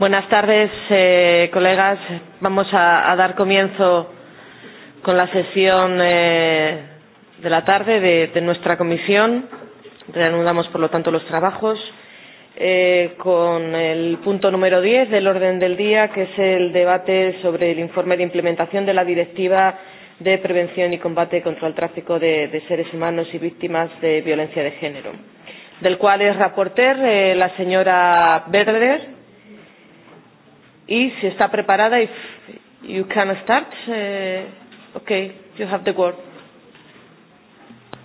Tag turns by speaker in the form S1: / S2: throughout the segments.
S1: Buenas tardes, eh, colegas. Vamos a, a dar comienzo con la sesión eh, de la tarde de, de nuestra comisión. Reanudamos, por lo tanto, los trabajos eh, con el punto número 10 del orden del día, que es el debate sobre el informe de implementación de la Directiva de Prevención y Combate contra el Tráfico de, de Seres Humanos y Víctimas de Violencia de Género, del cual es reporter eh, la señora Berder y si está preparada, if you can start. Uh, okay, you have the word.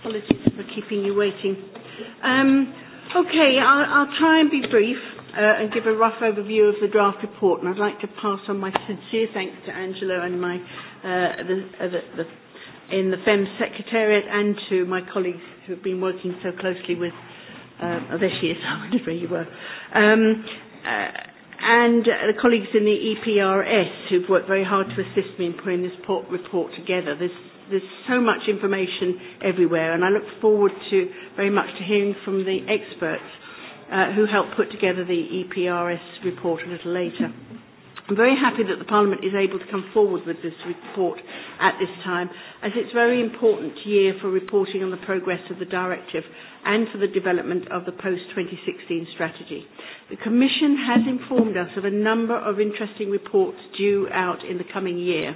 S1: Apologies for keeping you waiting.
S2: Um, okay, I'll, I'll try and be brief uh, and give a rough overview of the draft report. And I'd like to pass on my sincere thanks to Angelo and my uh, the, uh, the, the, in the FEM secretariat and to my colleagues who have been working so closely with. Uh, oh, there she is. I wonder where you were. Um, uh, and the colleagues in the EPRS who've worked very hard to assist me in putting this report together. There's, there's so much information everywhere, and I look forward to very much to hearing from the experts uh, who helped put together the EPRS report a little later. I'm very happy that the Parliament is able to come forward with this report at this time, as it's a very important year for reporting on the progress of the directive and for the development of the post-2016 strategy. The Commission has informed us of a number of interesting reports due out in the coming year,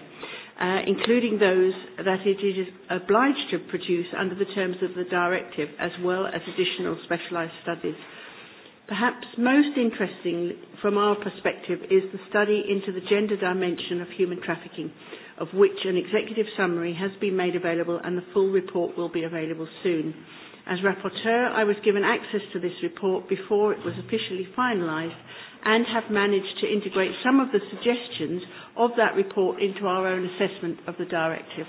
S2: uh, including those that it is obliged to produce under the terms of the directive, as well as additional specialised studies Perhaps most interesting from our perspective is the study into the gender dimension of human trafficking, of which an executive summary has been made available and the full report will be available soon. As rapporteur, I was given access to this report before it was officially finalised and have managed to integrate some of the suggestions of that report into our own assessment of the directive.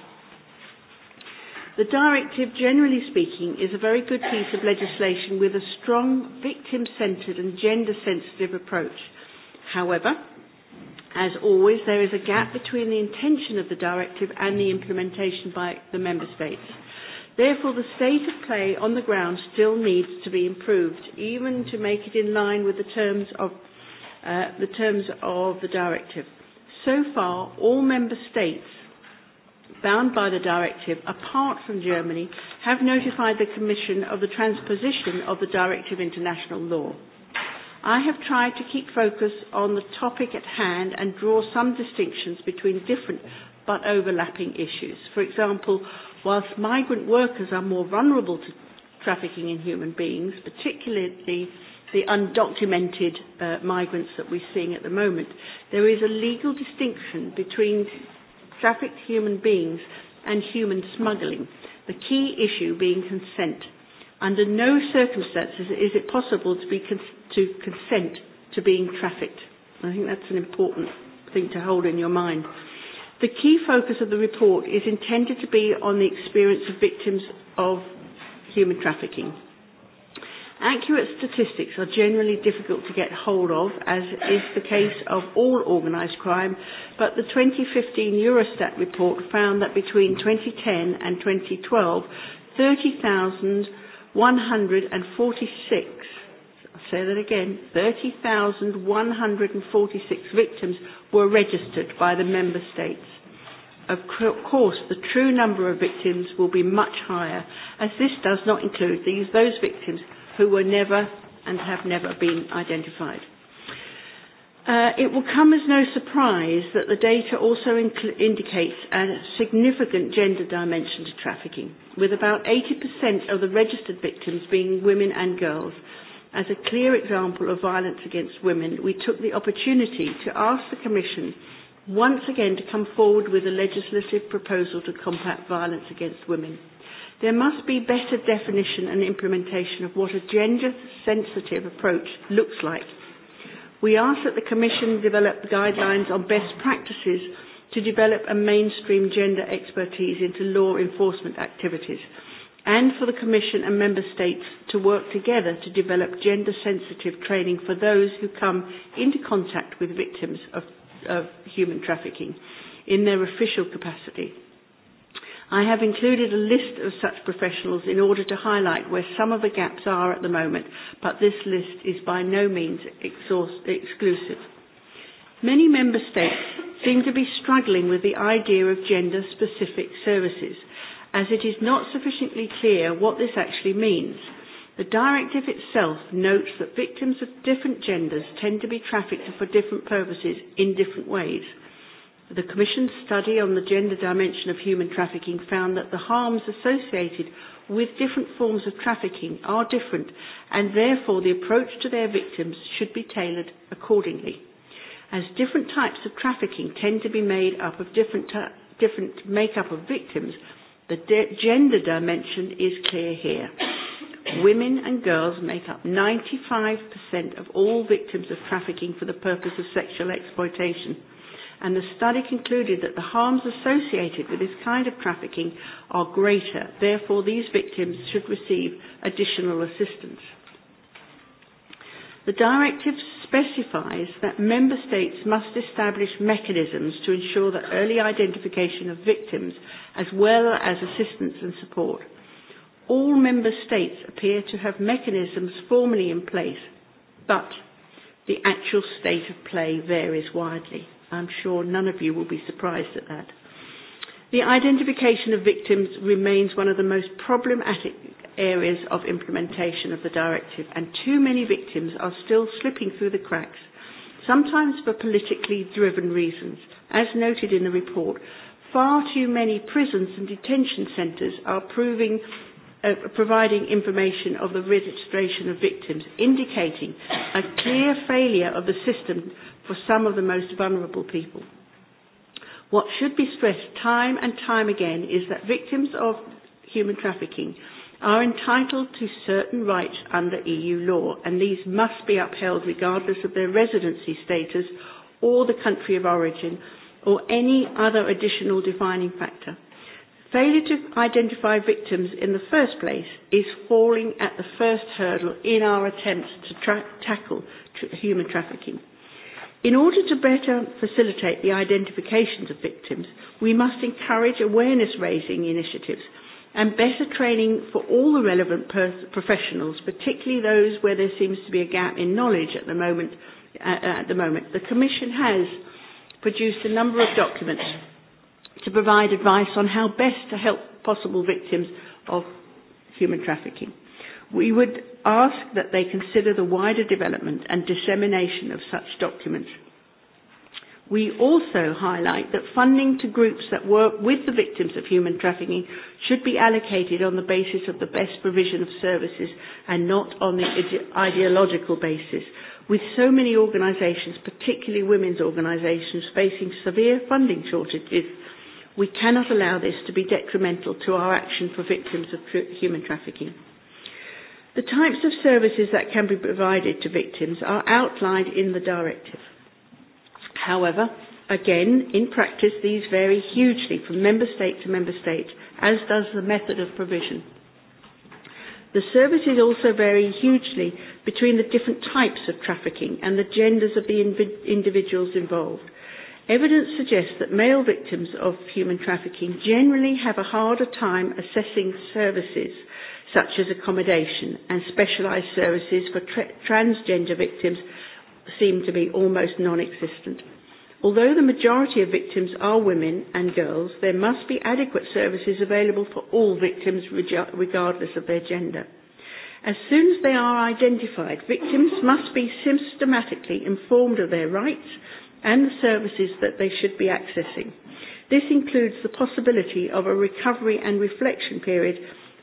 S2: The directive, generally speaking, is a very good piece of legislation with a strong victim-centred and gender-sensitive approach. However, as always, there is a gap between the intention of the directive and the implementation by the member states. Therefore, the state of play on the ground still needs to be improved, even to make it in line with the terms of, uh, the, terms of the directive. So far, all member states bound by the directive, apart from Germany, have notified the Commission of the transposition of the directive into national law. I have tried to keep focus on the topic at hand and draw some distinctions between different but overlapping issues. For example, whilst migrant workers are more vulnerable to trafficking in human beings, particularly the undocumented uh, migrants that we're seeing at the moment, there is a legal distinction between trafficked human beings, and human smuggling, the key issue being consent. Under no circumstances is it possible to, be cons- to consent to being trafficked. I think that's an important thing to hold in your mind. The key focus of the report is intended to be on the experience of victims of human trafficking. Accurate statistics are generally difficult to get hold of, as is the case of all organised crime, but the 2015 Eurostat report found that between 2010 and 2012, 30,146 say that again, 30,146 victims were registered by the member states. Of course, the true number of victims will be much higher, as this does not include these, those victims who were never and have never been identified. Uh, it will come as no surprise that the data also indicates a significant gender dimension to trafficking, with about 80% of the registered victims being women and girls. As a clear example of violence against women, we took the opportunity to ask the Commission once again to come forward with a legislative proposal to combat violence against women. There must be better definition and implementation of what a gender sensitive approach looks like. We ask that the Commission develop guidelines on best practices to develop and mainstream gender expertise into law enforcement activities and for the Commission and Member States to work together to develop gender sensitive training for those who come into contact with victims of, of human trafficking in their official capacity. I have included a list of such professionals in order to highlight where some of the gaps are at the moment, but this list is by no means exclusive. Many member states seem to be struggling with the idea of gender specific services, as it is not sufficiently clear what this actually means. The directive itself notes that victims of different genders tend to be trafficked for different purposes in different ways. The Commission's study on the gender dimension of human trafficking found that the harms associated with different forms of trafficking are different and therefore the approach to their victims should be tailored accordingly. As different types of trafficking tend to be made up of different, different makeup of victims, the gender dimension is clear here. Women and girls make up 95% of all victims of trafficking for the purpose of sexual exploitation and the study concluded that the harms associated with this kind of trafficking are greater. Therefore, these victims should receive additional assistance. The directive specifies that member states must establish mechanisms to ensure the early identification of victims as well as assistance and support. All member states appear to have mechanisms formally in place, but the actual state of play varies widely. I'm sure none of you will be surprised at that. The identification of victims remains one of the most problematic areas of implementation of the directive, and too many victims are still slipping through the cracks, sometimes for politically driven reasons. As noted in the report, far too many prisons and detention centres are proving, uh, providing information of the registration of victims, indicating a clear failure of the system for some of the most vulnerable people. What should be stressed time and time again is that victims of human trafficking are entitled to certain rights under EU law, and these must be upheld regardless of their residency status or the country of origin or any other additional defining factor. Failure to identify victims in the first place is falling at the first hurdle in our attempts to tra- tackle tra- human trafficking. In order to better facilitate the identifications of victims, we must encourage awareness raising initiatives and better training for all the relevant professionals, particularly those where there seems to be a gap in knowledge at the moment. Uh, at the moment, the Commission has produced a number of documents to provide advice on how best to help possible victims of human trafficking. We would ask that they consider the wider development and dissemination of such documents. We also highlight that funding to groups that work with the victims of human trafficking should be allocated on the basis of the best provision of services and not on the ide ideological basis. With so many organisations, particularly women's organisations, facing severe funding shortages, we cannot allow this to be detrimental to our action for victims of tr- human trafficking. The types of services that can be provided to victims are outlined in the directive. However, again, in practice, these vary hugely from member state to member state, as does the method of provision. The services also vary hugely between the different types of trafficking and the genders of the inv- individuals involved. Evidence suggests that male victims of human trafficking generally have a harder time assessing services such as accommodation and specialised services for tra- transgender victims seem to be almost non-existent. Although the majority of victims are women and girls, there must be adequate services available for all victims regardless of their gender. As soon as they are identified, victims must be systematically informed of their rights and the services that they should be accessing. This includes the possibility of a recovery and reflection period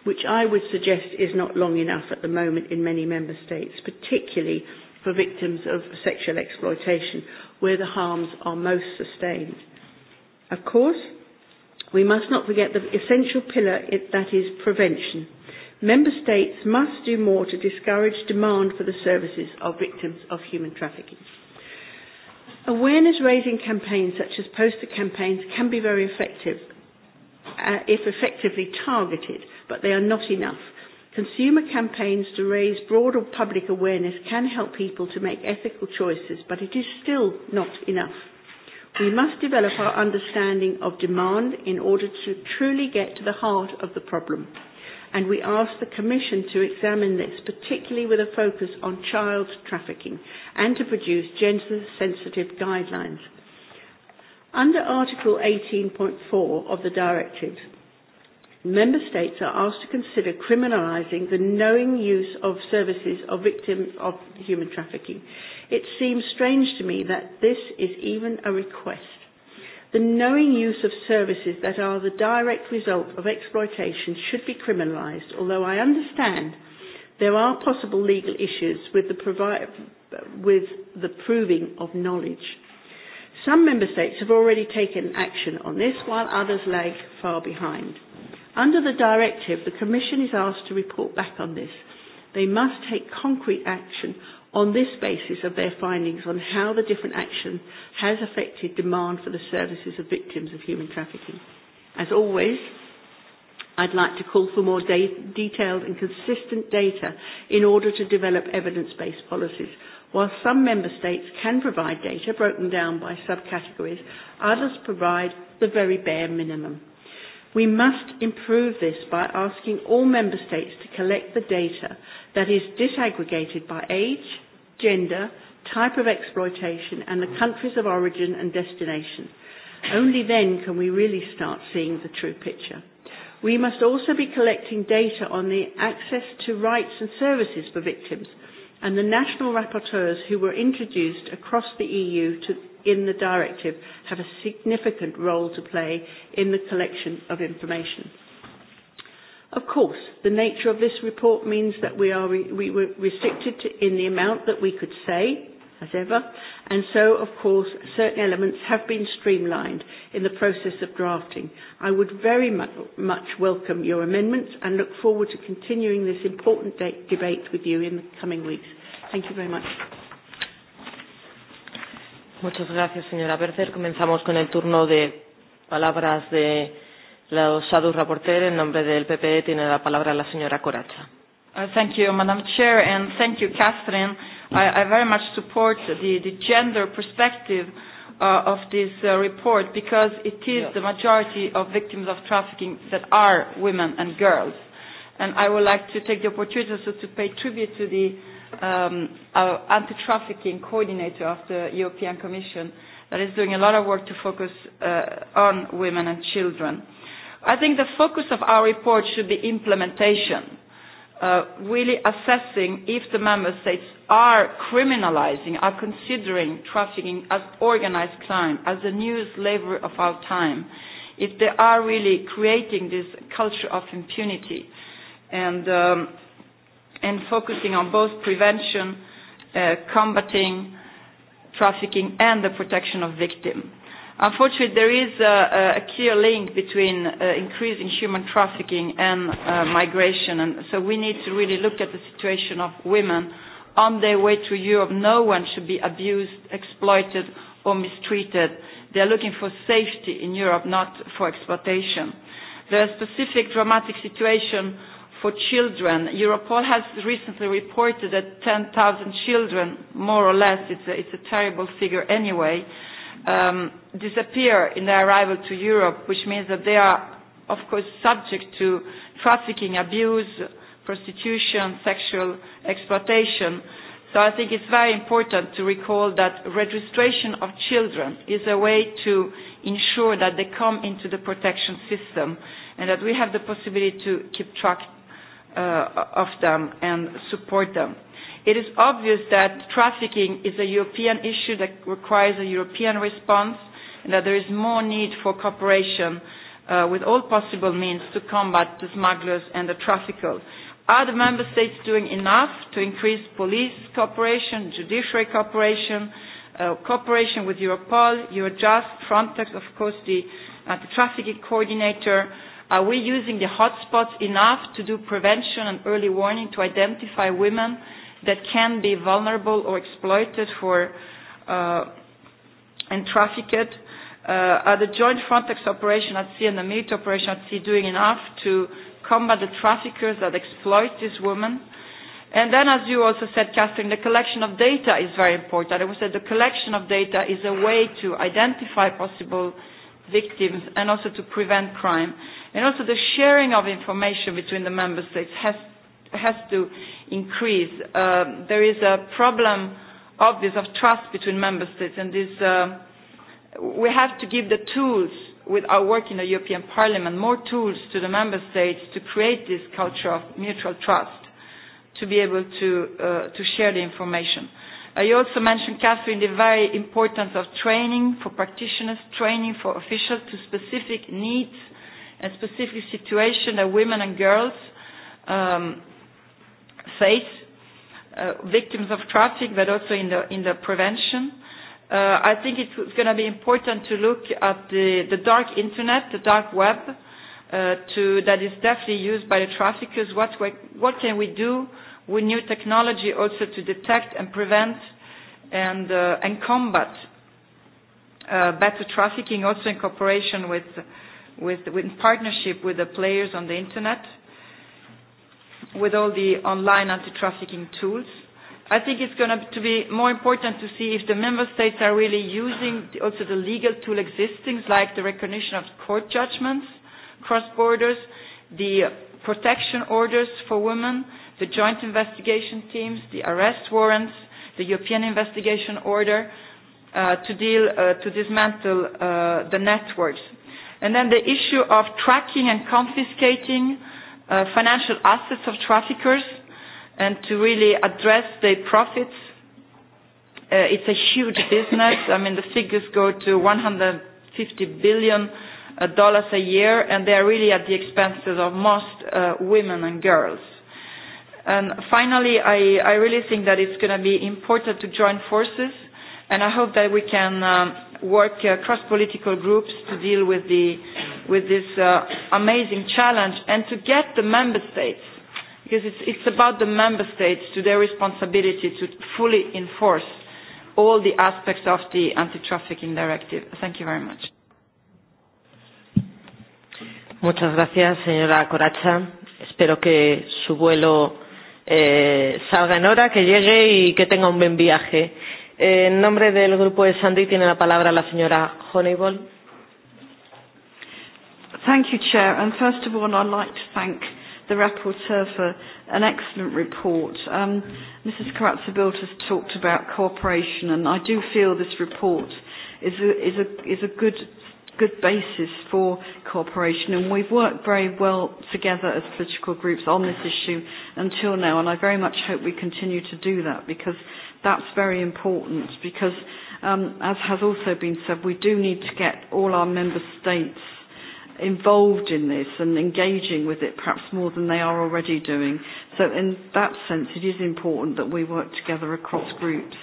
S2: which I would suggest is not long enough at the moment in many member states, particularly for victims of sexual exploitation, where the harms are most sustained. Of course, we must not forget the essential pillar that is prevention. Member states must do more to discourage demand for the services of victims of human trafficking. Awareness raising campaigns such as poster campaigns can be very effective uh, if effectively targeted but they are not enough. Consumer campaigns to raise broader public awareness can help people to make ethical choices, but it is still not enough. We must develop our understanding of demand in order to truly get to the heart of the problem. And we ask the Commission to examine this, particularly with a focus on child trafficking, and to produce gender sensitive guidelines. Under Article 18.4 of the Directive, member states are asked to consider criminalising the knowing use of services of victims of human trafficking. It seems strange to me that this is even a request. The knowing use of services that are the direct result of exploitation should be criminalised, although I understand there are possible legal issues with the, provi- with the proving of knowledge. Some member states have already taken action on this, while others lag far behind. Under the directive, the Commission is asked to report back on this. They must take concrete action on this basis of their findings on how the different action has affected demand for the services of victims of human trafficking. As always, I'd like to call for more de detailed and consistent data in order to develop evidence-based policies. While some member states can provide data broken down by subcategories, others provide the very bare minimum. We must improve this by asking all member states to collect the data that is disaggregated by age, gender, type of exploitation and the countries of origin and destination. Only then can we really start seeing the true picture. We must also be collecting data on the access to rights and services for victims and the national rapporteurs who were introduced across the EU to in the directive have a significant role to play in the collection of information. Of course, the nature of this report means that we, are, we were restricted to, in the amount that we could say, as ever, and so, of course, certain elements have been streamlined in the process of drafting. I would very much, much welcome your amendments and look forward to continuing this important de- debate
S1: with you in the coming weeks. Thank you very much. Muchas gracias, señora Berger. Comenzamos con el turno de palabras de la Shadow Rapporteur. En nombre del PP e tiene la palabra la señora Coracha.
S3: Uh, thank you, Madam Chair, and thank you, Catherine. I, I very much support the, the gender perspective uh, of this uh, report because it is yes. the majority of victims of trafficking that are women and girls. And I would like to take the opportunity also to pay tribute to the uh, um, our anti-trafficking coordinator of the European Commission that is doing a lot of work to focus uh, on women and children. I think the focus of our report should be implementation, uh, really assessing if the member states are criminalizing, are considering trafficking as organized crime, as the new slavery of our time, if they are really creating this culture of impunity. And um, and focusing on both prevention, uh, combating trafficking, and the protection of victims. Unfortunately, there is a, a clear link between uh, increasing human trafficking and uh, migration, and so we need to really look at the situation of women on their way to Europe. No one should be abused, exploited, or mistreated. They are looking for safety in Europe, not for exploitation. There are specific dramatic situations for children. Europol has recently reported that 10,000 children, more or less, it's a, it's a terrible figure anyway, um, disappear in their arrival to Europe, which means that they are, of course, subject to trafficking, abuse, prostitution, sexual exploitation. So I think it's very important to recall that registration of children is a way to ensure that they come into the protection system and that we have the possibility to keep track uh, of them and support them. It is obvious that trafficking is a European issue that requires a European response and that there is more need for cooperation uh, with all possible means to combat the smugglers and the traffickers. Are the member states doing enough to increase police cooperation, judiciary cooperation, uh, cooperation with Europol, Eurojust, Frontex, of course the anti-trafficking uh, coordinator, Are we using the hotspots enough to do prevention and early warning to identify women that can be vulnerable or exploited for uh, and trafficked? Uh, are the joint Frontex operation at sea and the military operation at sea doing enough to combat the traffickers that exploit these women? And then, as you also said, Catherine, the collection of data is very important. And we said the collection of data is a way to identify possible victims and also to prevent crime. And also the sharing of information between the member states has, has to increase. Uh, there is a problem, obvious, of trust between member states, and this, uh, we have to give the tools with our work in the European Parliament, more tools to the member states to create this culture of mutual trust, to be able to, uh, to share the information. Uh, you also mentioned, Catherine, the very importance of training for practitioners, training for officials to specific needs and specific situation that women and girls um, face, uh, victims of traffic, but also in the, in the prevention. Uh, I think it's going to be important to look at the, the dark internet, the dark web, uh, to, that is definitely used by the traffickers. What, what can we do with new technology also to detect and prevent and, uh, and combat uh, better trafficking also in cooperation with with, with partnership with the players on the internet, with all the online anti-trafficking tools. I think it's going to be more important to see if the member states are really using also the legal tool existing, like the recognition of court judgments, cross borders, the protection orders for women, the joint investigation teams, the arrest warrants, the European investigation order, uh, to deal, uh, to dismantle uh, the networks And then the issue of tracking and confiscating uh, financial assets of traffickers and to really address their profits. Uh, it's a huge business. I mean, the figures go to 150 billion uh, dollars a year, and they are really at the expenses of most uh, women and girls. And finally, I, I really think that it's going to be important to join forces, and I hope that we can. Um, work uh, cross political groups to deal with the with this uh, amazing challenge and to get the member states because it's it's about the member states to their responsibility to fully enforce all the aspects of the
S1: anti-trafficking directive. Thank you very much. Muchas gracias, señora Coracha. Espero que su vuelo eh, salga en hora, que llegue y que tenga un buen viaje. En nombre del grupo de Sandy tiene la palabra la señora Honeyball.
S4: Thank you, Chair. And first of all, I'd like to thank the rapporteur for an excellent report. Um, Mrs. Karatzabilt has talked about cooperation, and I do feel this report is a, is a, is a good, good basis for cooperation, and we've worked very well together as political groups on this issue until now, and I very much hope we continue to do that because that's very important because, um, as has also been said, we do need to get all our member states involved in this and engaging with it perhaps more than they are already doing. So in that sense, it is important that we work together across groups.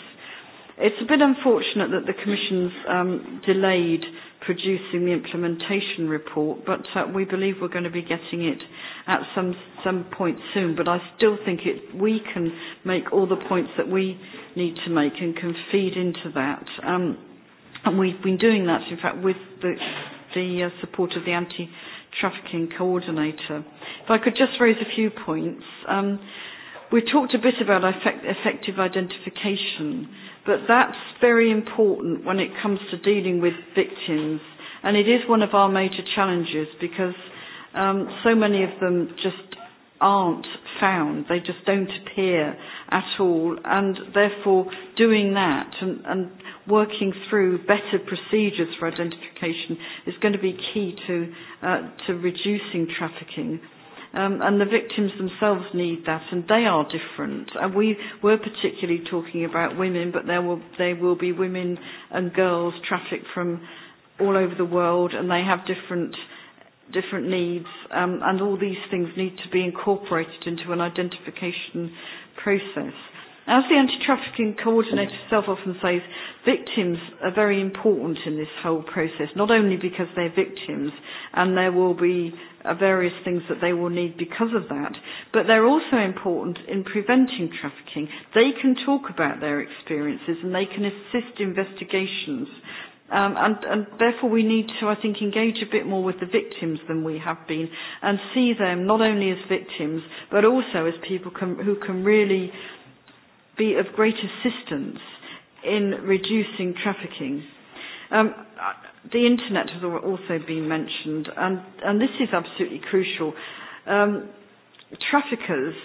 S4: It's a bit unfortunate that the Commission's um, delayed producing the implementation report, but uh, we believe we're going to be getting it at some, some point soon. But I still think it, we can make all the points that we need to make and can feed into that. Um, and we've been doing that, in fact, with the, the uh, support of the anti-trafficking coordinator. If I could just raise a few points. Um, we've talked a bit about effect, effective identification, but that's very important when it comes to dealing with victims. And it is one of our major challenges because um, so many of them just aren't found. They just don't appear at all. And therefore, doing that and, and working through better procedures for identification is going to be key to, uh, to reducing trafficking. Um, and the victims themselves need that, and they are different. And we were particularly talking about women, but there will, there will be women and girls trafficked from all over the world, and they have different different needs, um, and all these things need to be incorporated into an identification process. As the anti-trafficking coordinator herself often says, victims are very important in this whole process, not only because they're victims and there will be uh, various things that they will need because of that, but they're also important in preventing trafficking. They can talk about their experiences and they can assist investigations Um, and, and therefore we need to, I think, engage a bit more with the victims than we have been and see them not only as victims but also as people can, who can really be of great assistance in reducing trafficking. Um, uh, the internet has also been mentioned and, and this is absolutely crucial. Um, traffickers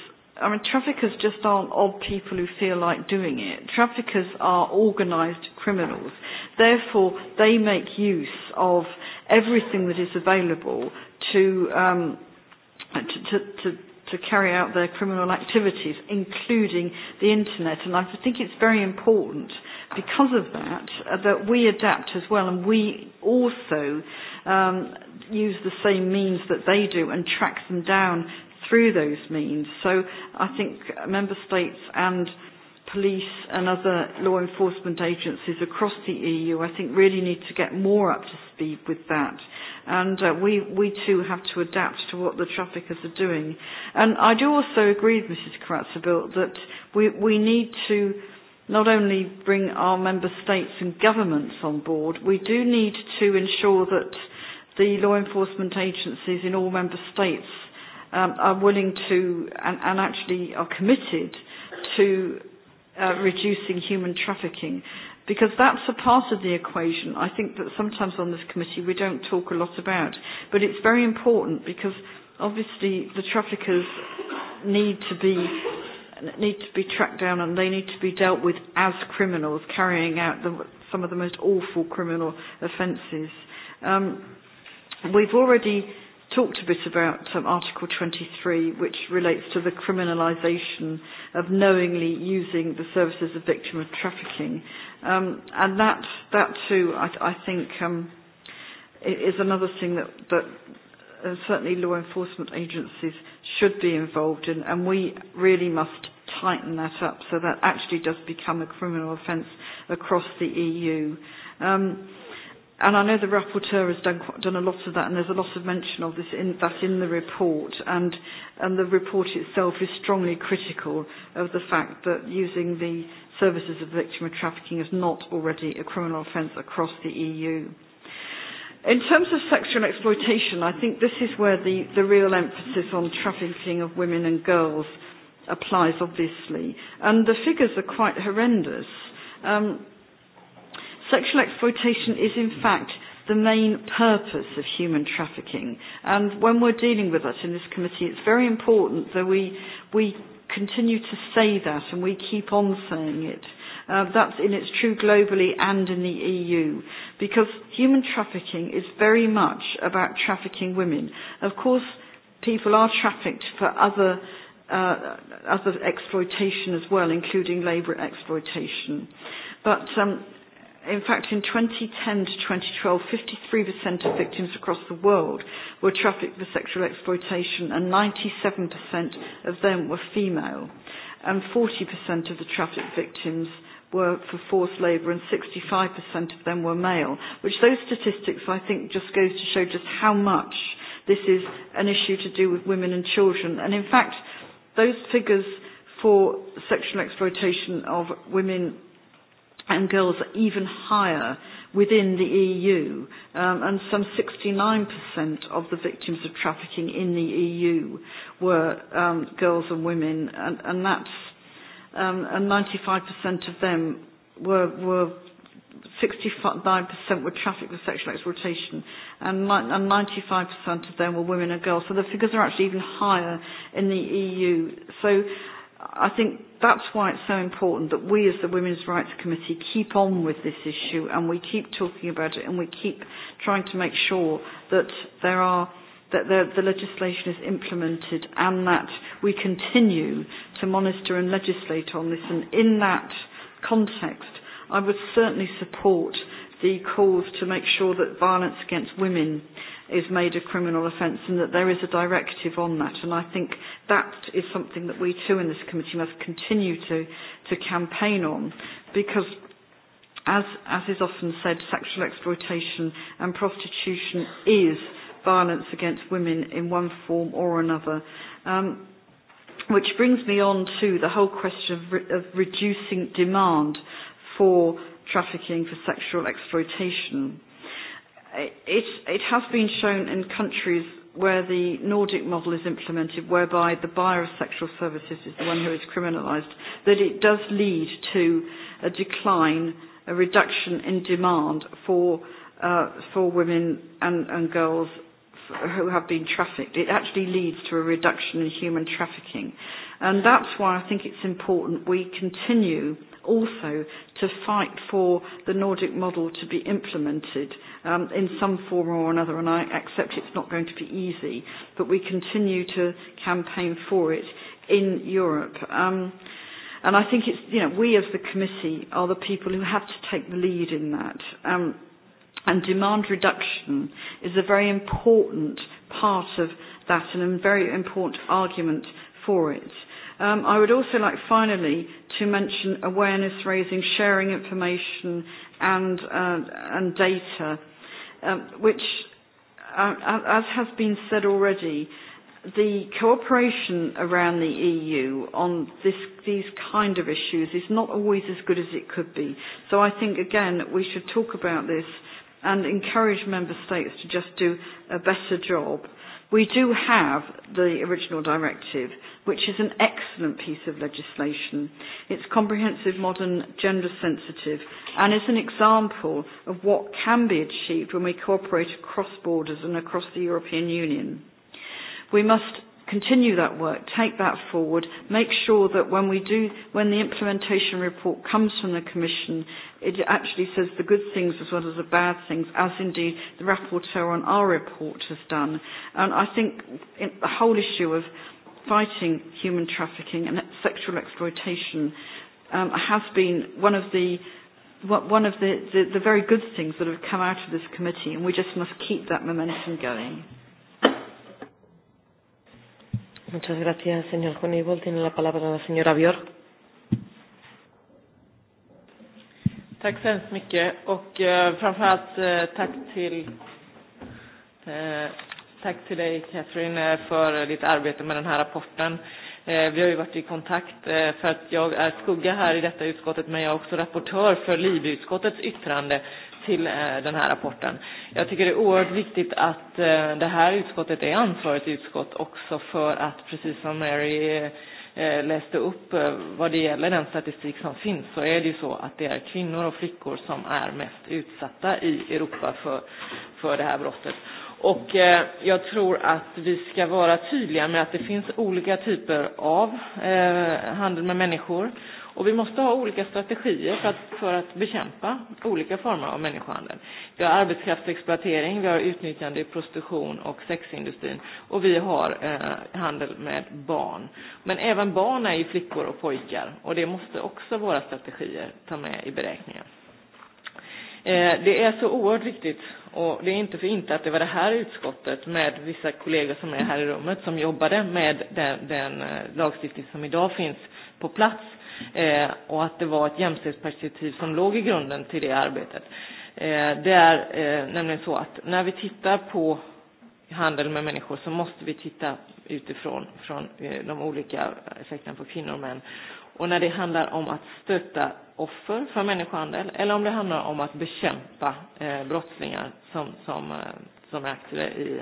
S4: I mean, traffickers just aren't odd people who feel like doing it. Traffickers are organised criminals. Therefore, they make use of everything that is available to, um, to, to, to to carry out their criminal activities, including the internet. And I think it's very important because of that uh, that we adapt as well and we also um, use the same means that they do and track them down through those means. So I think member states and police and other law enforcement agencies across the EU, I think, really need to get more up to speed with that. And uh, we, we too have to adapt to what the traffickers are doing. And I do also agree with Mrs. Karatzabil that we, we need to not only bring our member states and governments on board, we do need to ensure that the law enforcement agencies in all member states um, are willing to and, and actually are committed to Uh, reducing human trafficking because that's a part of the equation I think that sometimes on this committee we don't talk a lot about. But it's very important because obviously the traffickers need to be need to be tracked down and they need to be dealt with as criminals carrying out the, some of the most awful criminal offences. Um, we've already talked a bit about um, Article 23, which relates to the criminalisation of knowingly using the services of victim of trafficking. Um, and that, that too, I, I think, um, is another thing that, that uh, certainly law enforcement agencies should be involved in, and we really must tighten that up so that actually does become a criminal offence across the EU. Um, And I know the rapporteur has done, done a lot of that, and there's a lot of mention of this in, that in the report. And, and the report itself is strongly critical of the fact that using the services of victim of trafficking is not already a criminal offence across the EU. In terms of sexual exploitation, I think this is where the, the real emphasis on trafficking of women and girls applies, obviously. And the figures are quite horrendous. Um, Sexual exploitation is in fact the main purpose of human trafficking. And when we're dealing with that in this committee, it's very important that we, we continue to say that and we keep on saying it. Uh, that's in its true globally and in the EU. Because human trafficking is very much about trafficking women. Of course, people are trafficked for other, uh, other exploitation as well, including labour exploitation. But um, in fact, in 2010 to 2012, 53% of victims across the world were trafficked for sexual exploitation, and 97% of them were female. And 40% of the trafficked victims were for forced labour, and 65% of them were male. Which those statistics, I think, just goes to show just how much this is an issue to do with women and children. And in fact, those figures for sexual exploitation of women and girls are even higher within the EU, um, and some 69% of the victims of trafficking in the EU were um, girls and women, and, and that's um, and 95% of them were were 65% were trafficked for sexual exploitation, and, 95% of them were women and girls. So the figures are actually even higher in the EU. So i think that's why it's so important that we as the Women's Rights Committee keep on with this issue and we keep talking about it and we keep trying to make sure that there are that the, the legislation is implemented and that we continue to monitor and legislate on this. And in that context, I would certainly support the calls to make sure that violence against women is made a criminal offence and that there is a directive on that. And I think that is something that we too in this committee must continue to, to campaign on because as, as is often said, sexual exploitation and prostitution is violence against women in one form or another. Um, which brings me on to the whole question of, re- of reducing demand for trafficking for sexual exploitation it, it has been shown in countries where the Nordic model is implemented, whereby the buyer of sexual services is the one who is criminalised, that it does lead to a decline, a reduction in demand for, uh, for women and, and girls who have been trafficked. It actually leads to a reduction in human trafficking. And that's why I think it's important we continue also to fight for the Nordic model to be implemented um, in some form or another. And I accept it's not going to be easy, but we continue to campaign for it in Europe. Um, and I think it's, you know, we as the committee are the people who have to take the lead in that. Um, and demand reduction is a very important part of that and a very important argument for it. Um, I would also like finally to mention awareness raising, sharing information and, uh, and data, um, which, uh, as has been said already, the cooperation around the EU on this, these kind of issues is not always as good as it could be. So I think, again, we should talk about this and encourage member states to just do a better job. We do have the original directive, which is an excellent piece of legislation. It's comprehensive, modern, gender sensitive, and is an example of what can be achieved when we cooperate across borders and across the European Union. We must continue that work, take that forward, make sure that when we do, when the implementation report comes from the Commission, it actually says the good things as well as the bad things, as indeed the rapporteur on our report has done. And I think the whole issue of fighting human trafficking and sexual exploitation um, has been one of the one of the, the, the very good things that have come out of this committee, and we just must keep that momentum going.
S1: Muchas gracias, señor Honeyball. Tiene la palabra la señora Björk.
S5: Tack så hemskt mycket och eh, framförallt eh, tack till eh, tack till dig Catherine eh, för ditt arbete med den här rapporten. Eh, vi har ju varit i kontakt eh, för att jag är skugga här i detta utskottet men jag är också rapportör för LIB-utskottets yttrande till eh, den här rapporten. Jag tycker det är oerhört viktigt att eh, det här utskottet är ansvarigt utskott också för att, precis som Mary eh, läste upp vad det gäller den statistik som finns så är det ju så att det är kvinnor och flickor som är mest utsatta i Europa för, för det här brottet. Och eh, jag tror att vi ska vara tydliga med att det finns olika typer av eh, handel med människor Och vi måste ha olika strategier för att, för att bekämpa olika former av människohandel. Vi har arbetskraftsexploatering, vi har utnyttjande i prostitution och sexindustrin och vi har eh, handel med barn. Men även barn är ju flickor och pojkar och det måste också våra strategier ta med i beräkningen. Eh, det är så oerhört viktigt och det är inte för inte att det var det här utskottet med vissa kollegor som är här i rummet som jobbade med den, den eh, lagstiftning som idag finns på plats eh, och att det var ett jämställdhetsperspektiv som låg i grunden till det arbetet. Eh, det är eh, nämligen så att när vi tittar på handel med människor så måste vi titta utifrån från eh, de olika effekterna på kvinnor och män. Och när det handlar om att stötta offer för människohandel eller om det handlar om att bekämpa eh, brottslingar som, som, eh, som är aktiva i,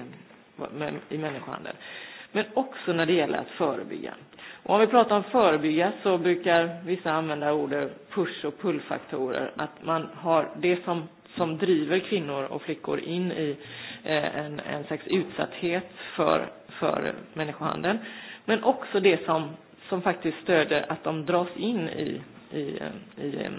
S5: med, i människohandel Eh, men också när det gäller att förebygga. Och om vi pratar om förebygga så brukar vissa använda ordet push och pullfaktorer. Att man har det som, som driver kvinnor och flickor in i eh, en, en slags utsatthet för, för människohandeln. Men också det som, som faktiskt stöder att de dras in i, i, eh, i eh,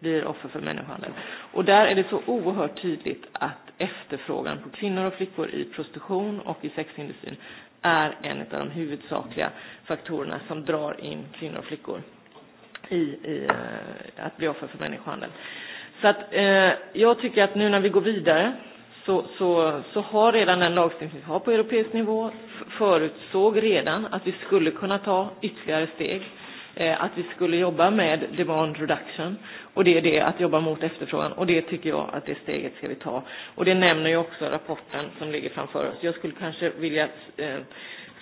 S5: blir offer för människohandel. Och där är det så oerhört tydligt att efterfrågan på kvinnor och flickor i prostitution och i sexindustrin är en av de huvudsakliga faktorerna som drar in kvinnor och flickor i, i eh, att bli offer för människohandel. Så att, eh, jag tycker att nu när vi går vidare så, så, så har redan den lagstiftning vi har på europeisk nivå förutsåg redan att vi skulle kunna ta ytterligare steg Eh, att vi skulle jobba med demand reduction och det är det att jobba mot efterfrågan och det tycker jag att det steget ska vi ta. Och det nämner ju också rapporten som ligger framför oss. Jag skulle kanske vilja eh,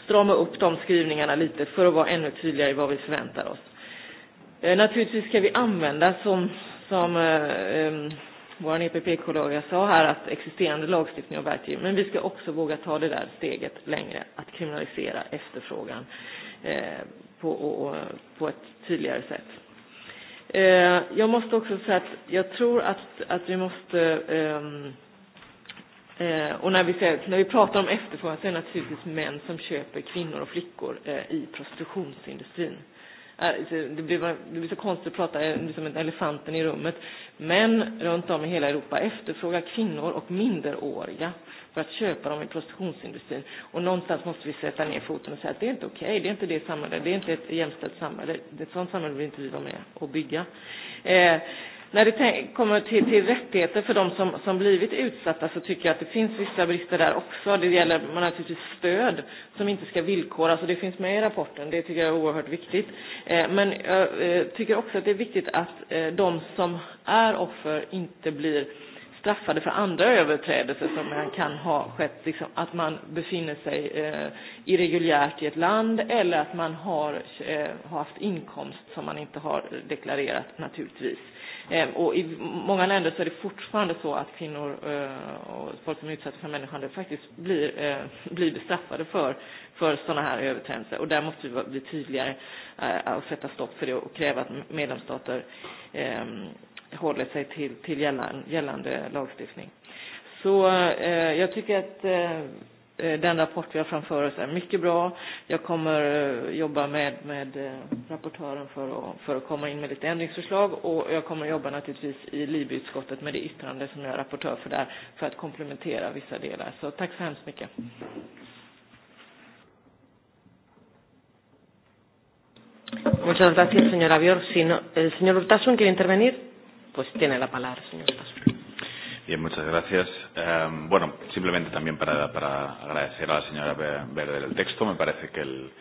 S5: strama upp de skrivningarna lite för att vara ännu tydligare i vad vi förväntar oss. Eh, naturligtvis ska vi använda som, som eh, vår EPP-kollega sa här att existerande lagstiftning och verktyg, men vi ska också våga ta det där steget längre att kriminalisera efterfrågan eh, på, och, på ett tydligare sätt. Eh, jag måste också säga att jag tror att, att vi måste eh, Eh, och när vi, säger, när vi pratar om efterfrågan så är det naturligtvis män som köper kvinnor och flickor eh, i prostitutionsindustrin. Eh, Eh, det blir, bara, det blir så konstigt att prata eh, liksom en elefanten i rummet. Män runt om i hela Europa efterfrågar kvinnor och minderåriga för att köpa dem i prostitutionsindustrin. Och någonstans måste vi sätta ner foten och säga att det är inte okej, okay, det är inte det samhället, det är inte ett jämställt samhälle. Ett sådant samhälle vill inte vi vara med och bygga. Eh, När det kommer till, till rättigheter för de som, som blivit utsatta så tycker jag att det finns vissa brister där också. Det gäller man naturligtvis stöd som inte ska villkoras och det finns med i rapporten. Det tycker jag är oerhört viktigt. Eh, men jag eh, tycker också att det är viktigt att eh, de som är offer inte blir straffade för andra överträdelser som kan ha skett. Liksom att man befinner sig eh, irreguljärt i ett land eller att man har eh, haft inkomst som man inte har deklarerat naturligtvis. Ehm, och i många länder så är det fortfarande så att kvinnor eh, och folk som är utsatta för människohandel faktiskt blir, eh, blir bestraffade för, för sådana här överträdelser. Och där måste vi bli tydligare eh, och sätta stopp för det och kräva att medlemsstater ehm, håller sig till, till gällande, gällande lagstiftning. Så jag tycker att Eh, den rapport vi har framför oss är mycket bra. Jag kommer eh, jobba med, med eh, rapportören för att, för att komma in med lite ändringsförslag och jag kommer jobba naturligtvis i Libyutskottet med det yttrande som jag är rapportör för där för att komplementera vissa delar. Så tack så hemskt mycket.
S1: Muchas gracias, señora Bior. Si no, ¿El señor Urtasun quiere intervenir? Pues tiene la palabra, señor Urtasun.
S6: Bien, muchas gracias. Eh, bueno, simplemente también para, para agradecer a la señora Verde el texto. Me parece que el,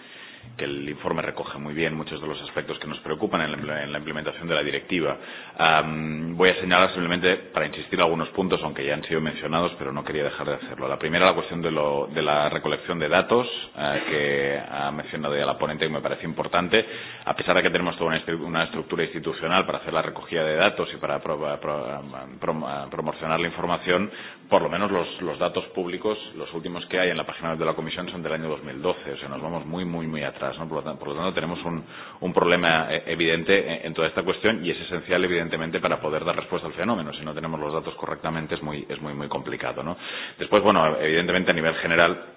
S6: que el informe recoge muy bien muchos de los aspectos que nos preocupan en la, en la implementación de la directiva. Um, voy a señalar simplemente, para insistir, algunos puntos, aunque ya han sido mencionados, pero no quería dejar de hacerlo. La primera, la cuestión de, lo, de la recolección de datos, uh, que ha mencionado ya la ponente y me parece importante. A pesar de que tenemos toda una, una estructura institucional para hacer la recogida de datos y para pro, pro, pro, promocionar la información, por lo menos los, los datos públicos, los últimos que hay en la página web de la Comisión son del año 2012, o sea, nos vamos muy, muy, muy atrás, ¿no? Por lo tanto, por lo tanto tenemos un, un problema eh, evidente en toda esta cuestión y es esencial, evidentemente, para poder dar respuesta al fenómeno. Si no tenemos los datos correctamente es muy, es muy, muy complicado, ¿no? Después, bueno, evidentemente a nivel general,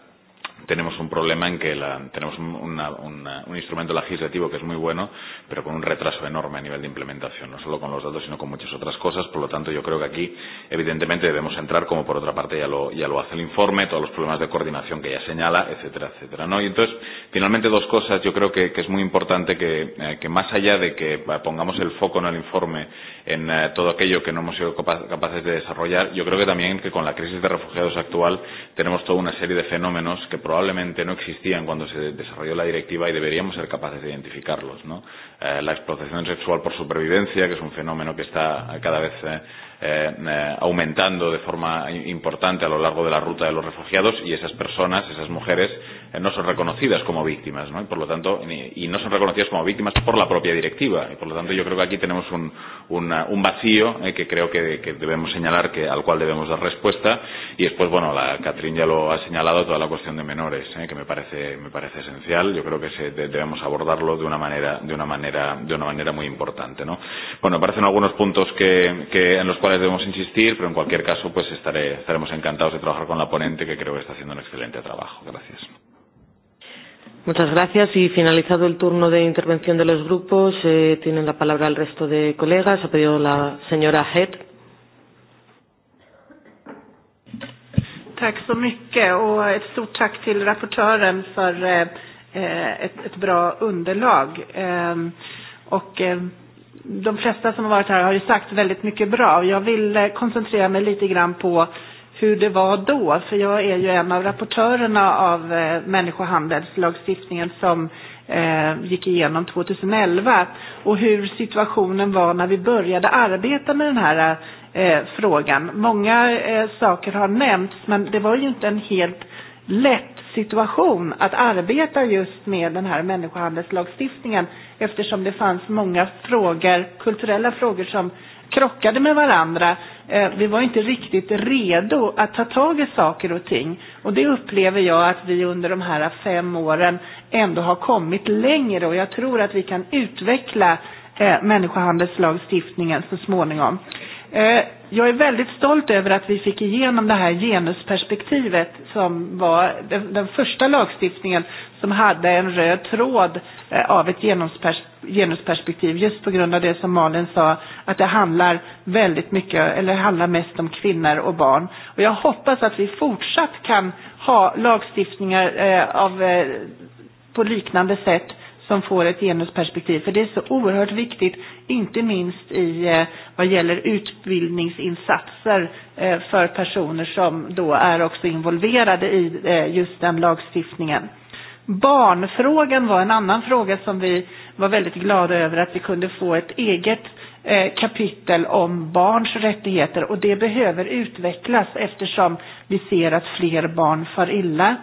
S6: tenemos un problema en que la, tenemos un, una, una, un instrumento legislativo que es muy bueno, pero con un retraso enorme a nivel de implementación, no solo con los datos, sino con muchas otras cosas. Por lo tanto, yo creo que aquí, evidentemente, debemos entrar, como por otra parte ya lo, ya lo hace el informe, todos los problemas de coordinación que ya señala, etcétera, etcétera. ¿no? Y entonces, finalmente, dos cosas. Yo creo que, que es muy importante que, eh, que más allá de que pongamos el foco en el informe en eh, todo aquello que no hemos sido capaz, capaces de desarrollar. Yo creo que también que con la crisis de refugiados actual tenemos toda una serie de fenómenos que probablemente no existían cuando se desarrolló la directiva y deberíamos ser capaces de identificarlos. ¿no? Eh, la explotación sexual por supervivencia, que es un fenómeno que está cada vez eh, eh, eh aumentando de forma importante a lo largo de la ruta de los refugiados y esas personas, esas mujeres, Eh, no son reconocidas como víctimas, ¿no? Y por lo tanto, y no son reconocidas como víctimas por la propia directiva. Y por lo tanto, yo creo que aquí tenemos un, una, un vacío eh, que creo que, que debemos señalar, que, al cual debemos dar respuesta. Y después, bueno, la Catrín ya lo ha señalado, toda la cuestión de menores, eh, que me parece, me parece esencial. Yo creo que se, de, debemos abordarlo de una manera, de una manera, de una manera muy importante, ¿no? Bueno, me parecen algunos puntos que, que en los cuales debemos insistir, pero en cualquier caso, pues estaré, estaremos encantados de trabajar con la ponente, que creo que está haciendo un excelente trabajo. Gracias.
S1: Muchas gracias y finalizado el turno de intervención de los grupos, eh, tienen la palabra el resto de colegas. Ha pedido la señora Head.
S7: Tack så mycket och ett stort tack till rapportören för eh, eh, ett, ett bra underlag. Ehm, och, eh, de flesta som har varit här har ju sagt väldigt mycket bra. Jag vill koncentrera mig lite grann på hur det var då, för jag är ju en av rapportörerna av eh, människohandelslagstiftningen som eh, gick igenom 2011 och hur situationen var när vi började arbeta med den här eh, frågan. Många eh, saker har nämnts, men det var ju inte en helt lätt situation att arbeta just med den här människohandelslagstiftningen eftersom det fanns många frågor, kulturella frågor som eh, krockade med varandra. Eh, vi var inte riktigt redo att ta tag i saker och ting. Och det upplever jag att vi under de här fem åren ändå har kommit längre och jag tror att vi kan utveckla eh, människohandelslagstiftningen så småningom. Eh, jag är väldigt stolt över att vi fick igenom det här genusperspektivet som var den första lagstiftningen som hade en röd tråd eh, av ett genuspers genusperspektiv just på grund av det som Malin sa att det handlar väldigt mycket eller handlar mest om kvinnor och barn. Och jag hoppas att vi fortsatt kan ha lagstiftningar eh, av, eh, på liknande sätt som får ett genusperspektiv. För det är så oerhört viktigt, inte minst i eh, vad gäller utbildningsinsatser eh, för personer som då är också involverade i eh, just den lagstiftningen. Barnfrågan var en annan fråga som vi var väldigt glada över att vi kunde få ett eget eh, kapitel om barns rättigheter och det behöver utvecklas eftersom vi ser att fler barn far illa.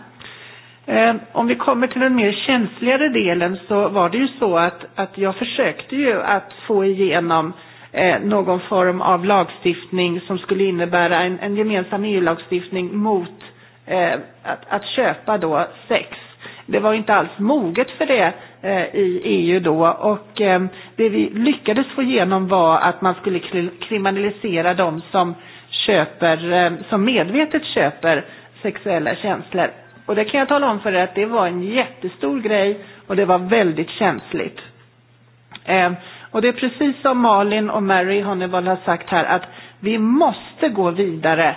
S7: Eh, om vi kommer till den mer känsligare delen så var det ju så att, att jag försökte ju att få igenom eh, någon form av lagstiftning som skulle innebära en, en gemensam EU-lagstiftning mot att, att köpa då sex Det var inte alls moget för det eh, i EU då och eh, det vi lyckades få igenom var att man skulle kriminalisera de som köper, eh, som medvetet köper sexuella känslor. Och det kan jag tala om för er att det var en jättestor grej och det var väldigt känsligt. och det är precis som Malin och Mary Honeywell har sagt här att vi måste gå vidare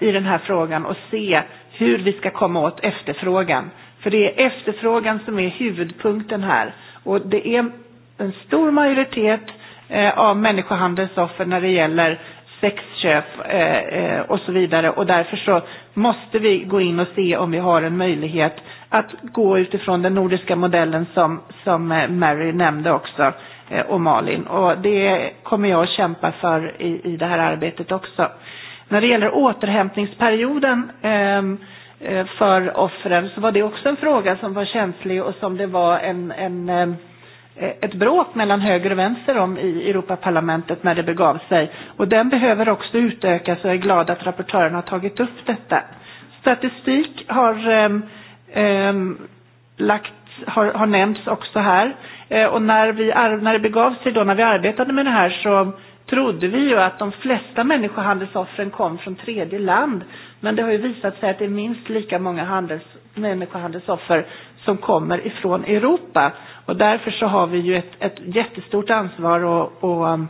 S7: i den här frågan och se hur vi ska komma åt efterfrågan. För det är efterfrågan som är huvudpunkten här. Och det är en stor majoritet eh, av människohandelsoffer när det gäller sexköp eh, eh, och så vidare. Och därför så måste vi gå in och se om vi har en möjlighet att gå utifrån den nordiska modellen som, som Mary nämnde också och Malin. Och det kommer jag att kämpa för i, i det här arbetet också. När det gäller återhämtningsperioden eh, Eh, för offren så var det också en fråga som var känslig och som det var en, en, eh, ett bråk mellan höger och vänster om i Europaparlamentet när det begav sig. Och den behöver också utökas och jag är glad att rapportören har tagit upp detta. Statistik har eh, lagt har, har nämnts också här. Eh, och när, vi, när det begav sig då, när vi arbetade med det här så trodde vi ju att de flesta människohandelsoffren kom från tredje land. Men det har ju visat sig att det är minst lika många handels, människohandelsoffer som kommer ifrån Europa. Och därför så har vi ju ett, ett jättestort ansvar att, att um,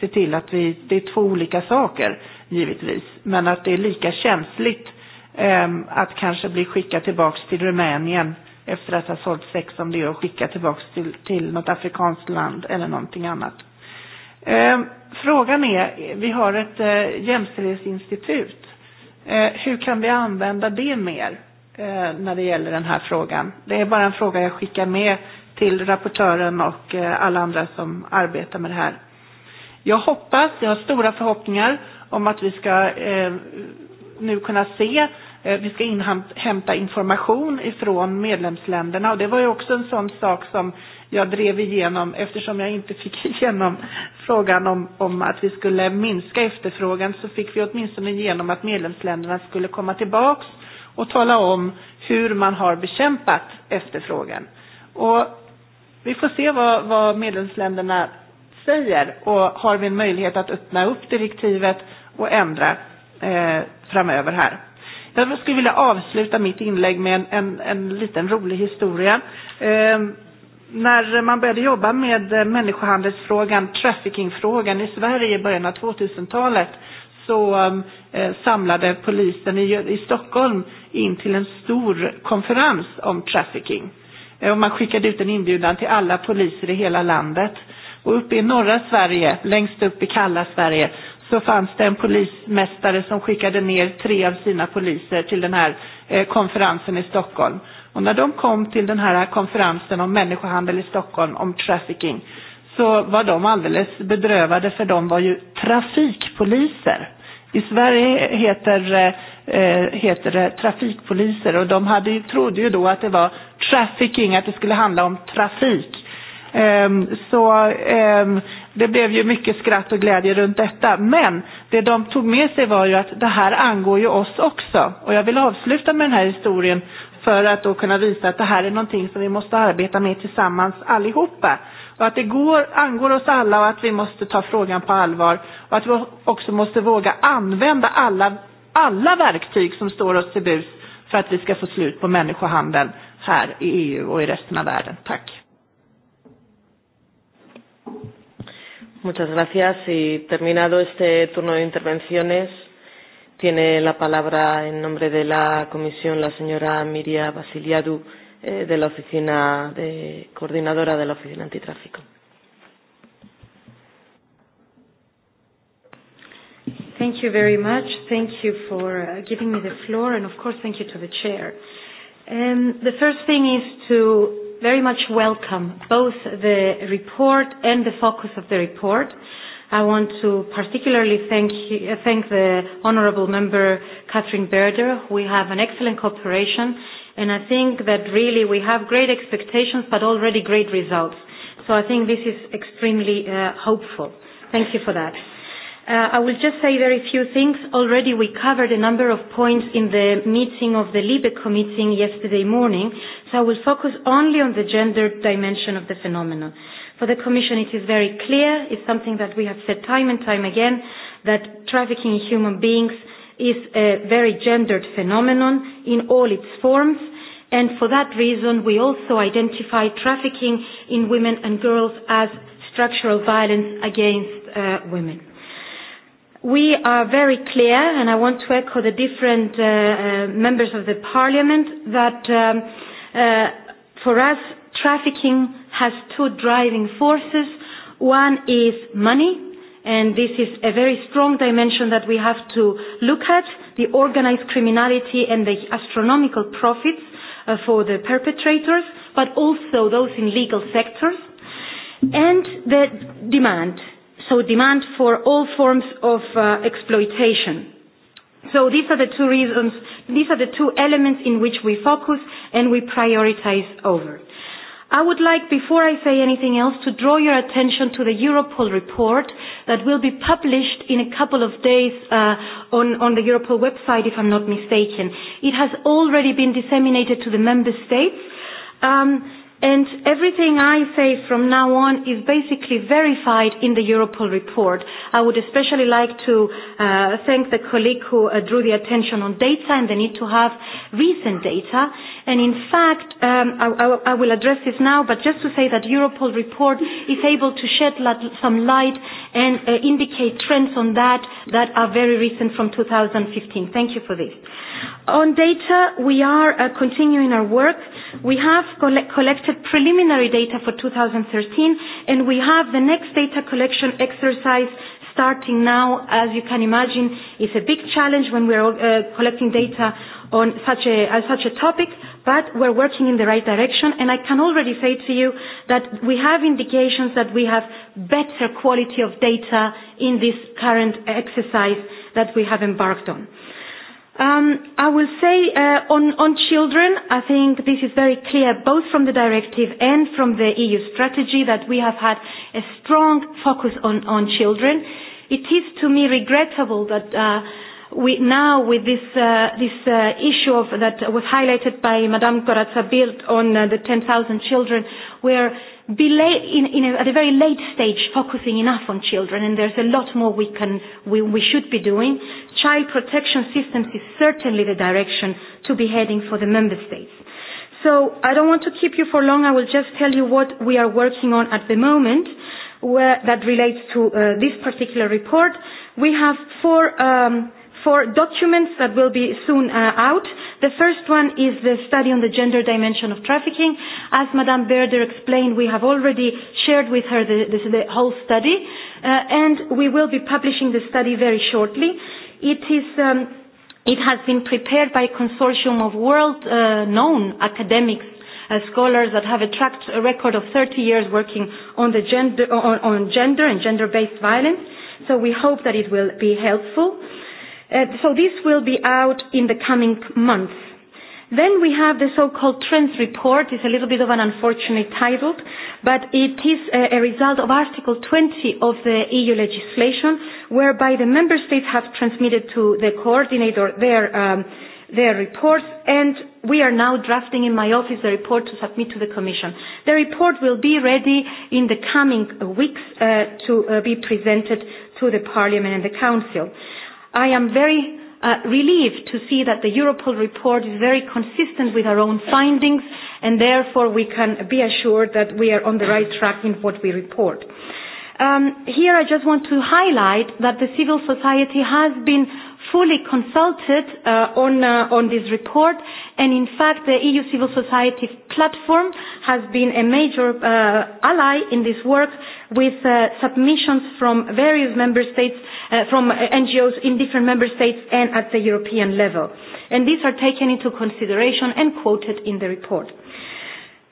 S7: se till att vi, det är två olika saker givetvis, men att det är lika känsligt eh, att kanske bli skickad tillbaka till Rumänien efter att ha sålt sex om det är att skicka tillbaka till, till något afrikanskt land eller någonting annat. Eh, frågan är, vi har ett eh, jämställdhetsinstitut Eh, Hur kan vi använda det mer eh, när det gäller den här frågan? Det är bara en fråga jag skickar med till rapportören och eh, alla andra som arbetar med det här. Jag hoppas, jag har stora förhoppningar om att vi ska eh, nu kunna se eh, vi ska inhämta information ifrån medlemsländerna. Och det var ju också en sån sak som jag drev igenom, eftersom jag inte fick igenom frågan om, om att vi skulle minska efterfrågan, så fick vi åtminstone igenom att medlemsländerna skulle komma tillbaks och tala om hur man har bekämpat efterfrågan. Och vi får se vad, vad medlemsländerna säger och har vi en möjlighet att öppna upp direktivet och ändra eh, framöver här. Jag skulle vilja avsluta mitt inlägg med en, en, en liten rolig historia. Eh, när man började jobba med människohandelsfrågan, traffickingfrågan i Sverige i början av 2000-talet så eh, samlade polisen i, i Stockholm in till en stor konferens om trafficking. Eh, och man skickade ut en inbjudan till alla poliser i hela landet. Och uppe i norra Sverige, längst upp i kalla Sverige, så fanns det en polismästare som skickade ner tre av sina poliser till den här eh, konferensen i Stockholm. Och när de kom till den här konferensen om människohandel i Stockholm, om trafficking, så var de alldeles bedrövade för de var ju trafikpoliser. I Sverige heter, eh, heter det trafikpoliser och de hade, ju, trodde ju då att det var trafficking, att det skulle handla om trafik. Um, så um, det blev ju mycket skratt och glädje runt detta. Men det de tog med sig var ju att det här angår ju oss också. Och jag vill avsluta med den här historien för att då kunna visa att det här är någonting som vi måste arbeta med tillsammans allihopa. Och att det går, angår oss alla och att vi måste ta frågan på allvar. Och att vi också måste våga använda alla, alla verktyg som står oss till bus för att vi ska få slut på människohandeln
S1: här i EU och i resten av världen. Tack. Muchas gracias. Y terminado este turno de intervenciones, Tiene la palabra en nombre de la comisión la señora Miria Basiliadu eh, de la oficina de coordinadora de la oficina antitráfico. Thank you very
S8: much. Thank you for uh, giving me the floor, and of course, thank you to the chair. Um, the first thing is to very much welcome both the report and the focus of the report. I want to particularly thank, thank the Honourable Member Catherine Berder. We have an excellent cooperation and I think that really we have great expectations but already great results. So I think this is extremely uh, hopeful. Thank you for that. Uh, I will just say very few things. Already we covered a number of points in the meeting of the LIBE committee yesterday morning, so I will focus only on the gender dimension of the phenomenon. For the Commission, it is very clear, it's something that we have said time and time again, that trafficking in human beings is a very gendered phenomenon in all its forms. And for that reason, we also identify trafficking in women and girls as structural violence against uh, women. We are very clear, and I want to echo the different uh, uh, members of the parliament, that um, uh, for us, trafficking has two driving forces. One is money, and this is a very strong dimension that we have to look at, the organized criminality and the astronomical profits uh, for the perpetrators, but also those in legal sectors, and the demand, so demand for all forms of uh, exploitation. So these are the two reasons, these are the two elements in which we focus and we prioritize over. I would like, before I say anything else, to draw your attention to the Europol report that will be published in a couple of days uh, on, on the Europol website, if I'm not mistaken. It has already been disseminated to the member states. Um, And everything I say from now on is basically verified in the Europol report. I would especially like to uh, thank the colleague who uh, drew the attention on data and the need to have recent data. And in fact, um, I, I, I will address this now, but just to say that Europol report is able to shed some light and uh, indicate trends on that that are very recent from 2015. Thank you for this. On data, we are uh, continuing our work. We have collect collected preliminary data for 2013, and we have the next data collection exercise starting now. As you can imagine, it's a big challenge when we're uh, collecting data on such a, uh, such a topic, but we're working in the right direction. And I can already say to you that we have indications that we have better quality of data in this current exercise that we have embarked on. Um, I will say uh, on, on children, I think this is very clear both from the directive and from the EU strategy that we have had a strong focus on, on children. It is to me regrettable that uh, we now with this, uh, this uh, issue of, that was highlighted by Madame Corazza-Bild on uh, the 10,000 children where be late in, in a, at a very late stage focusing enough on children and there's a lot more we can we, we should be doing child protection systems is certainly the direction to be heading for the member states so i don't want to keep you for long i will just tell you what we are working on at the moment where that relates to uh, this particular report we have four um, four documents that will be soon uh, out The first one is the study on the gender dimension of trafficking. As Madame Berder explained, we have already shared with her the, the, the whole study, uh, and we will be publishing the study very shortly. It is... Um, it has been prepared by a consortium of world-known uh, academics uh, scholars that have a track record of 30 years working on, the gender, on, on gender and gender-based violence. So we hope that it will be helpful. Uh, so this will be out in the coming months. Then we have the so-called trends report. It's a little bit of an unfortunate title, but it is a, uh, a result of Article 20 of the EU legislation, whereby the member states have transmitted to the coordinator their um, their reports, and we are now drafting in my office the report to submit to the Commission. The report will be ready in the coming weeks uh, to uh, be presented to the Parliament and the Council. I am very uh, relieved to see that the Europol report is very consistent with our own findings, and therefore we can be assured that we are on the right track in what we report. Um, here I just want to highlight that the civil society has been fully consulted uh, on, uh, on this report, and in fact the EU civil society platform has been a major uh, ally in this work with uh, submissions from various member states uh, from NGOs in different member states and at the European level. And these are taken into consideration and quoted in the report.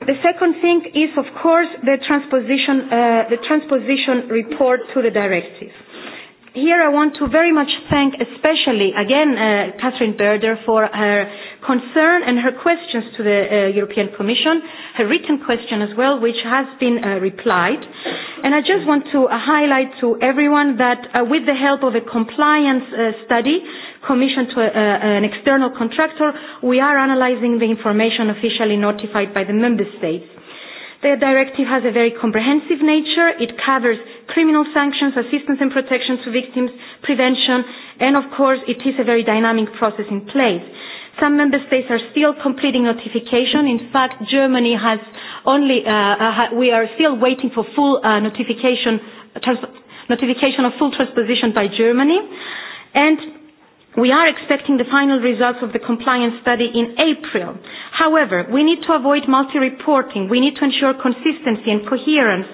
S8: The second thing is, of course, the transposition, uh, the transposition report to the directive. Here I want to very much thank especially, again, uh, Catherine Berder for her concern and her questions to the uh, European Commission, her written question as well, which has been uh, replied. And I just want to uh, highlight to everyone that uh, with the help of a compliance uh, study commissioned to a, uh, an external contractor, we are analyzing the information officially notified by the member states. The directive has a very comprehensive nature. It covers criminal sanctions, assistance and protection to victims, prevention, and of course it is a very dynamic process in place. Some member states are still completing notification. In fact, Germany has only, uh, uh, we are still waiting for full uh, notification, trans notification of full transposition by Germany. And we are expecting the final results of the compliance study in April. However, we need to avoid multi-reporting. We need to ensure consistency and coherence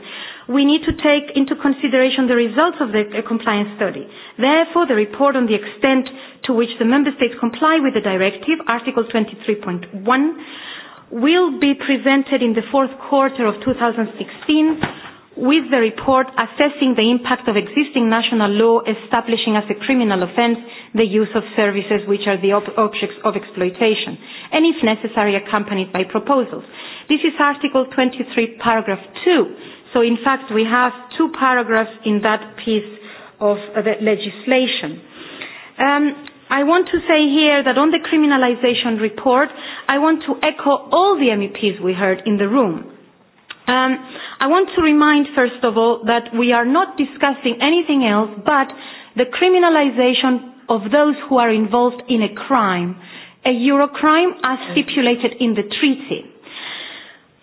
S8: we need to take into consideration the results of the uh, compliance study. Therefore, the report on the extent to which the Member States comply with the directive, Article 23.1, will be presented in the fourth quarter of 2016 with the report assessing the impact of existing national law establishing as a criminal offence the use of services which are the ob objects of exploitation, and if necessary accompanied by proposals. This is Article 23, paragraph 2. So in fact, we have two paragraphs in that piece of uh, the legislation. Um, I want to say here that on the criminalization report, I want to echo all the MEPs we heard in the room. Um, I want to remind, first of all, that we are not discussing anything else but the criminalization of those who are involved in a crime, a Eurocrime as stipulated in the treaty.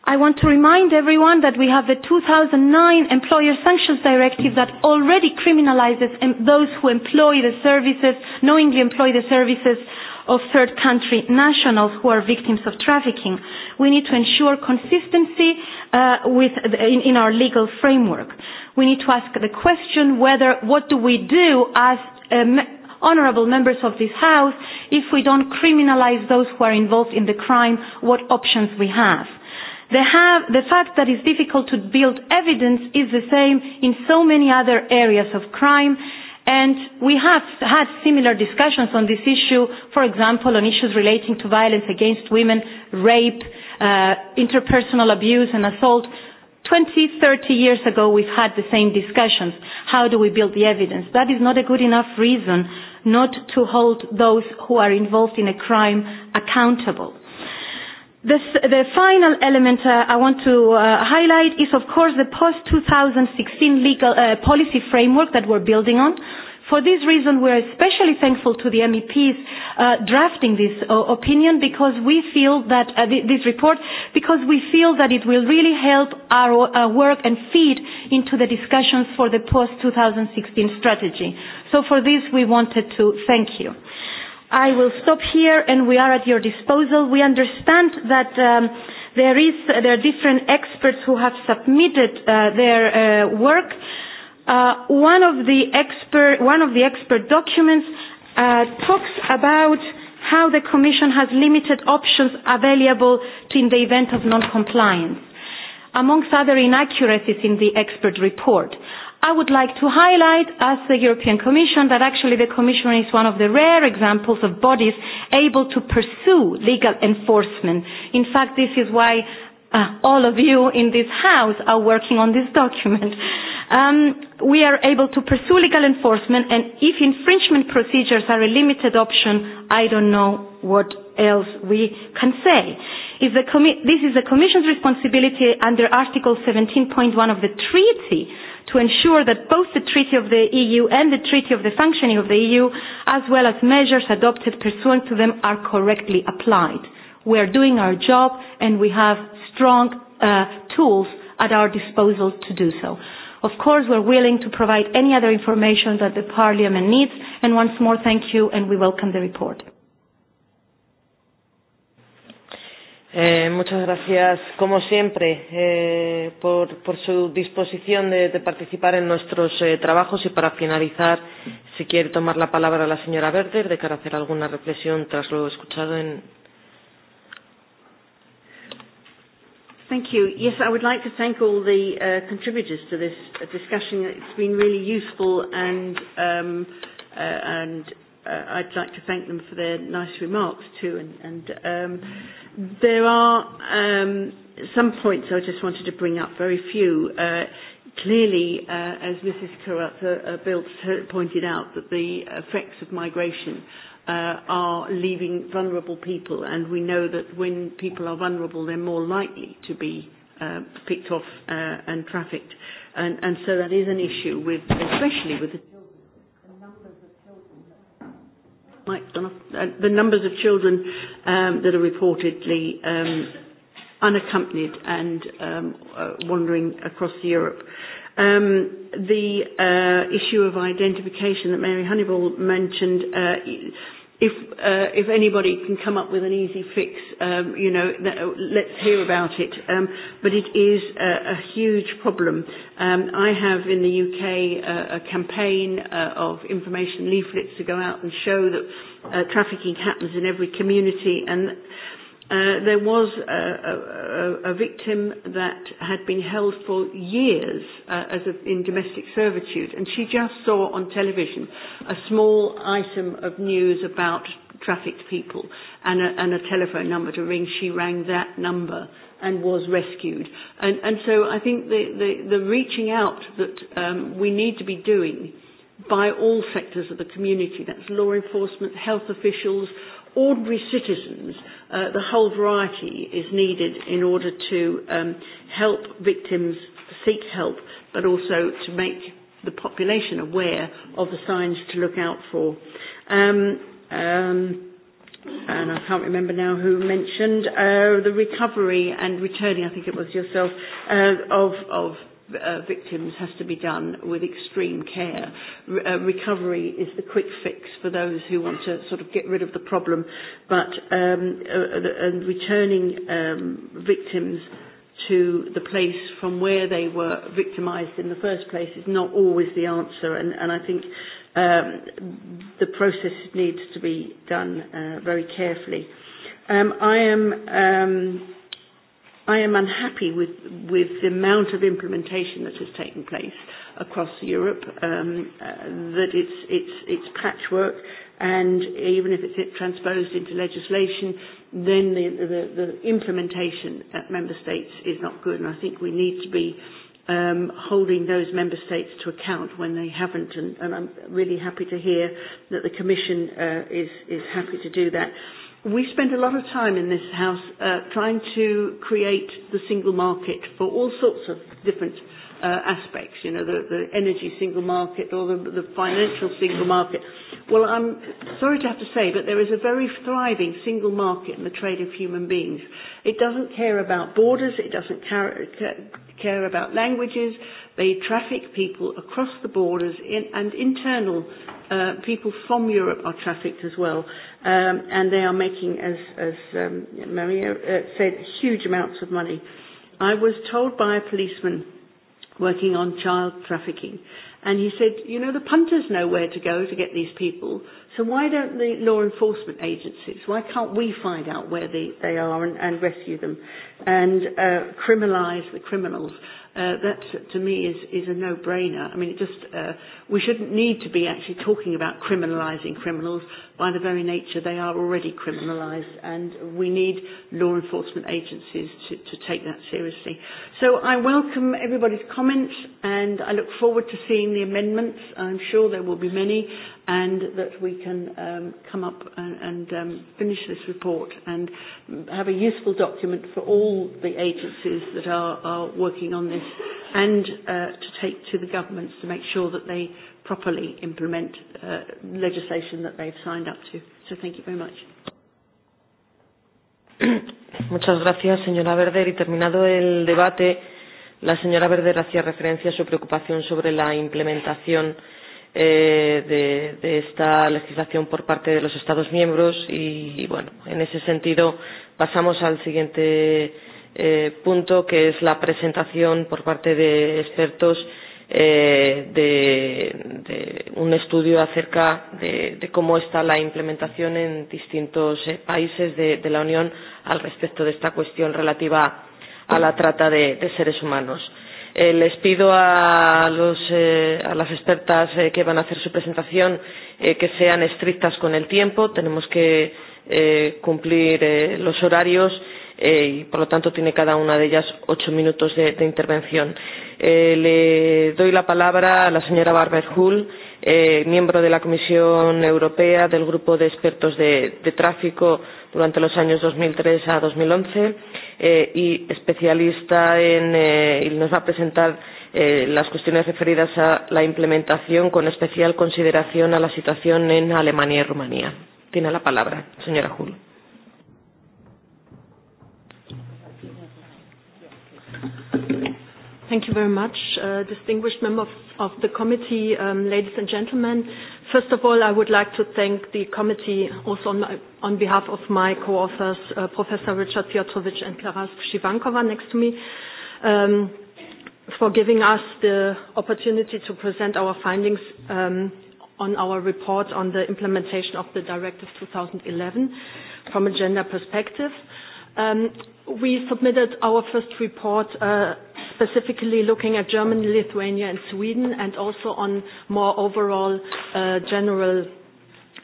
S8: I want to remind everyone that we have the 2009 Employer Sanctions Directive that already criminalizes those who employ the services, knowingly employ the services of third country nationals who are victims of trafficking. We need to ensure consistency uh, with the, in, in our legal framework. We need to ask the question whether what do we do as um, honourable members of this House if we don't criminalise those who are involved in the crime, what options we have. The, have, the fact that it's difficult to build evidence is the same in so many other areas of crime, and we have had similar discussions on this issue, for example, on issues relating to violence against women, rape, uh, interpersonal abuse and assault. 20, 30 years ago, we've had the same discussions. How do we build the evidence? That is not a good enough reason not to hold those who are involved in a crime accountable. This, the final element uh, I want to uh, highlight is, of course, the post-2016 legal uh, policy framework that we're building on. For this reason, we are especially thankful to the MEPs uh, drafting this uh, opinion because we feel that uh, th- this report, because we feel that it will really help our, our uh, work and feed into the discussions for the post-2016 strategy. So for this, we wanted to thank you. I will stop here and we are at your disposal. We understand that um, there, is, there are different experts who have submitted uh, their uh, work. Uh, one, of the expert, one of the expert documents uh, talks about how the Commission has limited options available to in the event of non-compliance, amongst other inaccuracies in the expert report. I would like to highlight, as the European Commission, that actually the Commission is one of the rare examples of bodies able to pursue legal enforcement. In fact, this is why uh, all of you in this House are working on this document. Um, we are able to pursue legal enforcement, and if infringement procedures are a limited option, I don't know what else we can say. If the commi- this is the Commission's responsibility under Article 17.1 of the Treaty to ensure that both the Treaty of the EU and the Treaty of the Functioning of the EU, as well as measures adopted pursuant to them, are correctly applied. We are doing our job and we have strong uh, tools at our disposal to do so. Of course, we're willing to provide any other information that the Parliament needs. And once more, thank you and we welcome the report.
S1: Eh, muchas gracias, como siempre, eh, por, por su disposición de, de participar en nuestros eh, trabajos. Y para finalizar, si quiere tomar la palabra la señora Berder de cara a hacer alguna reflexión tras lo escuchado en. Thank you. Yes, I would like to thank all the uh, contributors to this discussion.
S2: It's been really useful and, um, uh, and uh, I'd like to thank them for their nice remarks too. And, and um, there are um, some points I just wanted to bring up, very few. Uh, clearly, uh, as Mrs. Carruth uh, uh built pointed out, that the effects of migration uh, are leaving vulnerable people, and we know that when people are vulnerable, they're more likely to be uh, picked off uh, and trafficked. And, and so that is an issue, with, especially with the Mike uh, the numbers of children um, that are reportedly um, unaccompanied and um, uh, wandering across Europe. Um, the uh, issue of identification that Mary Honeyball mentioned. Uh, if uh, if anybody can come up with an easy fix, um, you know, uh, let's hear about it. Um, but it is a, a huge problem. Um, I have in the UK a, uh, a campaign uh, of information leaflets to go out and show that uh, trafficking happens in every community and Uh, there was a, a, a victim that had been held for years uh, as a, in domestic servitude, and she just saw on television a small item of news about trafficked people and a, and a telephone number to ring. She rang that number and was rescued. And, and so I think the, the, the reaching out that um, we need to be doing by all sectors of the community, that's law enforcement, health officials, ordinary citizens, uh, the whole variety is needed in order to um, help victims seek help, but also to make the population aware of the signs to look out for. Um, um, and I can't remember now who mentioned uh, the recovery and returning. I think it was yourself uh, of of uh, victims has to be done with extreme care. Re- uh, recovery is the quick fix for those who want to sort of get rid of the problem, but um, uh, uh and returning um, victims to the place from where they were victimised in the first place is not always the answer, and, and I think um, the process needs to be done uh, very carefully. Um, I am. Um, i am unhappy with, with the amount of implementation that has taken place across Europe, um, uh, that it's, it's, it's patchwork, and even if it's transposed into legislation, then the, the, the implementation at member states is not good, and I think we need to be um, holding those member states to account when they haven't, and, and I'm really happy to hear that the Commission uh, is, is happy to do that. We spend a lot of time in this House uh, trying to create the single market for all sorts of different uh, uh, aspects, you know, the, the energy single market or the, the financial single market. Well, I'm sorry to have to say, but there is a very thriving single market in the trade of human beings. It doesn't care about borders, it doesn't care, care about languages. They traffic people across the borders in, and internal uh, people from Europe are trafficked as well. Um, and they are making, as, as um, Maria uh, said, huge amounts of money. I was told by a policeman working on child trafficking. And he said, you know, the punters know where to go to get these people, so why don't the law enforcement agencies, why can't we find out where they, they are and, and rescue them and uh, criminalise the criminals? Uh, that, to me, is, is a no-brainer. I mean, it just, uh, we shouldn't need to be actually talking about criminalising criminals, by the very nature they are already criminalised and we need law enforcement agencies to, to take that seriously. So I welcome everybody's comments and I look forward to seeing the amendments. I'm sure there will be many and that we can um, come up and, and um, finish this report and have a useful document for all the agencies that are, are working on this and uh, to take to the governments to make sure that they properly implement uh, legislation that they've signed up to. So thank you very much.
S1: Muchas gracias, señora Verder. Y terminado el debate, la señora Verder hacía referencia a su preocupación sobre la implementación eh, de, de esta legislación por parte de los Estados miembros y, y bueno, en ese sentido pasamos al siguiente eh, punto, que es la presentación por parte de expertos eh, de, de un estudio acerca de, de cómo está la implementación en distintos eh, países de, de la Unión al respecto de esta cuestión relativa a la trata de, de seres humanos. Eh, les pido a, los, eh, a las expertas eh, que van a hacer su presentación eh, que sean estrictas con el tiempo. Tenemos que eh, cumplir eh, los horarios eh, y, por lo tanto, tiene cada una de ellas ocho minutos de, de intervención. Eh, Eh, le doy la palabra a la señora Barber-Hull, eh, miembro de la Comisión Europea del Grupo de Expertos de, de Tráfico durante los años 2003 a 2011 eh, y especialista en, eh, y nos va a presentar eh, las cuestiones referidas a la implementación con especial consideración a la situación en Alemania y Rumanía. Tiene la palabra, señora Hull.
S9: Thank you very much, uh, distinguished members of the committee, um, ladies and gentlemen. First of all, I would like to thank the committee also on, my, on behalf of my co-authors, uh, Professor Richard Piotrovic and Klara Shivankova next to me, um, for giving us the opportunity to present our findings um, on our report on the implementation of the Directive 2011 from a gender perspective. Um, we submitted our first report uh, specifically looking at Germany, Lithuania, and Sweden, and also on more overall uh, general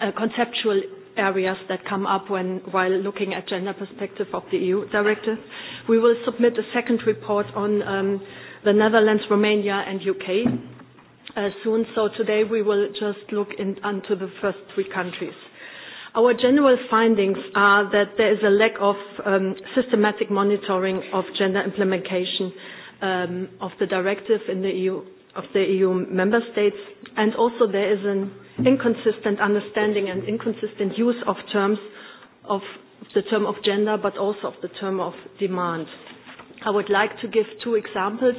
S9: uh, conceptual areas that come up when while looking at gender perspective of the EU directive. We will submit a second report on um, the Netherlands, Romania, and UK uh, soon. So today we will just look in, into the first three countries. Our general findings are that there is a lack of um, systematic monitoring of gender implementation um, of the directive in the EU of the EU member states, and also there is an inconsistent understanding and inconsistent use of terms of the term of gender, but also of the term of demand. I would like to give two examples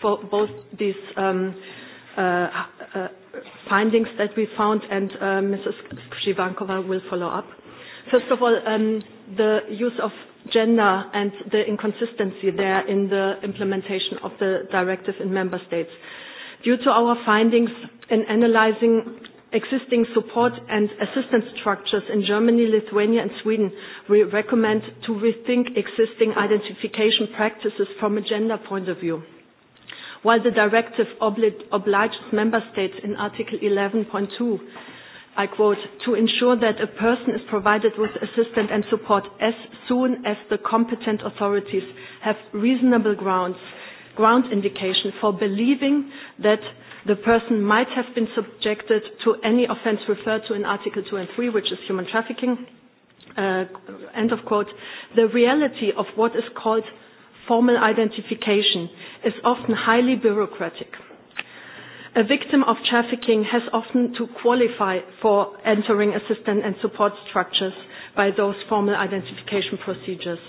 S9: for both these um, uh, uh, findings that we found, and uh, Mrs. Skrivankova will follow up. First of all, um, the use of gender and the inconsistency there in the implementation of the directive in member states. Due to our findings in analyzing existing support and assistance structures in Germany, Lithuania and Sweden, we recommend to rethink existing identification practices from a gender point of view. While the directive obliges member states in Article 11.2 i quote, to ensure that a person is provided with assistance and support as soon as the competent authorities have reasonable grounds, ground indication for believing that the person might have been subjected to any offense referred to in Article 2 and 3, which is human trafficking, uh, end of quote. The reality of what is called formal identification is often highly bureaucratic a victim of trafficking has often to qualify for entering assistance and support structures by those formal identification procedures.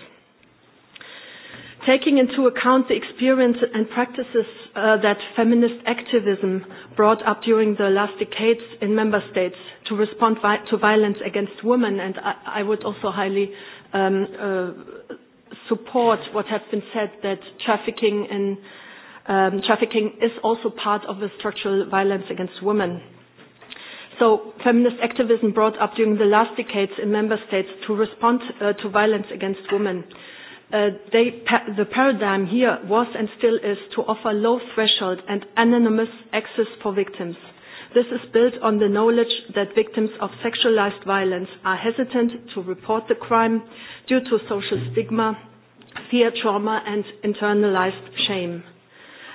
S9: Taking into account the experience and practices uh, that feminist activism brought up during the last decades in member states to respond vi to violence against women, and I, I would also highly um, uh, support what has been said that trafficking in um, trafficking is also part of the structural violence against women. So feminist activism brought up during the last decades in member states to respond uh, to violence against women. Uh, they, pa- the paradigm here was and still is to offer low threshold and anonymous access for victims. This is built on the knowledge that victims of sexualized violence are hesitant to report the crime due to social stigma, fear, trauma, and internalized shame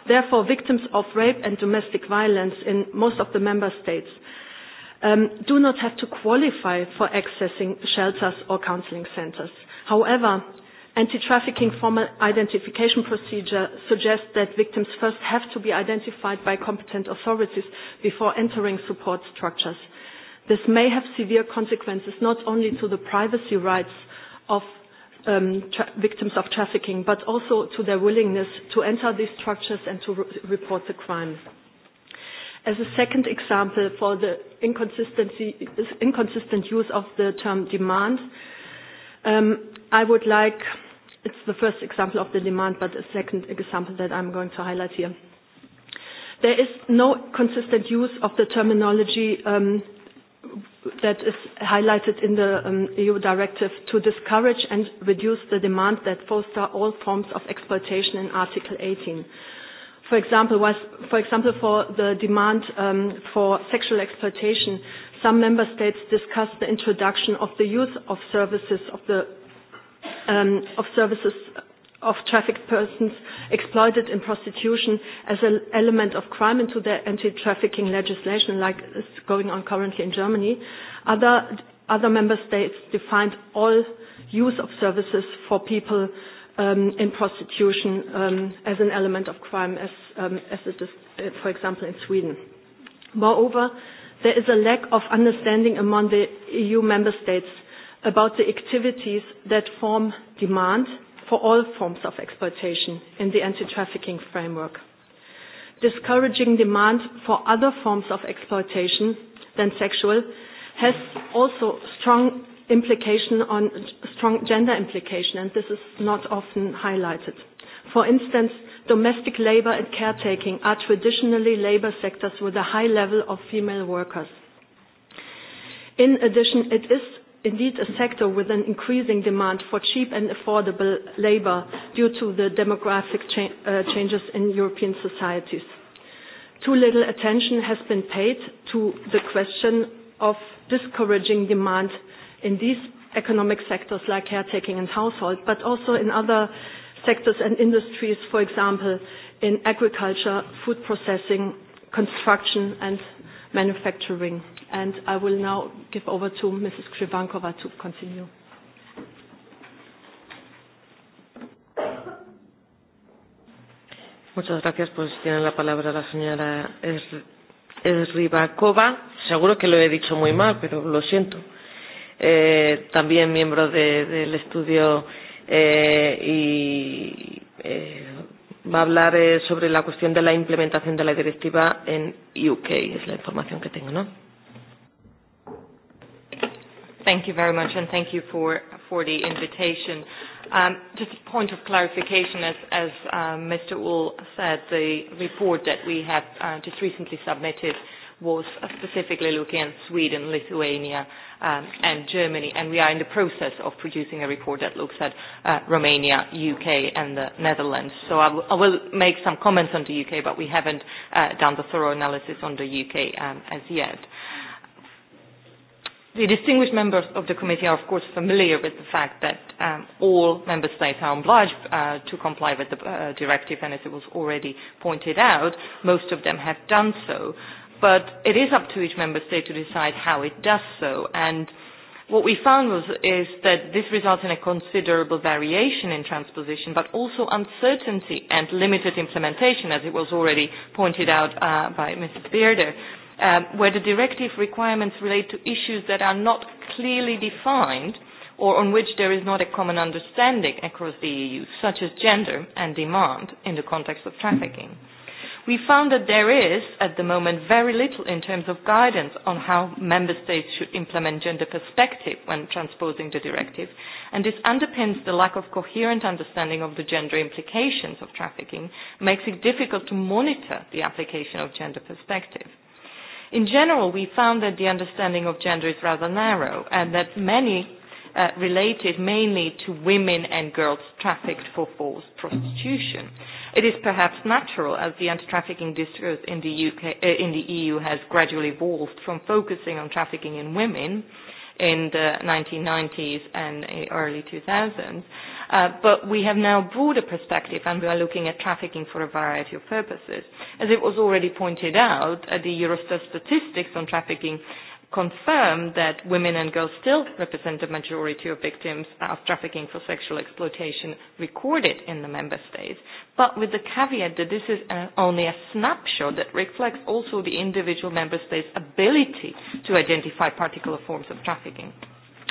S9: therefore victims of rape and domestic violence in most of the member states um, do not have to qualify for accessing shelters or counseling centers. However, anti-trafficking formal identification procedure suggests that victims first have to be identified by competent authorities before entering support structures. This may have severe consequences not only to the privacy rights of um, tra- victims of trafficking, but also to their willingness to enter these structures and to re- report the crime. As a second example for the inconsistency, inconsistent use of the term demand, um, I would like, it's the first example of the demand, but a second example that I'm going to highlight here. There is no consistent use of the terminology um, that is highlighted in the um, EU directive to discourage and reduce the demand that foster all forms of exploitation in Article 18. For example, was, for example, for the demand um, for sexual exploitation, some member states discussed the introduction of the use of services of the um, of services of trafficked persons exploited in prostitution as an element of crime into the anti-trafficking legislation like is going on currently in Germany. Other, other member states defined all use of services for people um, in prostitution um, as an element of crime as, um, as it is, uh, for example, in Sweden. Moreover, there is a lack of understanding among the EU member states about the activities that form demand for all forms of exploitation in the anti-trafficking framework, discouraging demand for other forms of exploitation than sexual has also strong implication on strong gender implication, and this is not often highlighted. For instance, domestic labor and caretaking are traditionally labor sectors with a high level of female workers. In addition, it is indeed a sector with an increasing demand for cheap and affordable labor due to the demographic cha uh, changes in European societies. Too little attention has been paid to the question of discouraging demand in these economic sectors like caretaking and household, but also in other sectors and industries, for example, in agriculture, food processing, construction, and manufacturing. I will now give over to Mrs. Krivankova
S1: to continue. Muchas gracias. Pues tiene la palabra la señora Esribakova. Seguro que lo he dicho muy mal, pero lo siento. Eh, también miembro de, del estudio eh, y eh, va a hablar eh, sobre la cuestión de la implementación de la directiva en UK. Es la información que tengo, ¿no? Thank you
S10: very much, and thank you for, for the invitation. Um, just a point of clarification, as, as um, Mr. Wool said, the report that we have uh, just recently submitted was specifically looking at Sweden, Lithuania, um, and Germany, and we are in the process of producing a report that looks at uh, Romania, UK, and the Netherlands. So I, I will make some comments on the UK, but we haven't uh, done the thorough analysis on the UK um, as yet. The distinguished members of the committee are, of course, familiar with the fact that um, all member states are obliged uh, to comply with the uh, directive, and as it was already pointed out, most of them have done so. Uh, but it is up to each member state to decide how it does so. And what we found was is that this results in a considerable variation in transposition, but also uncertainty and limited implementation, as it was already pointed out uh, by Mrs. Bearder, uh, where the directive requirements relate to issues that are not clearly defined or on which there is not a common understanding across the EU, such as gender and demand in the context of trafficking. Mm-hmm we found that there is, at the moment, very little in terms of guidance on how member states should implement gender perspective when transposing the directive, and this underpins the lack of coherent understanding of the gender implications of trafficking, makes it difficult to monitor the application of gender perspective. In general, we found that the understanding of gender is rather narrow and that many uh, related mainly to women and girls trafficked for forced prostitution. It is perhaps natural as the anti-trafficking discourse in the, UK, uh, in the EU has gradually evolved from focusing on trafficking in women in the 1990s and e, early 2000s. Uh, but we have now broader perspective and we are looking at trafficking for a variety of purposes. As it was already pointed out, uh, the Eurostat statistics on trafficking confirm that women and girls still represent the majority of victims of trafficking for sexual exploitation recorded in the member states, but with the caveat that this is a, uh, only a snapshot that reflects also the individual member states' ability to identify particular forms of trafficking.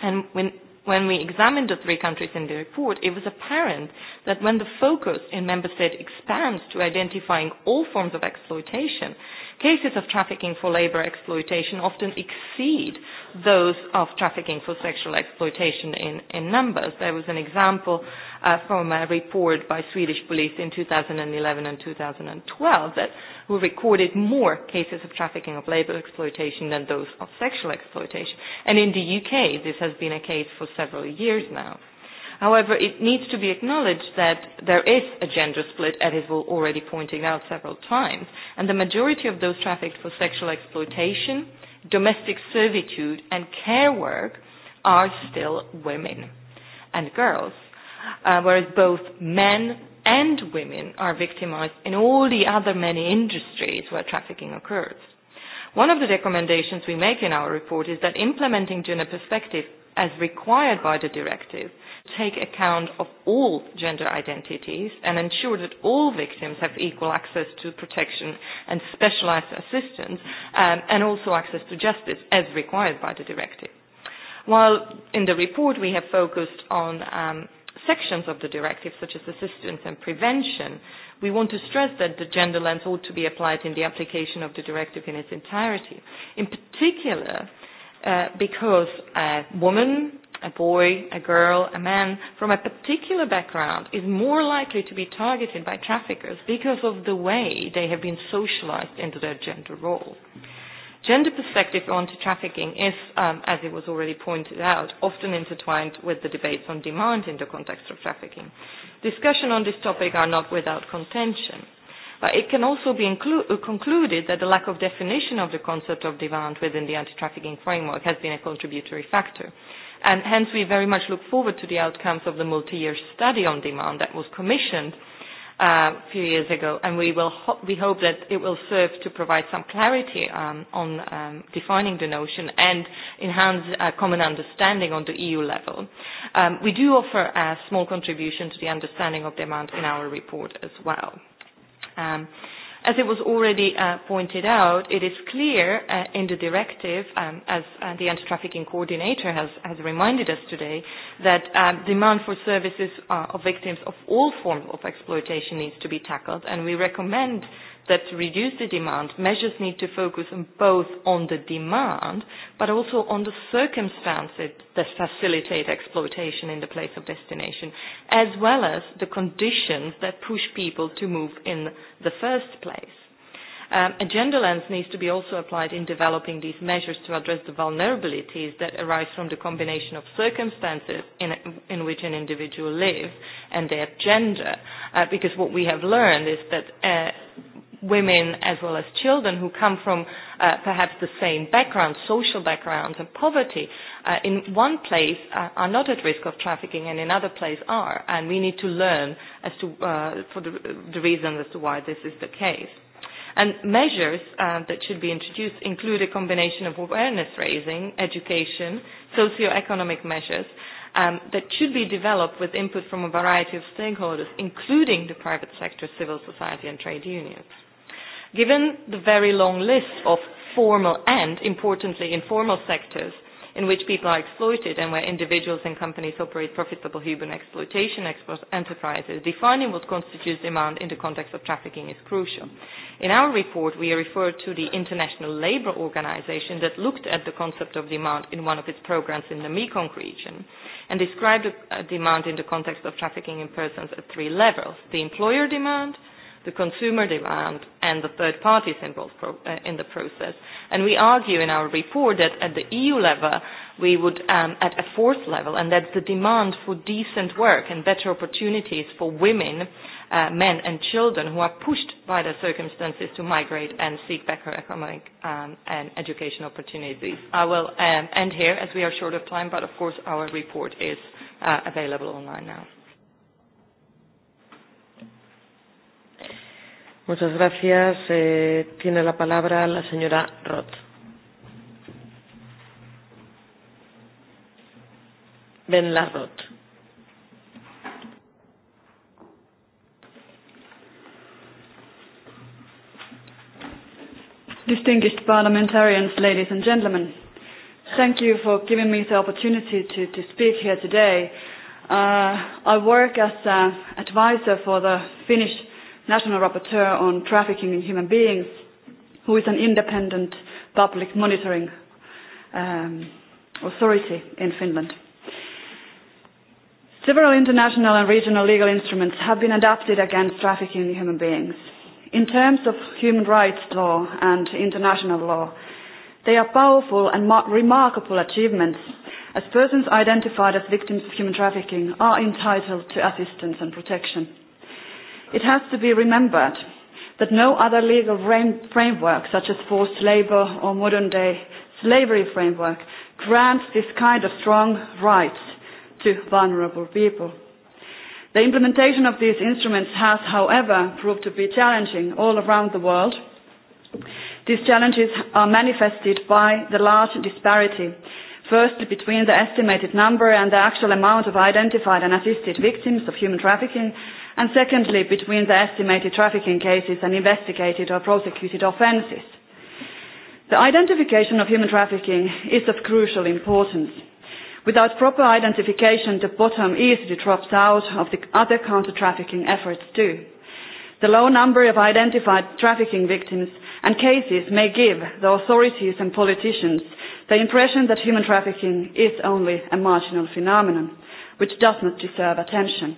S10: And when when we examined the three countries in the report, it was apparent that when the focus in member states expands to identifying all forms of exploitation, cases of trafficking for labor exploitation often exceed those of trafficking for sexual exploitation in, in numbers. There was an example uh, from a report by Swedish police in 2011 and 2012 that who recorded more cases of trafficking of labor exploitation than those of sexual exploitation. And in the UK, this has been a case for several years now. However, it needs to be acknowledged that there is a gender split, as is already pointed out several times, and the majority of those trafficked for sexual exploitation, domestic servitude, and care work are still women and girls, uh, whereas both men and women are victimized in all the other many industries where trafficking occurs. One of the recommendations we make in our report is that implementing gender perspective as required by the directive take account of all gender identities and ensure that all victims have equal access to protection and specialized assistance um, and also access to justice as required by the directive. While in the report we have focused on um, sections of the directive, such as assistance and prevention, we want to stress that the gender lens ought to be applied in the application of the directive in its entirety. In particular, uh, because uh, women, a boy, a girl, a man from a particular background is more likely to be targeted by traffickers because of the way they have been socialized into their gender role. Gender perspective on trafficking is, um, as it was already pointed out, often intertwined with the debates on demand in the context of trafficking. Discussion on this topic are not without contention. But it can also be uh, concluded that the lack of definition of the concept of demand within the anti-trafficking framework has been a contributory factor and hence we very much look forward to the outcomes of the multi-year study on demand that was commissioned uh, a few years ago, and we, will ho we hope that it will serve to provide some clarity um, on um, defining the notion and enhance a uh, common understanding on the EU level. Um, we do offer a small contribution to the understanding of demand in our report as well. Um, As it was already uh, pointed out, it is clear uh, in the directive, um, as uh, the anti-trafficking coordinator has, has reminded us today, that um, demand for services uh, of victims of all forms of exploitation needs to be tackled, and we recommend that to reduce the demand, measures need to focus on both on the demand, but also on the circumstances that facilitate exploitation in the place of destination, as well as the conditions that push people to move in the first place. Um, a gender lens needs to be also applied in developing these measures to address the vulnerabilities that arise from the combination of circumstances in, in which an individual lives and their gender, uh, because what we have learned is that uh, women as well as children who come from uh, perhaps the same background, social backgrounds and poverty, uh, in one place uh, are not at risk of trafficking and in another place are. And we need to learn as to, uh, for the, the reason as to why this is the case. And measures uh, that should be introduced include a combination of awareness raising, education, socioeconomic measures, um, that should be developed with input from a variety of stakeholders, including the private sector, civil society, and trade unions. Given the very long list of formal and, importantly, informal sectors in which people are exploited and where individuals and companies operate profitable human exploitation enterprises, defining what constitutes demand in the context of trafficking is crucial. In our report, we referred to the International Labour Organization that looked at the concept of demand in one of its programs in the Mekong region and described uh, demand in the context of trafficking in persons at three levels, the employer demand, the consumer demand and the third parties involved pro uh, in the process. And we argue in our report that at the EU level, we would, um, at a fourth level, and that's the demand for decent work and better opportunities for women, uh, men and children who are pushed by their circumstances to migrate and seek better economic um, and education opportunities. I will um, end here as we are short of time, but of course our report is uh, available online now.
S1: Muchas gracias. Eh, tiene la palabra la señora Roth. Ben Larroth. Distinguished
S11: parliamentarians, ladies and gentlemen, thank you for giving me the opportunity to, to speak here today. Uh, I work as an uh, advisor for the Finnish National Rapporteur on Trafficking in Human Beings, who is an independent public monitoring um, authority in Finland. Several international and regional legal instruments have been adapted against trafficking in human beings. In terms of human rights law and international law, they are powerful and remarkable achievements as persons identified as victims of human trafficking are entitled to assistance and protection. It has to be remembered that no other legal framework, such as forced labor or modern day slavery framework, grants this kind of strong rights to vulnerable people. The implementation of these instruments has, however, proved to be challenging all around the world. These challenges are manifested by the large disparity, firstly between the estimated number and the actual amount of identified and assisted victims of human trafficking, and secondly, between the estimated trafficking cases and investigated or prosecuted offences. The identification of human trafficking is of crucial importance. Without proper identification, the bottom easily drops out of the other counter-trafficking efforts too. The low number of identified trafficking victims and cases may give the authorities and politicians the impression that human trafficking is only a marginal phenomenon, which does not deserve attention.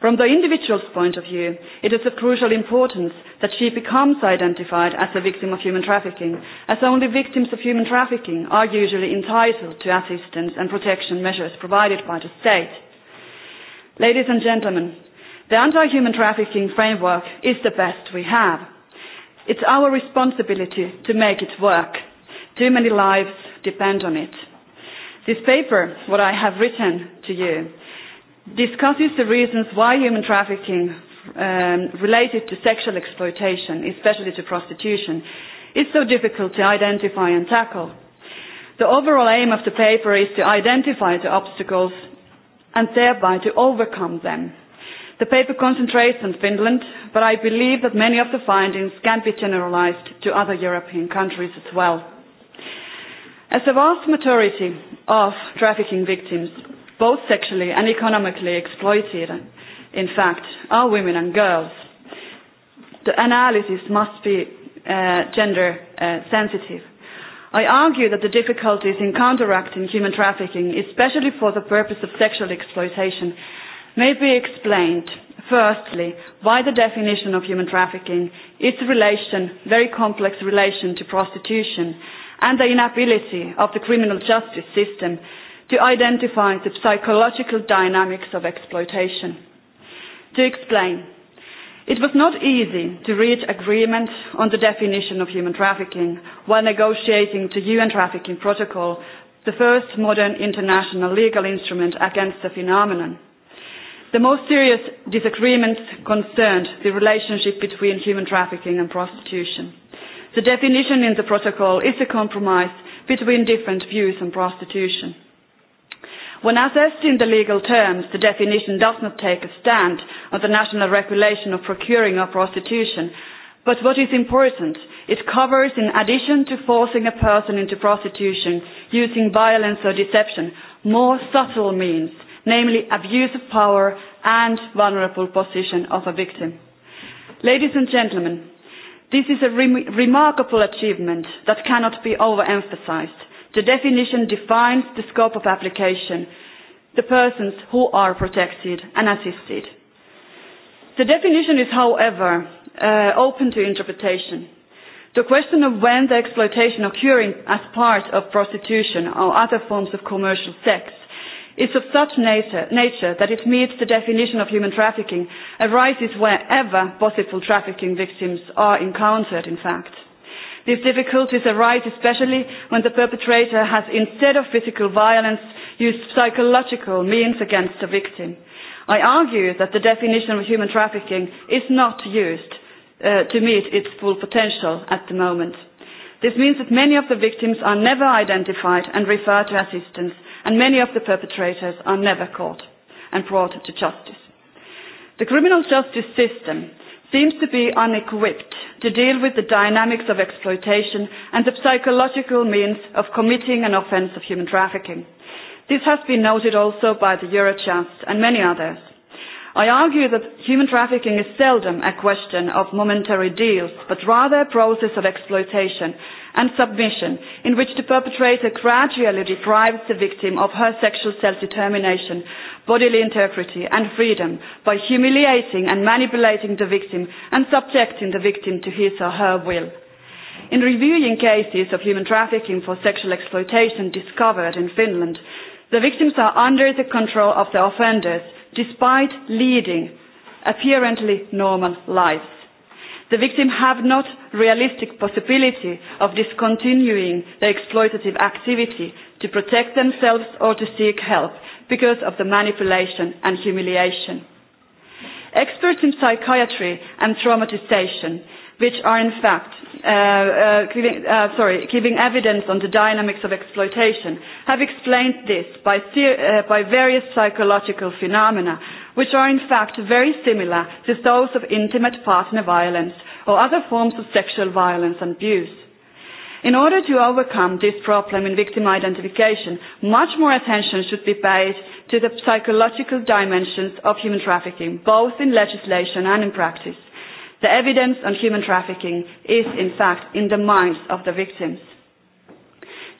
S11: From the individual's point of view, it is of crucial importance that she becomes identified as a victim of human trafficking, as only victims of human trafficking are usually entitled to assistance and protection measures provided by the state. Ladies and gentlemen, the anti-human trafficking framework is the best we have. It's our responsibility to make it work. Too many lives depend on it. This paper, what I have written to you, discusses the reasons why human trafficking um, related to sexual exploitation, especially to prostitution, is so difficult to identify and tackle. The overall aim of the paper is to identify the obstacles and thereby to overcome them. The paper concentrates on Finland, but I believe that many of the findings can be generalized to other European countries as well. As a vast majority of trafficking victims both sexually and economically exploited, in fact, are women and girls. The analysis must be uh, gender uh, sensitive. I argue that the difficulties in counteracting human trafficking, especially for the purpose of sexual exploitation, may be explained, firstly, by the definition of human trafficking, its relation, very complex relation to prostitution, and the inability of the criminal justice system to identify the psychological dynamics of exploitation. To explain, it was not easy to reach agreement on the definition of human trafficking while negotiating the UN Trafficking Protocol, the first modern international legal instrument against the phenomenon. The most serious disagreements concerned the relationship between human trafficking and prostitution. The definition in the protocol is a compromise between different views on prostitution. When assessed in the legal terms, the definition does not take a stand on the national regulation of procuring or prostitution, but what is important, it covers in addition to forcing a person into prostitution using violence or deception, more subtle means, namely abuse of power and vulnerable position of a victim. Ladies and gentlemen, this is a re remarkable achievement that cannot be overemphasized The definition defines the scope of application, the persons who are protected and assisted. The definition is, however, uh, open to interpretation. The question of when the exploitation occurring as part of prostitution or other forms of commercial sex is of such nature, nature that it meets the definition of human trafficking arises wherever possible trafficking victims are encountered, in fact. These difficulties arise especially when the perpetrator has, instead of physical violence, used psychological means against the victim. I argue that the definition of human trafficking is not used uh, to meet its full potential at the moment. This means that many of the victims are never identified and referred to assistance, and many of the perpetrators are never caught and brought to justice. The criminal justice system seems to be unequipped to deal with the dynamics of exploitation and the psychological means of committing an offence of human trafficking. This has been noted also by the Eurojust and many others. I argue that human trafficking is seldom a question of momentary deals, but rather a process of exploitation and submission, in which the perpetrator gradually deprives the victim of her sexual self-determination, bodily integrity and freedom by humiliating and manipulating the victim and subjecting the victim to his or her will. In reviewing cases of human trafficking for sexual exploitation discovered in Finland, the victims are under the control of the offenders despite leading apparently normal lives. The victims have not realistic possibility of discontinuing the exploitative activity to protect themselves or to seek help because of the manipulation and humiliation. Experts in psychiatry and traumatization, which are in fact uh, uh, giving, uh, sorry, giving evidence on the dynamics of exploitation, have explained this by, uh, by various psychological phenomena which are in fact very similar to those of intimate partner violence or other forms of sexual violence and abuse. In order to overcome this problem in victim identification, much more attention should be paid to the psychological dimensions of human trafficking, both in legislation and in practice. The evidence on human trafficking is in fact in the minds of the victims.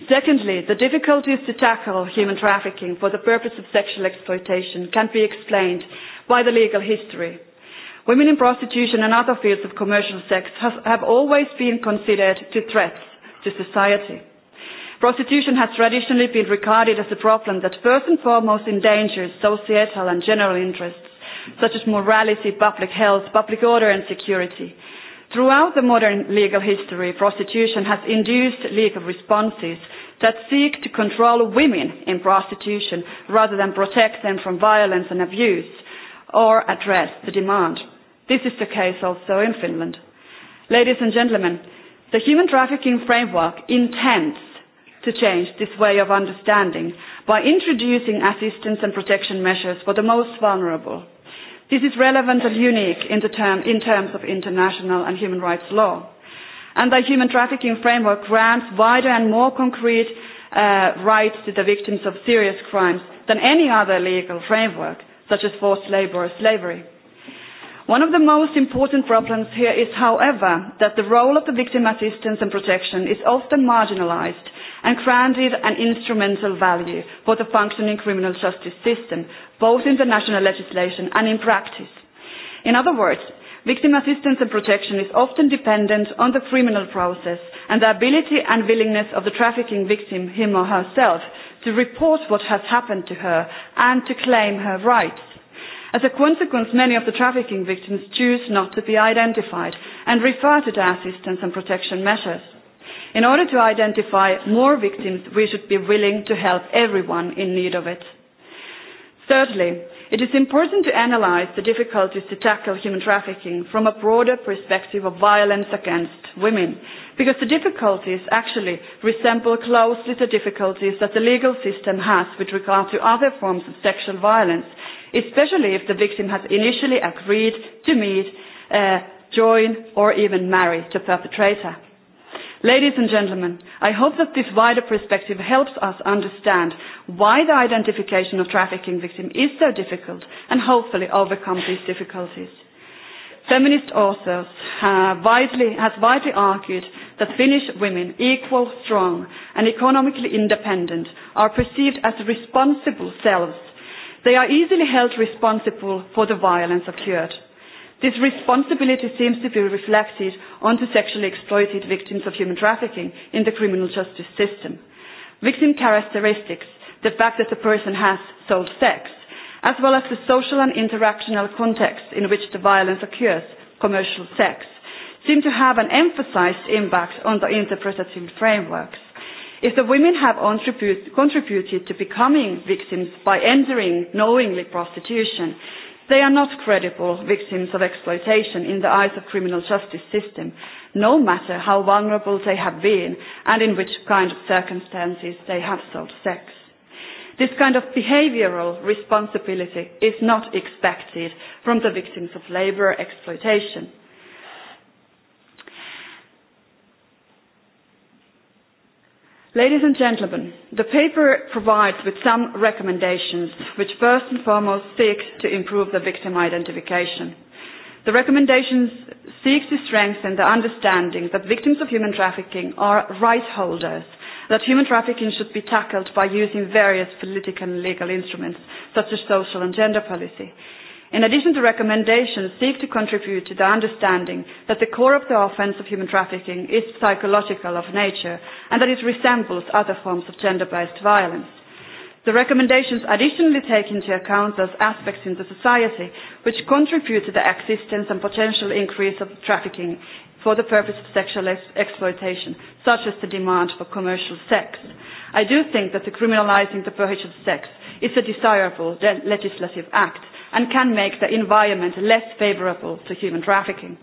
S11: Secondly, the difficulties to tackle human trafficking for the purpose of sexual exploitation can be explained by the legal history. Women in prostitution and other fields of commercial sex have, have always been considered to threats to society. Prostitution has traditionally been regarded as a problem that first and foremost endangers societal and general interests, such as morality, public health, public order and security, Throughout the modern legal history, prostitution has induced legal responses that seek to control women in prostitution rather than protect them from violence and abuse or address the demand. This is the case also in Finland. Ladies and gentlemen, the human trafficking framework intends to change this way of understanding by introducing assistance and protection measures for the most vulnerable. This is relevant and unique in, the term, in terms of international and human rights law. And the human trafficking framework grants wider and more concrete uh, rights to the victims of serious crimes than any other legal framework, such as forced labor or slavery. One of the most important problems here is, however, that the role of the victim assistance and protection is often marginalized and granted an instrumental value for the functioning criminal justice system, both in the national legislation and in practice. In other words, victim assistance and protection is often dependent on the criminal process and the ability and willingness of the trafficking victim, him or herself, to report what has happened to her and to claim her rights. As a consequence, many of the trafficking victims choose not to be identified and refer to their assistance and protection measures. In order to identify more victims, we should be willing to help everyone in need of it. Thirdly, it is important to analyse the difficulties to tackle human trafficking from a broader perspective of violence against women, because the difficulties actually resemble closely the difficulties that the legal system has with regard to other forms of sexual violence, especially if the victim has initially agreed to meet, uh, join, or even marry the perpetrator. Ladies and gentlemen, I hope that this wider perspective helps us understand why the identification of trafficking victims is so difficult and hopefully overcome these difficulties. Feminist authors have widely, widely argued that Finnish women, equal, strong and economically independent, are perceived as responsible selves. They are easily held responsible for the violence occurred. This responsibility seems to be reflected onto sexually exploited victims of human trafficking in the criminal justice system. Victim characteristics, the fact that the person has sold sex, as well as the social and interactional context in which the violence occurs, commercial sex, seem to have an emphasized impact on the interpretative frameworks. If the women have contribute, contributed to becoming victims by entering knowingly prostitution, They are not credible victims of exploitation in the eyes of criminal justice system, no matter how vulnerable they have been and in which kind of circumstances they have sold sex. This kind of behavioral responsibility is not expected from the victims of labor exploitation Ladies and gentlemen, the paper provides with some recommendations which first and foremost seek to improve the victim identification. The recommendations seek to strengthen the understanding that victims of human trafficking are right holders, that human trafficking should be tackled by using various political and legal instruments such as social and gender policy, In addition, the recommendations seek to contribute to the understanding that the core of the offence of human trafficking is psychological of nature and that it resembles other forms of gender-based violence. The recommendations additionally take into account those aspects in the society which contribute to the existence and potential increase of trafficking for the purpose of sexual ex exploitation, such as the demand for commercial sex. I do think that the criminalising the prohibition of sex is a desirable legislative act and can make the environment less favorable to human trafficking.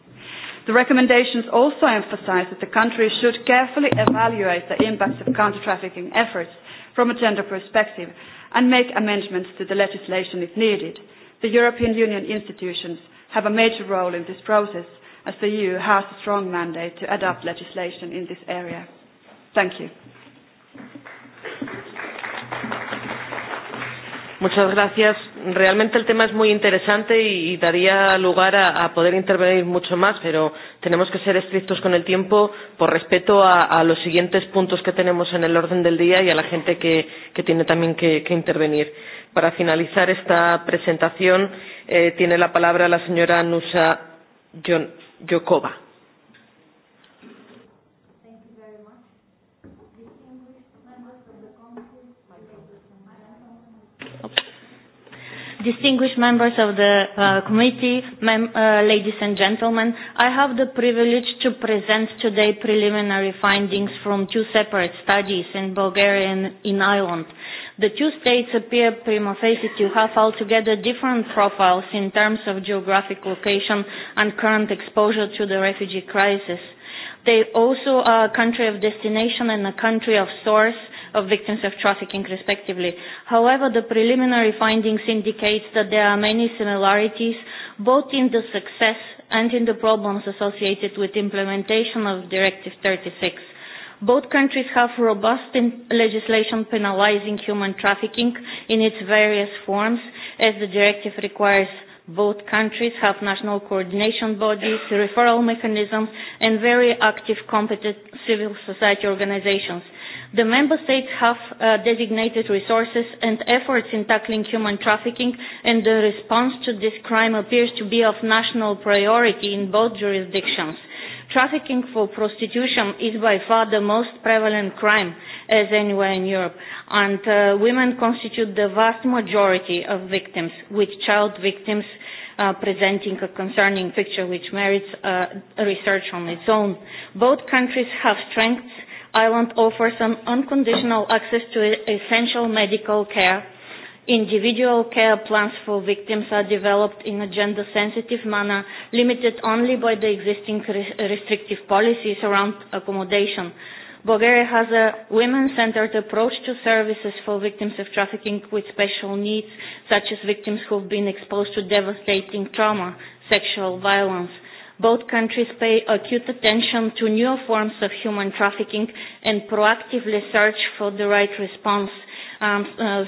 S11: The recommendations also emphasize that the country should carefully evaluate the impacts of counter-trafficking efforts from a gender perspective and make amendments to the legislation if needed. The European Union institutions have a major role in this process as the EU has a strong mandate to adopt legislation in this area.
S1: Thank you. Muchas gracias. Realmente el tema es muy interesante y, y daría lugar a, a poder intervenir mucho más, pero tenemos que ser estrictos con el tiempo por respeto a, a los siguientes puntos que tenemos en el orden del día y a la gente que, que tiene también que, que intervenir. Para finalizar esta presentación, eh, tiene la palabra la señora Nusa Jokova.
S12: distinguished members of the uh, committee, mem uh, ladies and gentlemen, I have the privilege to present today preliminary findings from two separate studies in Bulgaria and in Ireland. The two states appear prima facie to have altogether different profiles in terms of geographic location and current exposure to the refugee crisis. They also are a country of destination and a country of source of victims of trafficking, respectively. However, the preliminary findings indicate that there are many similarities both in the success and in the problems associated with implementation of Directive 36. Both countries have robust legislation penalizing human trafficking in its various forms, as the directive requires both countries have national coordination bodies, referral mechanisms, and very active competent civil society organizations. The member states have uh, designated resources and efforts in tackling human trafficking, and the response to this crime appears to be of national priority in both jurisdictions. Trafficking for prostitution is by far the most prevalent crime as anywhere in Europe, and uh, women constitute the vast majority of victims, with child victims Uh, presenting a concerning picture which merits uh, research on its own. Both countries have strengths Ireland offers an unconditional access to essential medical care. Individual care plans for victims are developed in a gender-sensitive manner, limited only by the existing restrictive policies around accommodation. Bulgaria has a women-centered approach to services for victims of trafficking with special needs, such as victims who have been exposed to devastating trauma, sexual violence both countries pay acute attention to new forms of human trafficking and proactively search for the right response um, uh,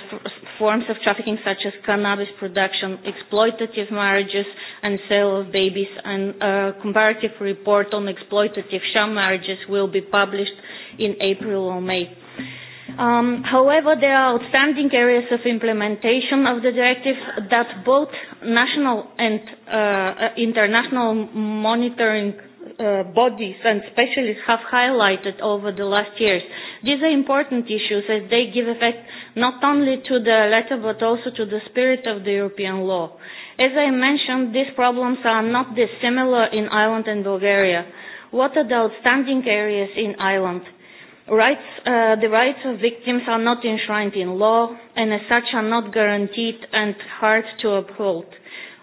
S12: forms of trafficking such as cannabis production, exploitative marriages and sale of babies, and a comparative report on exploitative sham marriages will be published in April or May. Um, however, there are outstanding areas of implementation of the directive that both national and uh, uh, international monitoring uh, bodies and specialists have highlighted over the last years. These are important issues as they give effect not only to the letter but also to the spirit of the European law. As I mentioned, these problems are not dissimilar in Ireland and Bulgaria. What are the outstanding areas in Ireland? Rights, uh, the rights of victims are not enshrined in law and as such are not guaranteed and hard to uphold.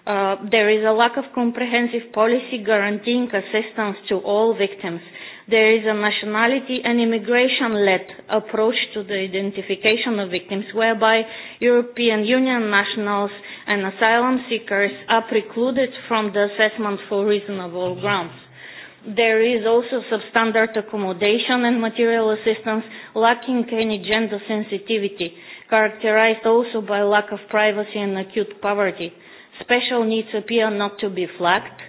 S12: Uh, there is a lack of comprehensive policy guaranteeing assistance to all victims. There is a nationality and immigration-led approach to the identification of victims whereby European Union nationals and asylum seekers are precluded from the assessment for reasonable grounds. There is also substandard accommodation and material assistance lacking any gender sensitivity, characterized also by lack of privacy and acute poverty. Special needs appear not to be flagged,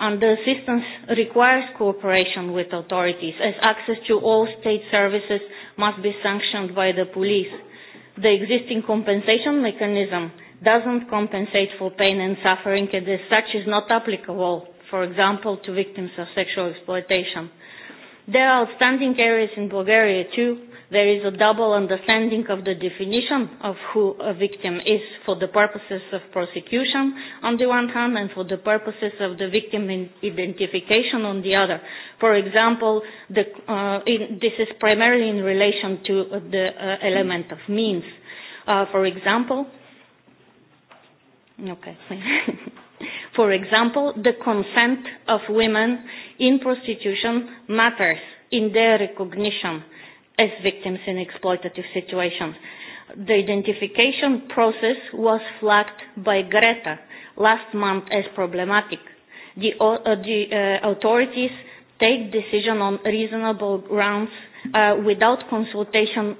S12: and the assistance requires cooperation with authorities, as access to all state services must be sanctioned by the police. The existing compensation mechanism doesn't compensate for pain and suffering and as such is not applicable for example, to victims of sexual exploitation. There are outstanding areas in Bulgaria too. There is a double understanding of the definition of who a victim is for the purposes of prosecution on the one hand and for the purposes of the victim identification on the other. For example, the, uh, in, this is primarily in relation to uh, the uh, element of means. Uh, for example, okay. For example, the consent of women in prostitution matters in their recognition as victims in exploitative situations. The identification process was flagged by Greta last month as problematic. The, uh, the uh, authorities take decision on reasonable grounds uh, without consultation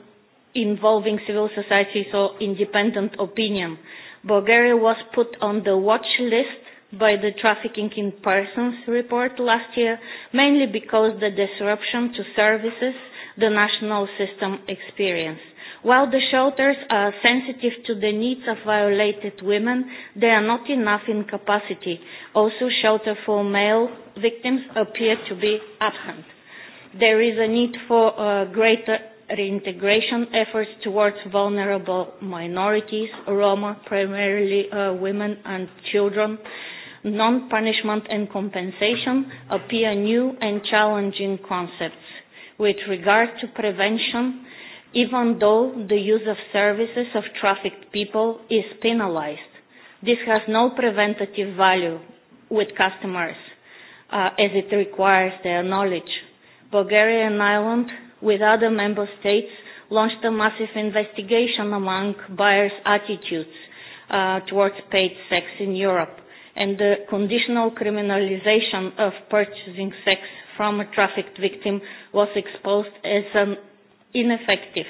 S12: involving civil society or independent opinion. Bulgaria was put on the watch list by the Trafficking in Persons report last year, mainly because the disruption to services the national system experienced. While the shelters are sensitive to the needs of violated women, they are not enough in capacity. Also, shelter for male victims appear to be absent. There is a need for a uh, greater reintegration efforts towards vulnerable minorities, Roma, primarily uh, women and children, non-punishment and compensation appear new and challenging concepts with regard to prevention, even though the use of services of trafficked people is penalized. This has no preventative value with customers uh, as it requires their knowledge. Bulgaria and Ireland, with other member states, launched a massive investigation among buyers' attitudes uh, towards paid sex in Europe and the conditional criminalization of purchasing sex from a trafficked victim was exposed as an ineffective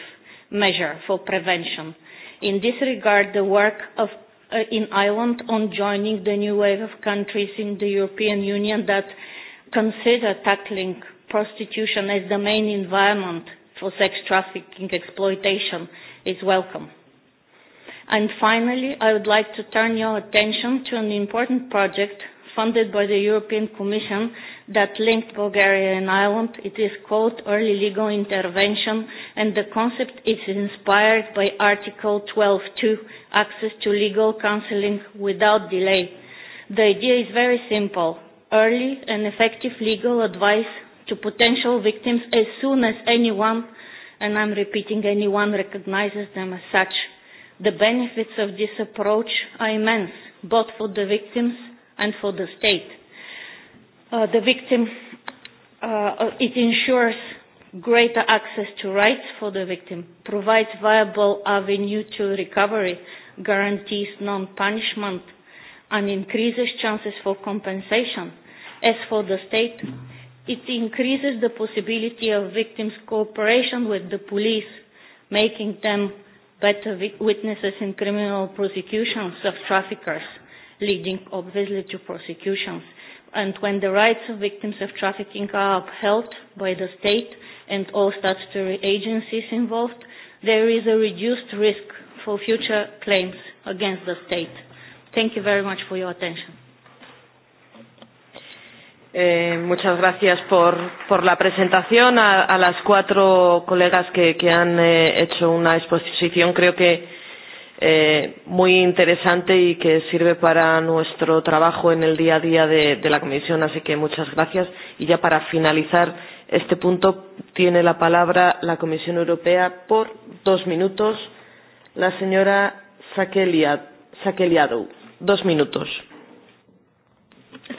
S12: measure for prevention. In this regard, the work of, uh, in Ireland on joining the new wave of countries in the European Union that consider tackling prostitution as the main environment for sex trafficking exploitation is welcome And finally, I would like to turn your attention to an important project funded by the European Commission that linked Bulgaria and Ireland. It is called Early Legal Intervention, and the concept is inspired by Article 12.2, access to legal counseling without delay. The idea is very simple. Early and effective legal advice to potential victims as soon as anyone, and I'm repeating anyone, recognizes them as such. The benefits of this approach are immense, both for the victims and for the state. Uh, the victim, uh, uh, it ensures greater access to rights for the victim, provides viable avenue to recovery, guarantees non-punishment, and increases chances for compensation. As for the state, it increases the possibility of victims' cooperation with the police, making them better witnesses in criminal prosecutions of traffickers, leading obviously to prosecutions. And when the rights of victims of trafficking are upheld by the state and all statutory agencies involved, there is a reduced risk for future claims against the state. Thank you very much for your attention.
S1: Eh, muchas gracias por, por la presentación a, a las cuatro colegas que, que han eh, hecho una exposición, creo que eh, muy interesante y que sirve para nuestro trabajo en el día a día de, de la Comisión. Así que muchas gracias. Y ya para finalizar este punto, tiene la palabra la Comisión Europea por dos minutos. La señora Sakeliadou. Dos minutos.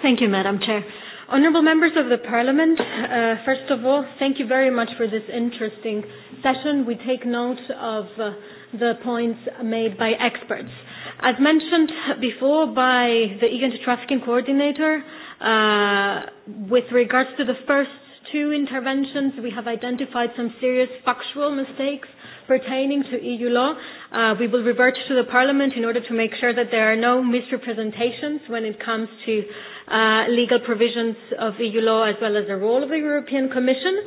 S1: Thank you, Madam
S13: Chair. Honourable members of the Parliament, uh, first of all, thank you very much for this interesting session. We take note of uh, the points made by experts. As mentioned before by the EU Anti-Trafficking Coordinator, uh, with regards to the first two interventions, we have identified some serious factual mistakes pertaining to EU law. Uh, we will revert to the Parliament in order to make sure that there are no misrepresentations when it comes to uh, uh, legal provisions of EU law as well as the role of the European Commission.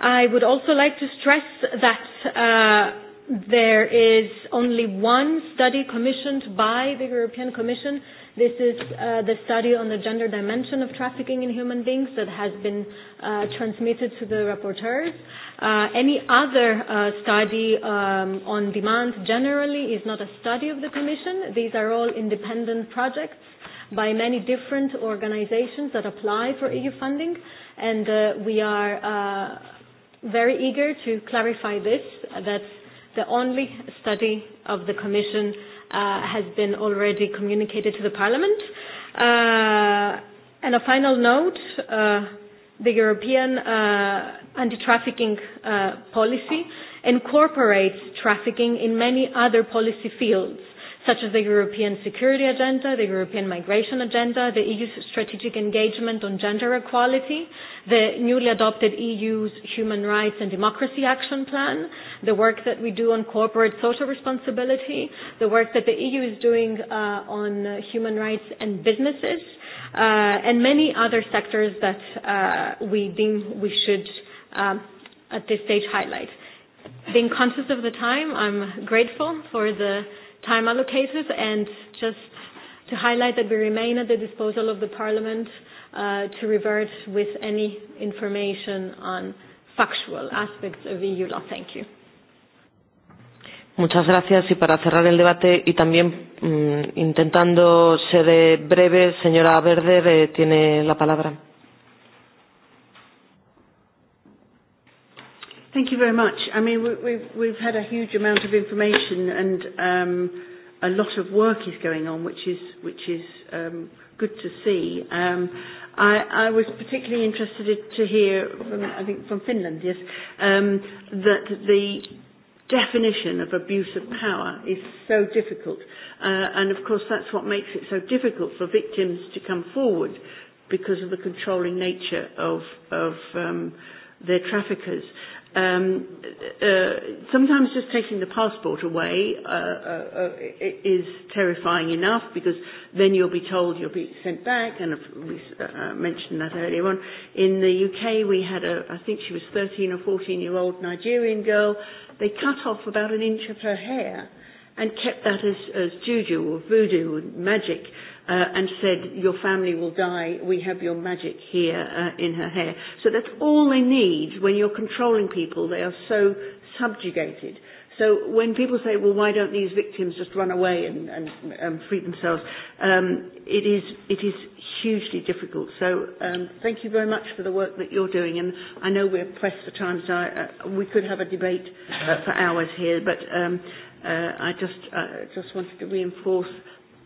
S13: I would also like to stress that uh, there is only one study commissioned by the European Commission. This is uh, the study on the gender dimension of trafficking in human beings that has been uh, transmitted to the rapporteurs. Uh, any other uh, study um, on demand generally is not a study of the Commission. These are all independent projects by many different organizations that apply for EU funding, and uh, we are uh, very eager to clarify this. That's the only study of the Commission uh, has been already communicated to the Parliament. Uh, and a final note, uh, the European uh, anti-trafficking uh, policy incorporates trafficking in many other policy fields such as the European security agenda, the European migration agenda, the EU's strategic engagement on gender equality, the newly adopted EU's human rights and democracy action plan, the work that we do on corporate social responsibility, the work that the EU is doing uh, on human rights and businesses, uh, and many other sectors that uh, we deem we should um, at this stage highlight. Being conscious of the time, I'm grateful for the time allocated and just to highlight that we remain at the disposal of the Parliament uh, to revert with any information on factual aspects of EU law. Thank you.
S1: Muchas gracias. Y para cerrar el debate y también mmm, intentando ser eh, breve, señora Berder eh, tiene la palabra.
S2: Thank you very much. I mean, we've, we've had a huge amount of information and um, a lot of work is going on, which is, which is um, good to see. Um, I, I was particularly interested to hear, from, I think from Finland, yes, um, that the definition of abuse of power is so difficult. Uh, and of course, that's what makes it so difficult for victims to come forward because of the controlling nature of, of um, their traffickers um, uh, uh, sometimes just taking the passport away uh, uh, uh is terrifying enough because then you'll be told you'll be sent back, and we uh, uh, mentioned that earlier on. In the UK, we had a, I think she was 13 or 14 year old Nigerian girl. They cut off about an inch of her hair and kept that as, as juju or voodoo and magic uh, and said, Your family will die, we have your magic here uh, in her hair. So that's all they need when you're controlling people. They are so subjugated. So when people say, Well, why don't these victims just run away and, and, and free themselves? Um, it, is, it is hugely difficult. So um, thank you very much for the work that you're doing. And I know we're pressed for time, so I, uh, we could have a debate uh, for hours here, but. Um, Uh, I just uh, just wanted to reinforce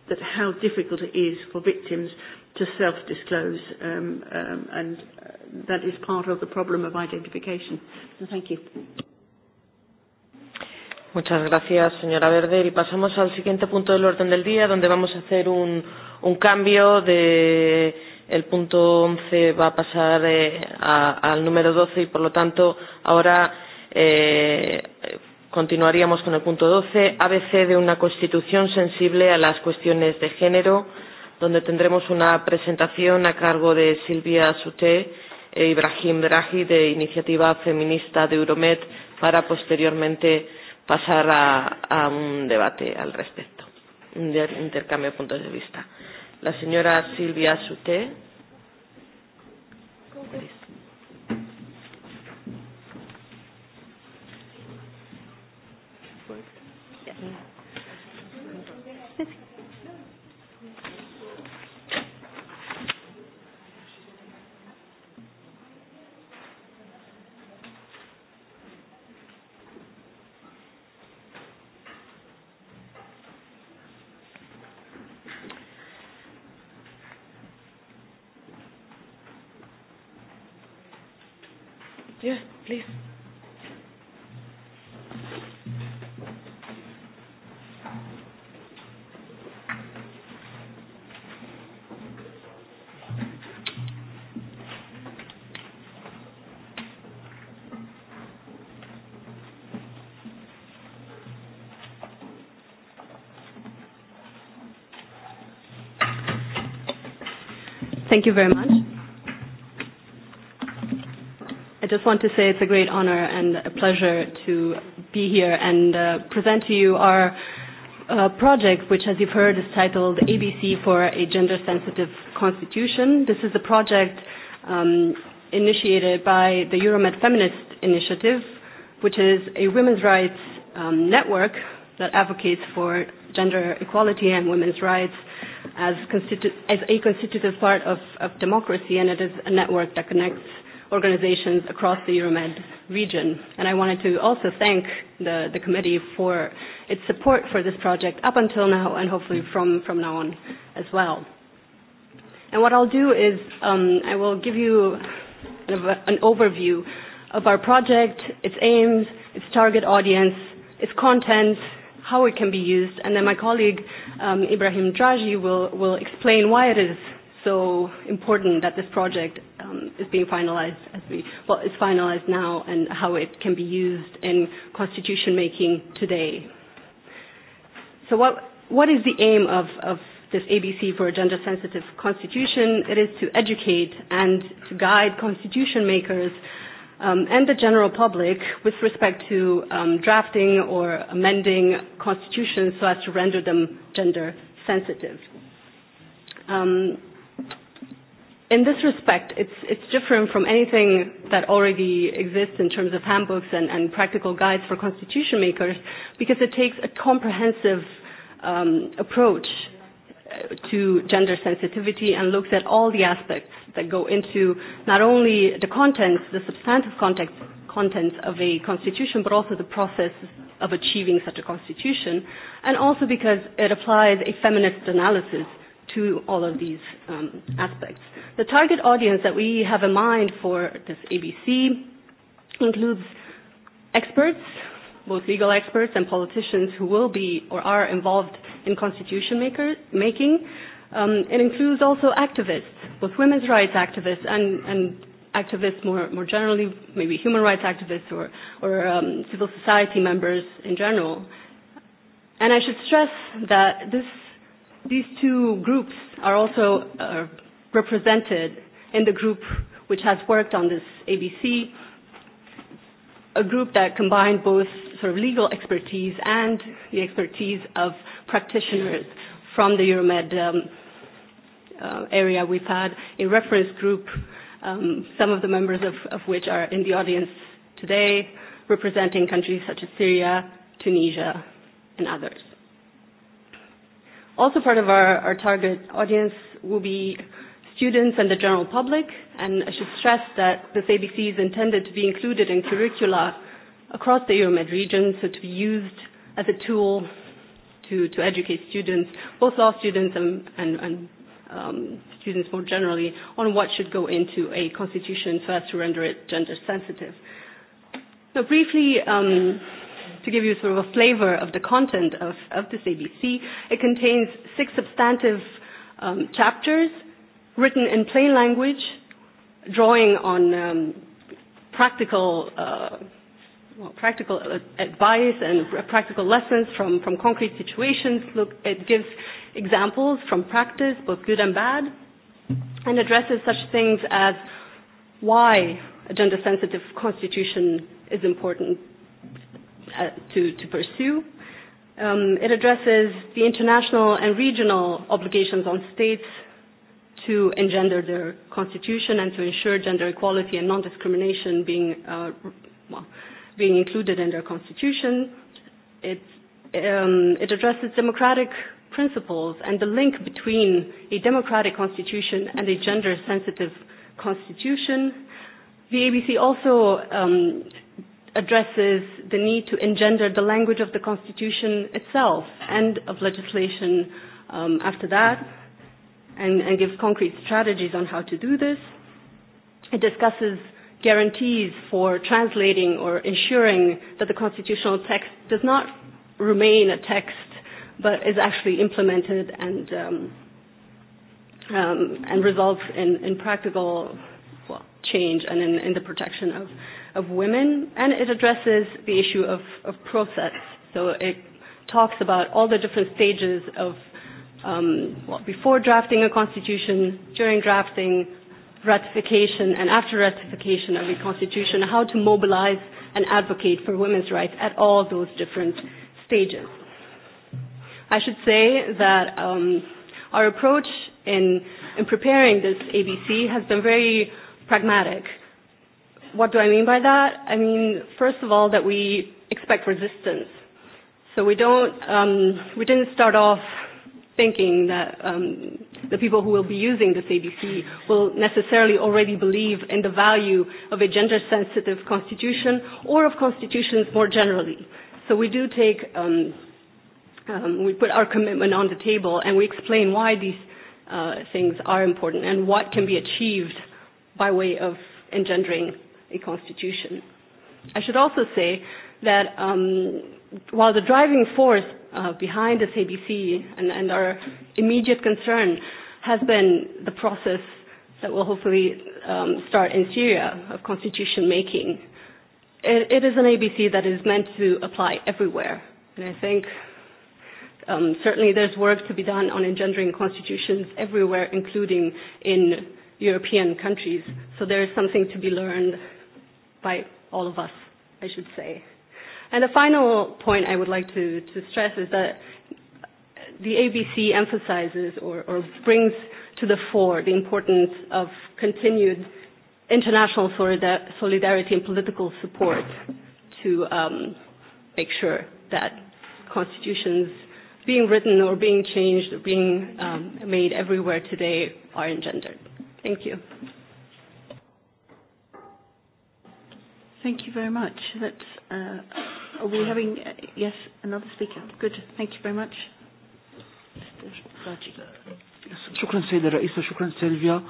S2: that how difficult it is for victims to self-disclose, um, um, and uh, that is part of the problem of identification. So thank you.
S1: Muchas gracias, señora Verde. Y pasamos al siguiente punto del orden del día, donde vamos a hacer un, un cambio de el punto 11 va a pasar eh, a, al número 12 y, por lo tanto, ahora eh, Continuaríamos con el punto 12, ABC de una constitución sensible a las cuestiones de género, donde tendremos una presentación a cargo de Silvia Suté e Ibrahim Draghi de Iniciativa Feminista de Euromed para posteriormente pasar a, a un debate al respecto, un intercambio de puntos de vista. La señora Silvia Suté. Gracias.
S5: Yeah, please.
S14: you very much. I just want to say it's a great honor and a pleasure to be here and uh, present to you our uh, project, which, as you've heard, is titled ABC for a Gender Sensitive Constitution. This is a project um, initiated by the Euromed Feminist Initiative, which is a women's rights um, network that advocates for gender equality and women's rights as, constitu- as a constitutive part of, of democracy, and it is a network that connects organizations across the Euromed region. And I wanted to also thank the, the committee for its support for this project up until now, and hopefully from, from now on as well. And what I'll do is um, I will give you an overview of our project, its aims, its target audience, its content, how it can be used, and then my colleague um, Ibrahim Draji will, will explain why it is so important that this project um, is being finalized as we, well, is finalized now and how it can be used in constitution making today. So what, what is the aim of, of this ABC for a gender sensitive constitution? It is to educate and to guide constitution makers um, and the general public with respect to um, drafting or amending constitutions so as to render them gender sensitive. Um, in this respect, it's, it's different from anything that already exists in terms of handbooks and, and practical guides for constitution makers because it takes a comprehensive um, approach to gender sensitivity and looks at all the aspects that go into not only the contents, the substantive context, contents of a constitution, but also the process of achieving such a constitution, and also because it applies a feminist analysis to all of these um, aspects. The target audience that we have in mind for this ABC includes experts, both legal experts and politicians who will be or are involved in constitution maker, making. Um, it includes also activists, both women's rights activists and, and activists more, more generally, maybe human rights activists or, or um, civil society members in general. And I should stress that this, these two groups are also uh, represented in the group which has worked on this ABC, a group that combined both sort of legal expertise and the expertise of practitioners from the Euromed um, uh, area. We've had a reference group, um, some of the members of, of which are in the audience today, representing countries such as Syria, Tunisia, and others. Also part of our, our target audience will be students and the general public, and I should stress that this ABC is intended to be included in curricula across the EuroMed region, so to be used as a tool to, to educate students, both law students and, and, and um, students more generally, on what should go into a constitution so as to render it gender sensitive. So briefly, um, to give you sort of a flavor of the content of, of this ABC, it contains six substantive um, chapters written in plain language, drawing on um, practical uh, well, practical uh, advice and practical lessons from, from concrete situations. Look, it gives examples from practice, both good and bad, and addresses such things as why a gender sensitive constitution is important uh, to, to pursue. Um, it addresses the international and regional obligations on states to engender their constitution and to ensure gender equality and non discrimination being uh, well, being included in their constitution. It, um, it addresses democratic principles and the link between a democratic constitution and a gender-sensitive constitution. The ABC also um, addresses the need to engender the language of the Constitution itself and of legislation um, after that, and, and gives concrete strategies on how to do this. It discusses guarantees for translating or ensuring that the constitutional text does not remain a text but is actually implemented and um, um, and results in, in practical well, change and in, in the protection of, of women. And it addresses the issue of, of process. So it talks about all the different stages of um, well, before drafting a constitution, during drafting, ratification and after ratification of the Constitution, how to mobilize and advocate for women's rights at all those different stages. I should say that um, our approach in, in preparing this ABC has been very pragmatic. What do I mean by that? I mean, first of all, that we expect resistance. So we don't, um, we didn't start off thinking that um, the people who will be using this ABC will necessarily already believe in the value of a gender sensitive constitution or of constitutions more generally. So we do take, um, um, we put our commitment on the table and we explain why these uh, things are important and what can be achieved by way of engendering a constitution. I should also say that um, while the driving force uh, behind this ABC and, and our immediate concern has been the process that will hopefully um, start in Syria of constitution making. It, it is an ABC that is meant to apply everywhere. And I think um, certainly there's work to be done on engendering constitutions everywhere, including in European countries. So there is something to be learned by all of us, I should say. And the final point I would like to, to stress is that the ABC emphasizes or, or brings to the fore the importance of continued international solidarity and political support to um, make sure that constitutions being written or being changed or being um, made everywhere today are engendered. Thank you.
S2: Thank you very much. That's, uh, are we having, uh, yes, another speaker? Good. Thank you very much.
S15: شكرا سيدة الرئيسة شكرا سيلفيا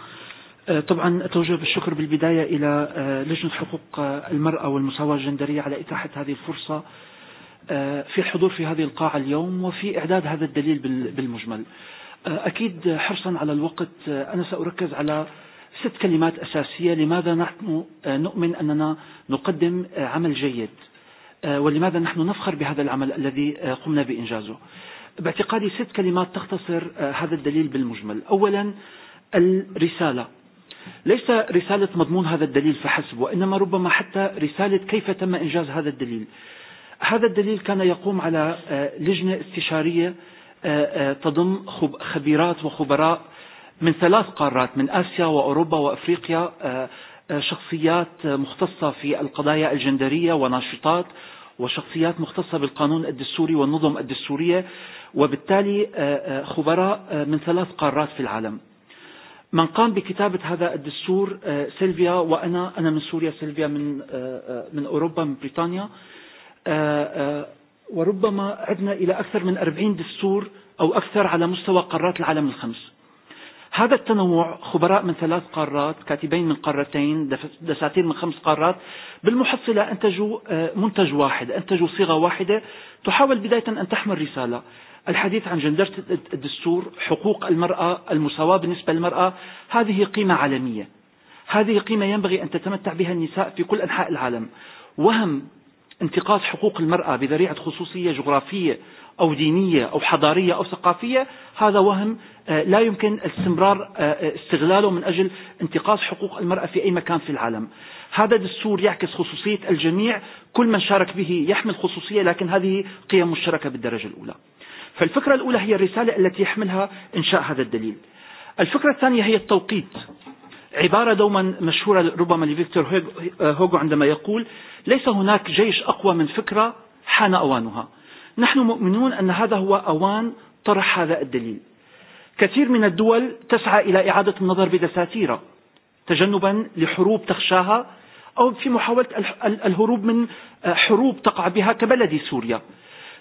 S15: طبعا أتوجه بالشكر بالبداية إلى لجنة حقوق المرأة والمساواة الجندرية على إتاحة هذه الفرصة في الحضور في هذه القاعة اليوم وفي إعداد هذا الدليل بالمجمل أكيد حرصا على الوقت أنا سأركز على ست كلمات أساسية لماذا نحن نؤمن أننا نقدم عمل جيد ولماذا نحن نفخر بهذا العمل الذي قمنا بإنجازه باعتقادي ست كلمات تختصر هذا الدليل بالمجمل أولا الرسالة ليس رسالة مضمون هذا الدليل فحسب وإنما ربما حتى رسالة كيف تم إنجاز هذا الدليل هذا الدليل كان يقوم على لجنة استشارية تضم خبرات وخبراء من ثلاث قارات من آسيا وأوروبا وأفريقيا شخصيات مختصة في القضايا الجندرية وناشطات وشخصيات مختصة بالقانون الدستوري والنظم الدستورية وبالتالي خبراء من ثلاث قارات في العالم من قام بكتابة هذا الدستور سيلفيا وأنا أنا من سوريا سيلفيا من من أوروبا من بريطانيا وربما عدنا إلى أكثر من أربعين دستور أو أكثر على مستوى قارات العالم الخمس هذا التنوع خبراء من ثلاث قارات كاتبين من قارتين دساتير من خمس قارات بالمحصلة أنتجوا منتج واحد أنتجوا صيغة واحدة تحاول بداية أن تحمل رسالة الحديث عن جندرة الدستور حقوق المرأة المساواة بالنسبة للمرأة هذه قيمة عالمية هذه قيمة ينبغي أن تتمتع بها النساء في كل أنحاء العالم وهم انتقاص حقوق المرأة بذريعة خصوصية جغرافية أو دينية أو حضارية أو ثقافية هذا وهم لا يمكن استمرار استغلاله من أجل انتقاص حقوق المرأة في أي مكان في العالم هذا دستور يعكس خصوصية الجميع كل من شارك به يحمل خصوصية لكن هذه قيم مشتركة بالدرجة الأولى فالفكرة الأولى هي الرسالة التي يحملها إنشاء هذا الدليل الفكرة الثانية هي التوقيت عبارة دوما مشهورة ربما لفيكتور هوغو عندما يقول ليس هناك جيش أقوى من فكرة حان أوانها نحن مؤمنون أن هذا هو أوان طرح هذا الدليل كثير من الدول تسعى إلى إعادة النظر بدساتيرة تجنبا لحروب تخشاها أو في محاولة الهروب من حروب تقع بها كبلد سوريا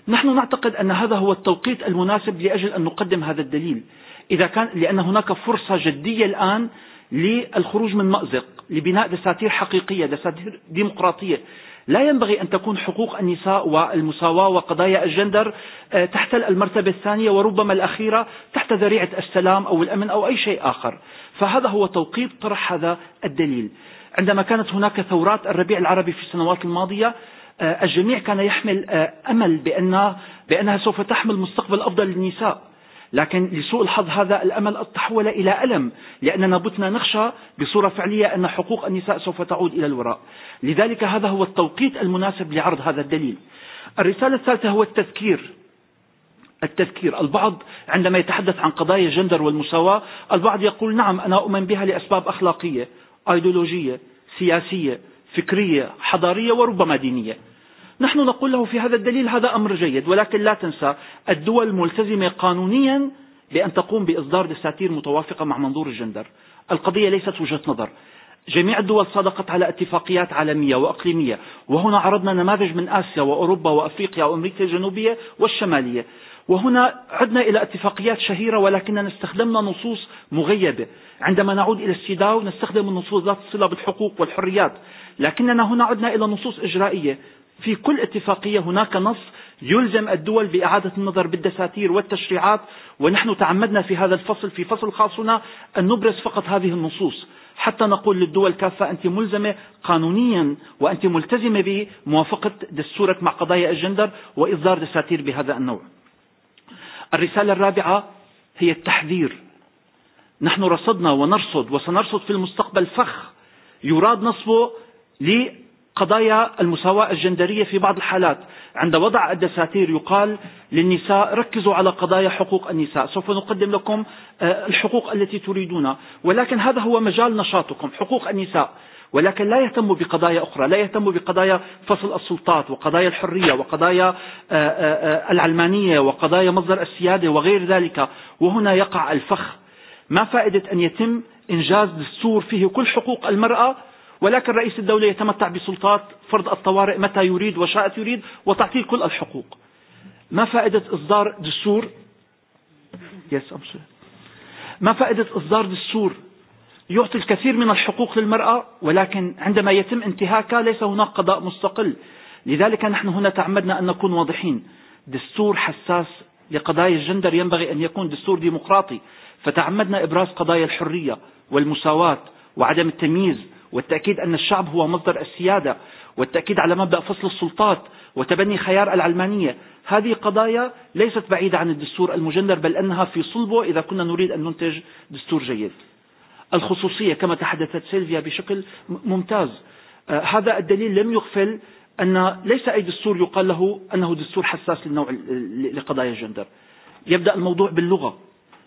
S15: نحن نعتقد أن هذا هو التوقيت المناسب لأجل أن نقدم هذا الدليل إذا كان لأن هناك فرصة جدية الآن للخروج من مأزق لبناء دساتير حقيقية دساتير ديمقراطية لا ينبغي أن تكون حقوق النساء والمساواة وقضايا الجندر تحت المرتبة الثانية وربما الأخيرة تحت ذريعة السلام أو الأمن أو أي شيء آخر فهذا هو توقيت طرح هذا الدليل عندما كانت هناك ثورات الربيع العربي في السنوات الماضية الجميع كان يحمل أمل بأنها, بأنها سوف تحمل مستقبل أفضل للنساء لكن لسوء الحظ هذا الأمل تحول إلى ألم لأننا بتنا نخشى بصورة فعلية أن حقوق النساء سوف تعود إلى الوراء لذلك هذا هو التوقيت المناسب لعرض هذا الدليل الرسالة الثالثة هو التذكير التذكير البعض عندما يتحدث عن قضايا الجندر والمساواة البعض يقول نعم أنا أؤمن بها لأسباب أخلاقية أيديولوجية سياسية فكرية حضارية وربما دينية نحن نقول له في هذا الدليل هذا أمر جيد ولكن لا تنسى الدول ملتزمة قانونيا بأن تقوم بإصدار دساتير متوافقة مع منظور الجندر القضية ليست وجهة نظر جميع الدول صادقت على اتفاقيات عالمية وأقليمية وهنا عرضنا نماذج من آسيا وأوروبا وأفريقيا وأمريكا الجنوبية والشمالية وهنا عدنا إلى اتفاقيات شهيرة ولكننا استخدمنا نصوص مغيبة عندما نعود إلى السيداو نستخدم النصوص ذات الصلة بالحقوق والحريات لكننا هنا عدنا إلى نصوص إجرائية في كل اتفاقية هناك نص يلزم الدول بإعادة النظر بالدساتير والتشريعات ونحن تعمدنا في هذا الفصل في فصل خاصنا أن نبرز فقط هذه النصوص حتى نقول للدول كافة أنت ملزمة قانونيا وأنت ملتزمة بموافقة دستورك مع قضايا الجندر وإصدار دساتير بهذا النوع الرسالة الرابعة هي التحذير نحن رصدنا ونرصد وسنرصد في المستقبل فخ يراد نصبه قضايا المساواة الجندرية في بعض الحالات عند وضع الدساتير يقال للنساء ركزوا على قضايا حقوق النساء سوف نقدم لكم الحقوق التي تريدونها ولكن هذا هو مجال نشاطكم حقوق النساء ولكن لا يهتم بقضايا أخرى لا يهتم بقضايا فصل السلطات وقضايا الحرية وقضايا العلمانية وقضايا مصدر السيادة وغير ذلك وهنا يقع الفخ ما فائدة أن يتم إنجاز دستور فيه كل حقوق المرأة ولكن رئيس الدولة يتمتع بسلطات فرض الطوارئ متى يريد وشاءت يريد وتعطيه كل الحقوق ما فائدة إصدار دستور yes, ما فائدة إصدار دستور يعطي الكثير من الحقوق للمرأة ولكن عندما يتم انتهاكها ليس هناك قضاء مستقل لذلك نحن هنا تعمدنا أن نكون واضحين دستور حساس لقضايا الجندر ينبغي أن يكون دستور ديمقراطي فتعمدنا إبراز قضايا الحرية والمساواة وعدم التمييز والتأكيد أن الشعب هو مصدر السيادة والتأكيد على مبدأ فصل السلطات وتبني خيار العلمانية هذه قضايا ليست بعيدة عن الدستور المجندر بل أنها في صلبه إذا كنا نريد أن ننتج دستور جيد الخصوصية كما تحدثت سيلفيا بشكل ممتاز هذا الدليل لم يغفل أن ليس أي دستور يقال له أنه دستور حساس للنوع لقضايا الجندر يبدأ الموضوع باللغة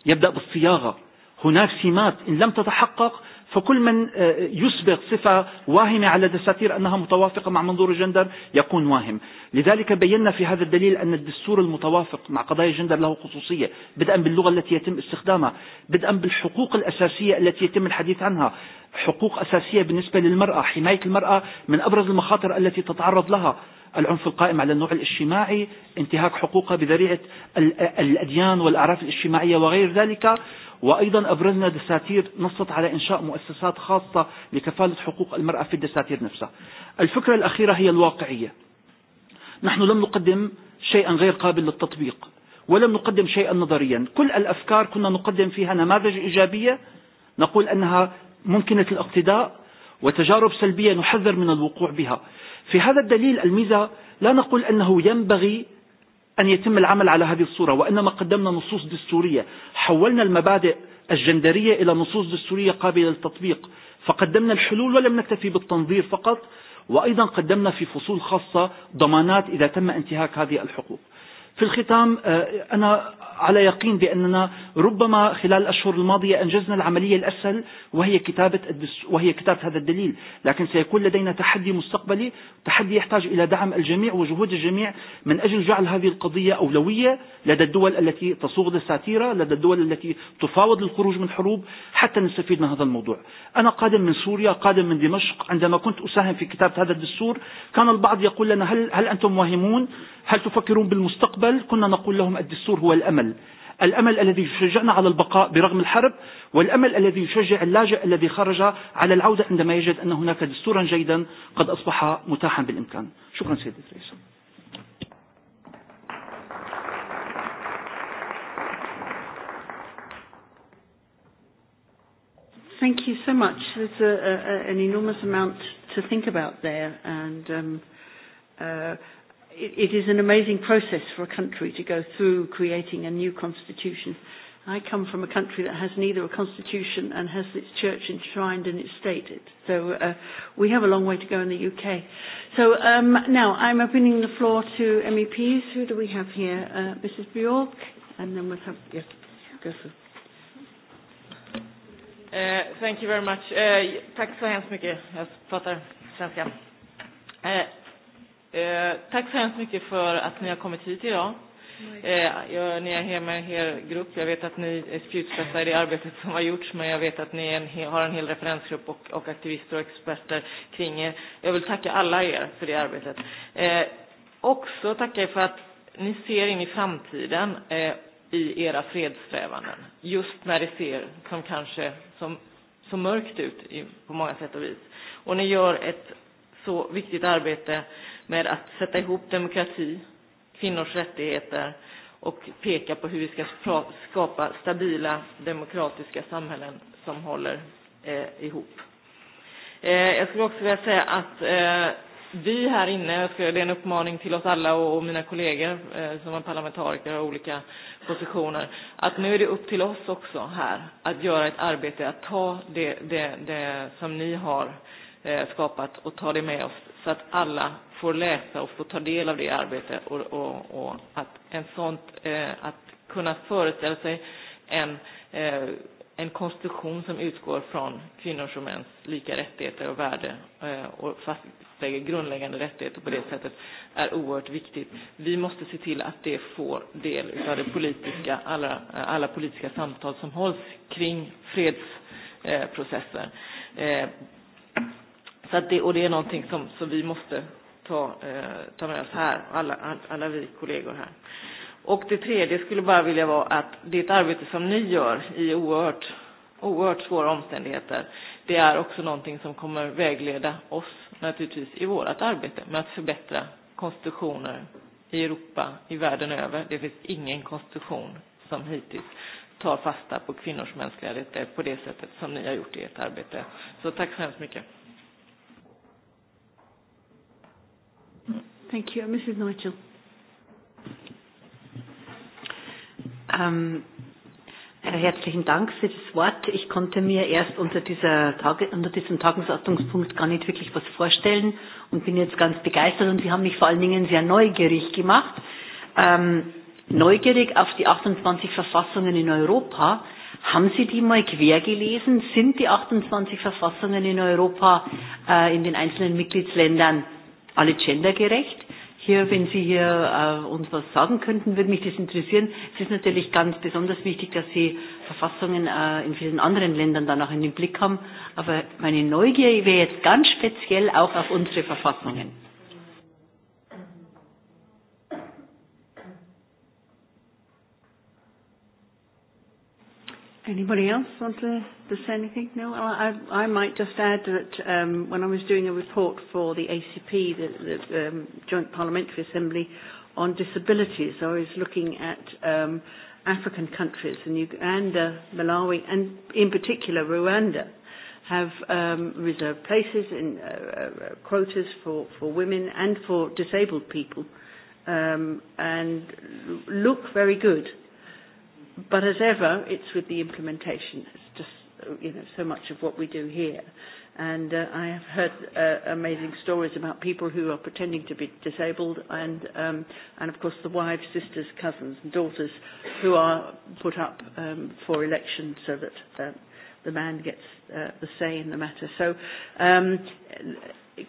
S15: يبدأ بالصياغة هناك سمات إن لم تتحقق فكل من يسبغ صفة واهمة على دساتير أنها متوافقة مع منظور الجندر يكون واهم لذلك بينا في هذا الدليل أن الدستور المتوافق مع قضايا الجندر له خصوصية بدءا باللغة التي يتم استخدامها بدءا بالحقوق الأساسية التي يتم الحديث عنها حقوق أساسية بالنسبة للمرأة حماية المرأة من أبرز المخاطر التي تتعرض لها العنف القائم على النوع الاجتماعي انتهاك حقوقها بذريعة الأديان والأعراف الاجتماعية وغير ذلك وأيضا أبرزنا دساتير نصت على إنشاء مؤسسات خاصة لكفالة حقوق المرأة في الدساتير نفسها الفكرة الأخيرة هي الواقعية نحن لم نقدم شيئا غير قابل للتطبيق ولم نقدم شيئا نظريا كل الأفكار كنا نقدم فيها نماذج إيجابية نقول أنها ممكنة الاقتداء وتجارب سلبية نحذر من الوقوع بها في هذا الدليل الميزة لا نقول أنه ينبغي أن يتم العمل على هذه الصورة وإنما قدمنا نصوص دستورية حولنا المبادئ الجندرية إلى نصوص دستورية قابلة للتطبيق فقدمنا الحلول ولم نكتفي بالتنظير فقط وأيضا قدمنا في فصول خاصة ضمانات إذا تم انتهاك هذه الحقوق في الختام أنا على يقين بأننا ربما خلال الأشهر الماضية أنجزنا العملية الأسهل وهي كتابة وهي كتابة هذا الدليل، لكن سيكون لدينا تحدي مستقبلي، تحدي يحتاج إلى دعم الجميع وجهود الجميع من أجل جعل هذه القضية أولوية لدى الدول التي تصوغ للساتيرة، لدى الدول التي تفاوض للخروج من حروب حتى نستفيد من هذا الموضوع. أنا قادم من سوريا، قادم من دمشق، عندما كنت أساهم في كتابة هذا الدستور كان البعض يقول لنا هل هل أنتم واهمون هل تفكرون بالمستقبل كنا نقول لهم الدستور هو الأمل الأمل الذي يشجعنا على البقاء برغم الحرب والأمل الذي يشجع اللاجئ الذي خرج على العودة عندما يجد أن هناك دستورا جيدا قد أصبح متاحا بالإمكان شكرا سيد الرئيس
S2: Thank you so much. There's a, a, an enormous amount to think about there, and um, uh, it, it is an amazing process for a country to go through creating a new constitution. I come from a country that has neither a constitution and has its church enshrined in its state. So uh, we have a long way to go in the UK. So um, now I'm opening the floor to MEPs. Who do we have here? Uh, Mrs. Bjork, and then we'll have yes,
S5: go through. Uh, thank you very much. Uh, tack så hemskt mycket. Jag pratar svenska. Uh, Eh, tack så hemskt mycket för att ni har kommit hit idag.
S1: Mm. Eh,
S5: jag, ni är hemma i er grupp. Jag vet att ni är spjutspetsar i det arbetet som har gjorts, men jag vet att ni en, har en hel referensgrupp och, och aktivister och experter kring er. Jag vill tacka alla er för det arbetet. Eh, också tacka er för att ni ser in i framtiden eh, i era fredssträvanden, just när det ser som kanske som, som mörkt ut i, på många sätt och vis. Och ni gör ett så viktigt arbete eh, med att sätta ihop demokrati, kvinnors rättigheter och peka på hur vi ska skapa stabila demokratiska samhällen som håller eh, ihop. Eh, jag skulle också vilja säga att eh, vi här inne, jag ska, det är en uppmaning till oss alla och, och mina kollegor eh, som är parlamentariker och olika positioner, att nu är det upp till oss också här att göra ett arbete, att ta det, det, det som ni har eh, skapat och ta det med oss så att alla får läsa och får ta del av det arbetet och, och, och att en sånt, eh, att kunna föreställa sig en, eh, en konstruktion som utgår från kvinnors och mäns lika rättigheter och värde eh, och fastlägger grundläggande rättigheter på det sättet är oerhört viktigt. Vi måste se till att det får del av det politiska, alla, alla politiska samtal som hålls kring fredsprocesser. Eh, eh, Så att det, och det är någonting som, som vi måste ta, eh, ta med oss här, alla, alla vi kollegor här. Och det tredje skulle bara vilja vara att det ett arbete som ni gör i oerhört, oerhört svåra omständigheter, det är också någonting som kommer vägleda oss naturligtvis i vårt arbete med att förbättra konstitutioner i Europa, i världen över. Det finns ingen konstitution som hittills tar fasta på kvinnors mänskliga rättigheter på det sättet som ni har gjort i ert arbete. Så tack så hemskt mycket.
S2: Thank you. Uh, Mrs. Nigel. Um,
S16: Herzlichen Dank für das Wort. Ich konnte mir erst unter, dieser Tage, unter diesem Tagesordnungspunkt gar nicht wirklich was vorstellen und bin jetzt ganz begeistert. Und Sie haben mich vor allen Dingen sehr neugierig gemacht. Ähm, neugierig auf die 28 Verfassungen in Europa. Haben Sie die mal quer gelesen? Sind die 28 Verfassungen in Europa äh, in den einzelnen Mitgliedsländern alle gendergerecht. Hier, wenn Sie hier äh, uns was sagen könnten, würde mich das interessieren. Es ist natürlich ganz besonders wichtig, dass Sie Verfassungen äh, in vielen anderen Ländern dann auch in den Blick haben. Aber meine Neugier wäre jetzt ganz speziell auch auf unsere Verfassungen.
S2: Anybody else want to, to say anything? No? I, I, might just add that um, when I was doing a report for the ACP, the, the um, Joint Parliamentary Assembly, on disabilities, I was looking at um, African countries, and Uganda, Malawi, and in particular Rwanda, have um, reserved places in uh, uh, quotas for, for women and for disabled people, um, and look very good but as ever, it's with the implementation. It's just you know so much of what we do here. And uh, I have heard uh, amazing stories about people who are pretending to be disabled, and um, and of course the wives, sisters, cousins, and daughters who are put up um, for election so that uh, the man gets uh, the say in the matter. So. Um,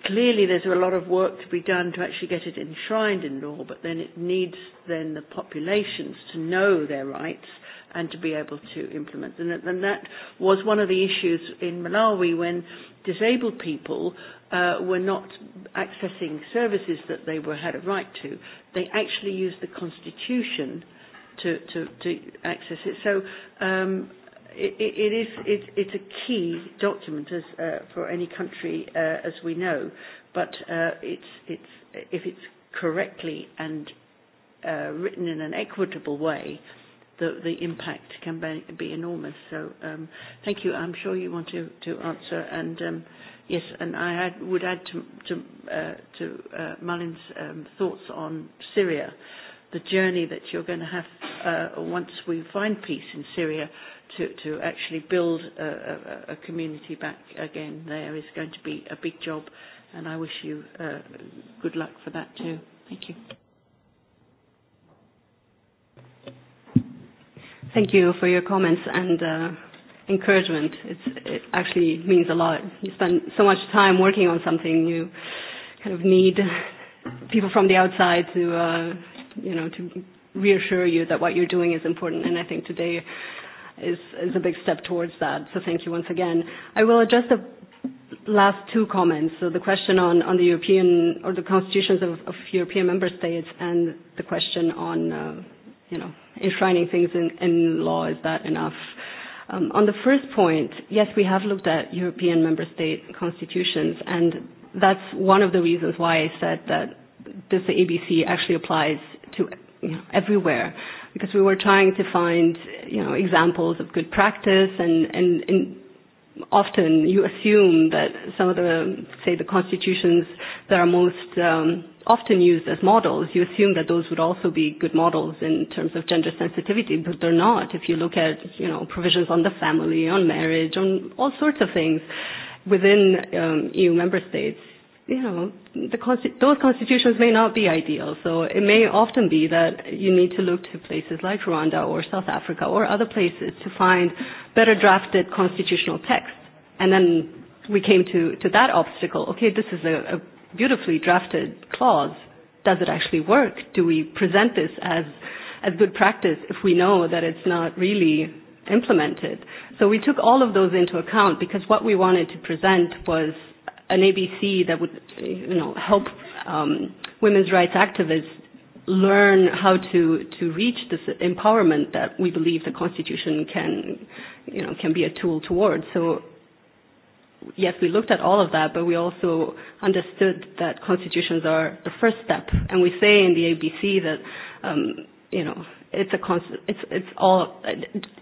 S2: clearly there's a lot of work to be done to actually get it enshrined in law, but then it needs then the populations to know their rights and to be able to implement. And, and that was one of the issues in Malawi when disabled people uh, were not accessing services that they were had a right to. They actually used the constitution to, to, to access it. So um, it, is it, it's a key document as uh, for any country uh, as we know, but uh, it's it's if it's correctly and uh, written in an equitable way, the the impact can be, be enormous. So um, thank you. I'm sure you want to to answer and. Um, Yes, and I had, would add to, to, uh, to uh, Malin's um, thoughts on Syria, the journey that you're going to have uh, once we find peace in Syria to, to actually build a, a, a community back again there is going to be a big job, and I wish you uh, good luck for that too. Thank you.
S14: Thank you for your comments and uh, encouragement. It's, it actually means a lot. You spend so much time working on something, you kind of need people from the outside to, uh, you know, to reassure you that what you're doing is important. And I think today is, is a big step towards that. So thank you once again. I will address the last two comments. So the question on, on the European or the constitutions of, of European member states and the question on, uh, you know, enshrining things in, in law, is that enough? Um, on the first point, yes, we have looked at European member state constitutions, and that's one of the reasons why I said that this ABC actually applies to you know, everywhere because we were trying to find, you know, examples of good practice and, and, and often you assume that some of the, say, the constitutions that are most um, often used as models, you assume that those would also be good models in terms of gender sensitivity, but they're not. If you look at, you know, provisions on the family, on marriage, on all sorts of things within um, EU member states, you know, the consti- those constitutions may not be ideal. So it may often be that you need to look to places like Rwanda or South Africa or other places to find better drafted constitutional texts. And then we came to, to that obstacle. Okay, this is a, a beautifully drafted clause. Does it actually work? Do we present this as, as good practice if we know that it's not really implemented? So we took all of those into account because what we wanted to present was – an ABC that would, you know, help um, women's rights activists learn how to, to reach this empowerment that we believe the Constitution can, you know, can be a tool towards. So yes, we looked at all of that, but we also understood that constitutions are the first step. And we say in the ABC that, um, you know, it's a const- it's it's all uh,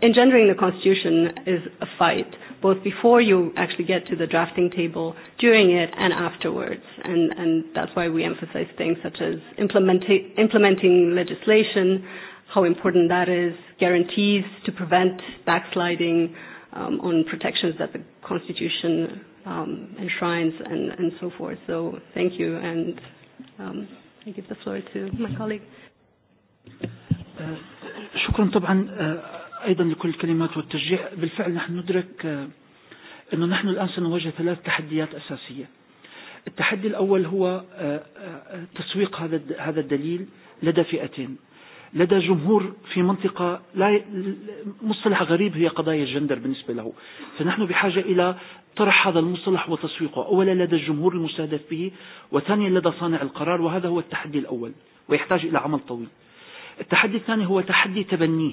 S14: engendering the constitution is a fight both before you actually get to the drafting table, during it, and afterwards. And, and that's why we emphasize things such as implementing, implementing legislation, how important that is, guarantees to prevent backsliding um, on protections that the Constitution um, enshrines, and, and so forth. So thank you, and um, I give the floor to
S15: my colleague. شكرا طبعا أيضا لكل الكلمات والتشجيع بالفعل نحن ندرك أنه نحن الآن سنواجه ثلاث تحديات أساسية التحدي الأول هو تسويق هذا هذا الدليل لدى فئتين لدى جمهور في منطقة لا مصطلح غريب هي قضايا الجندر بالنسبة له فنحن بحاجة إلى طرح هذا المصطلح وتسويقه أولا لدى الجمهور المستهدف به وثانيا لدى صانع القرار وهذا هو التحدي الأول ويحتاج إلى عمل طويل التحدي الثاني هو تحدي تبنيه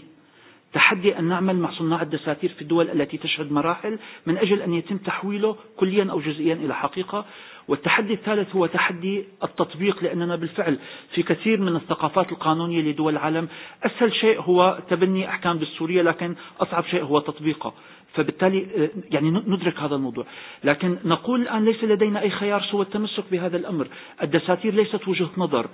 S15: تحدي أن نعمل مع صناع الدساتير في الدول التي تشهد مراحل من أجل أن يتم تحويله كليا أو جزئيا إلى حقيقة والتحدي الثالث هو تحدي التطبيق لأننا بالفعل في كثير من الثقافات القانونية لدول العالم أسهل شيء هو تبني أحكام دستورية لكن أصعب شيء هو تطبيقه فبالتالي يعني ندرك هذا الموضوع لكن نقول الآن ليس لدينا أي خيار سوى التمسك بهذا الأمر الدساتير ليست وجهة نظر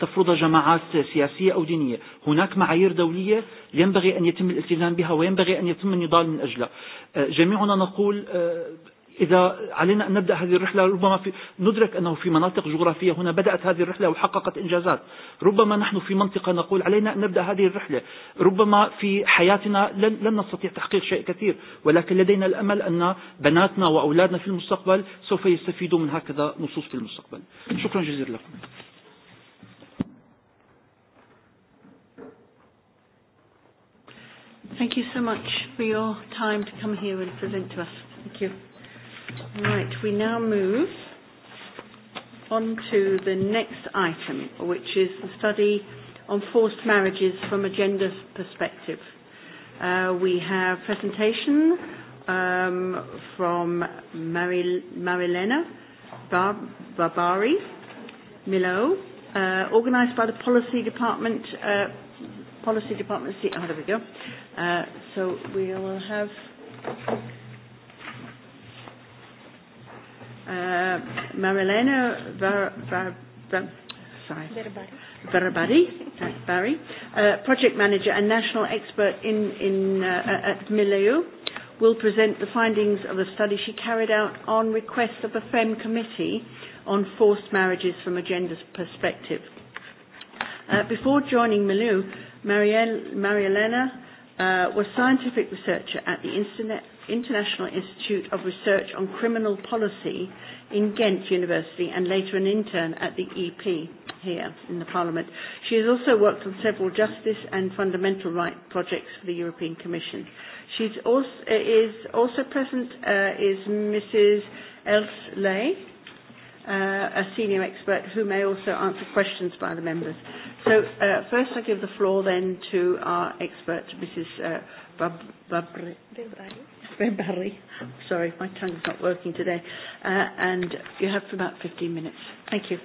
S15: تفرض جماعات سياسية أو دينية هناك معايير دولية ينبغي أن يتم الالتزام بها وينبغي أن يتم النضال من أجلها جميعنا نقول إذا علينا أن نبدأ هذه الرحلة ربما في ندرك أنه في مناطق جغرافية هنا بدأت هذه الرحلة وحققت إنجازات ربما نحن في منطقة نقول علينا أن نبدأ هذه الرحلة ربما في حياتنا لن, لن نستطيع تحقيق شيء كثير ولكن لدينا الأمل أن بناتنا وأولادنا في المستقبل سوف يستفيدوا من هكذا نصوص في المستقبل شكرا جزيلا لكم
S2: Thank you so much for your time to come here and present to us. Thank you. Right, we now move on to the next item, which is the study on forced marriages from a gender perspective. Uh, we have presentation um, from Mary, Marilena Bar- Barbari Milo, uh, organised by the Policy Department. Uh, Policy Department. see, Oh, there we go. Uh, so we will have Uh, Marilena Ver, Ver, sorry. Barry, Barry, uh, project manager and national expert in, in, uh, at Milieu, will present the findings of a study she carried out on request of a FEM committee on forced marriages from a gender perspective. Uh, before joining Milieu, Marielle, Marielena uh, was scientific researcher at the Internet, International Institute of Research on Criminal Policy in Ghent University and later an intern at the EP here in the Parliament. She has also worked on several justice and fundamental rights projects for the European Commission. She uh, is also present uh, is Mrs. Els Lay, uh, a senior expert who may also answer questions by the members. So uh, first I give the floor then to our expert, Mrs. Uh, Bab- Babre- Sorry, my tongue's not working today. Uh, and you have about 15 minutes. Thank you.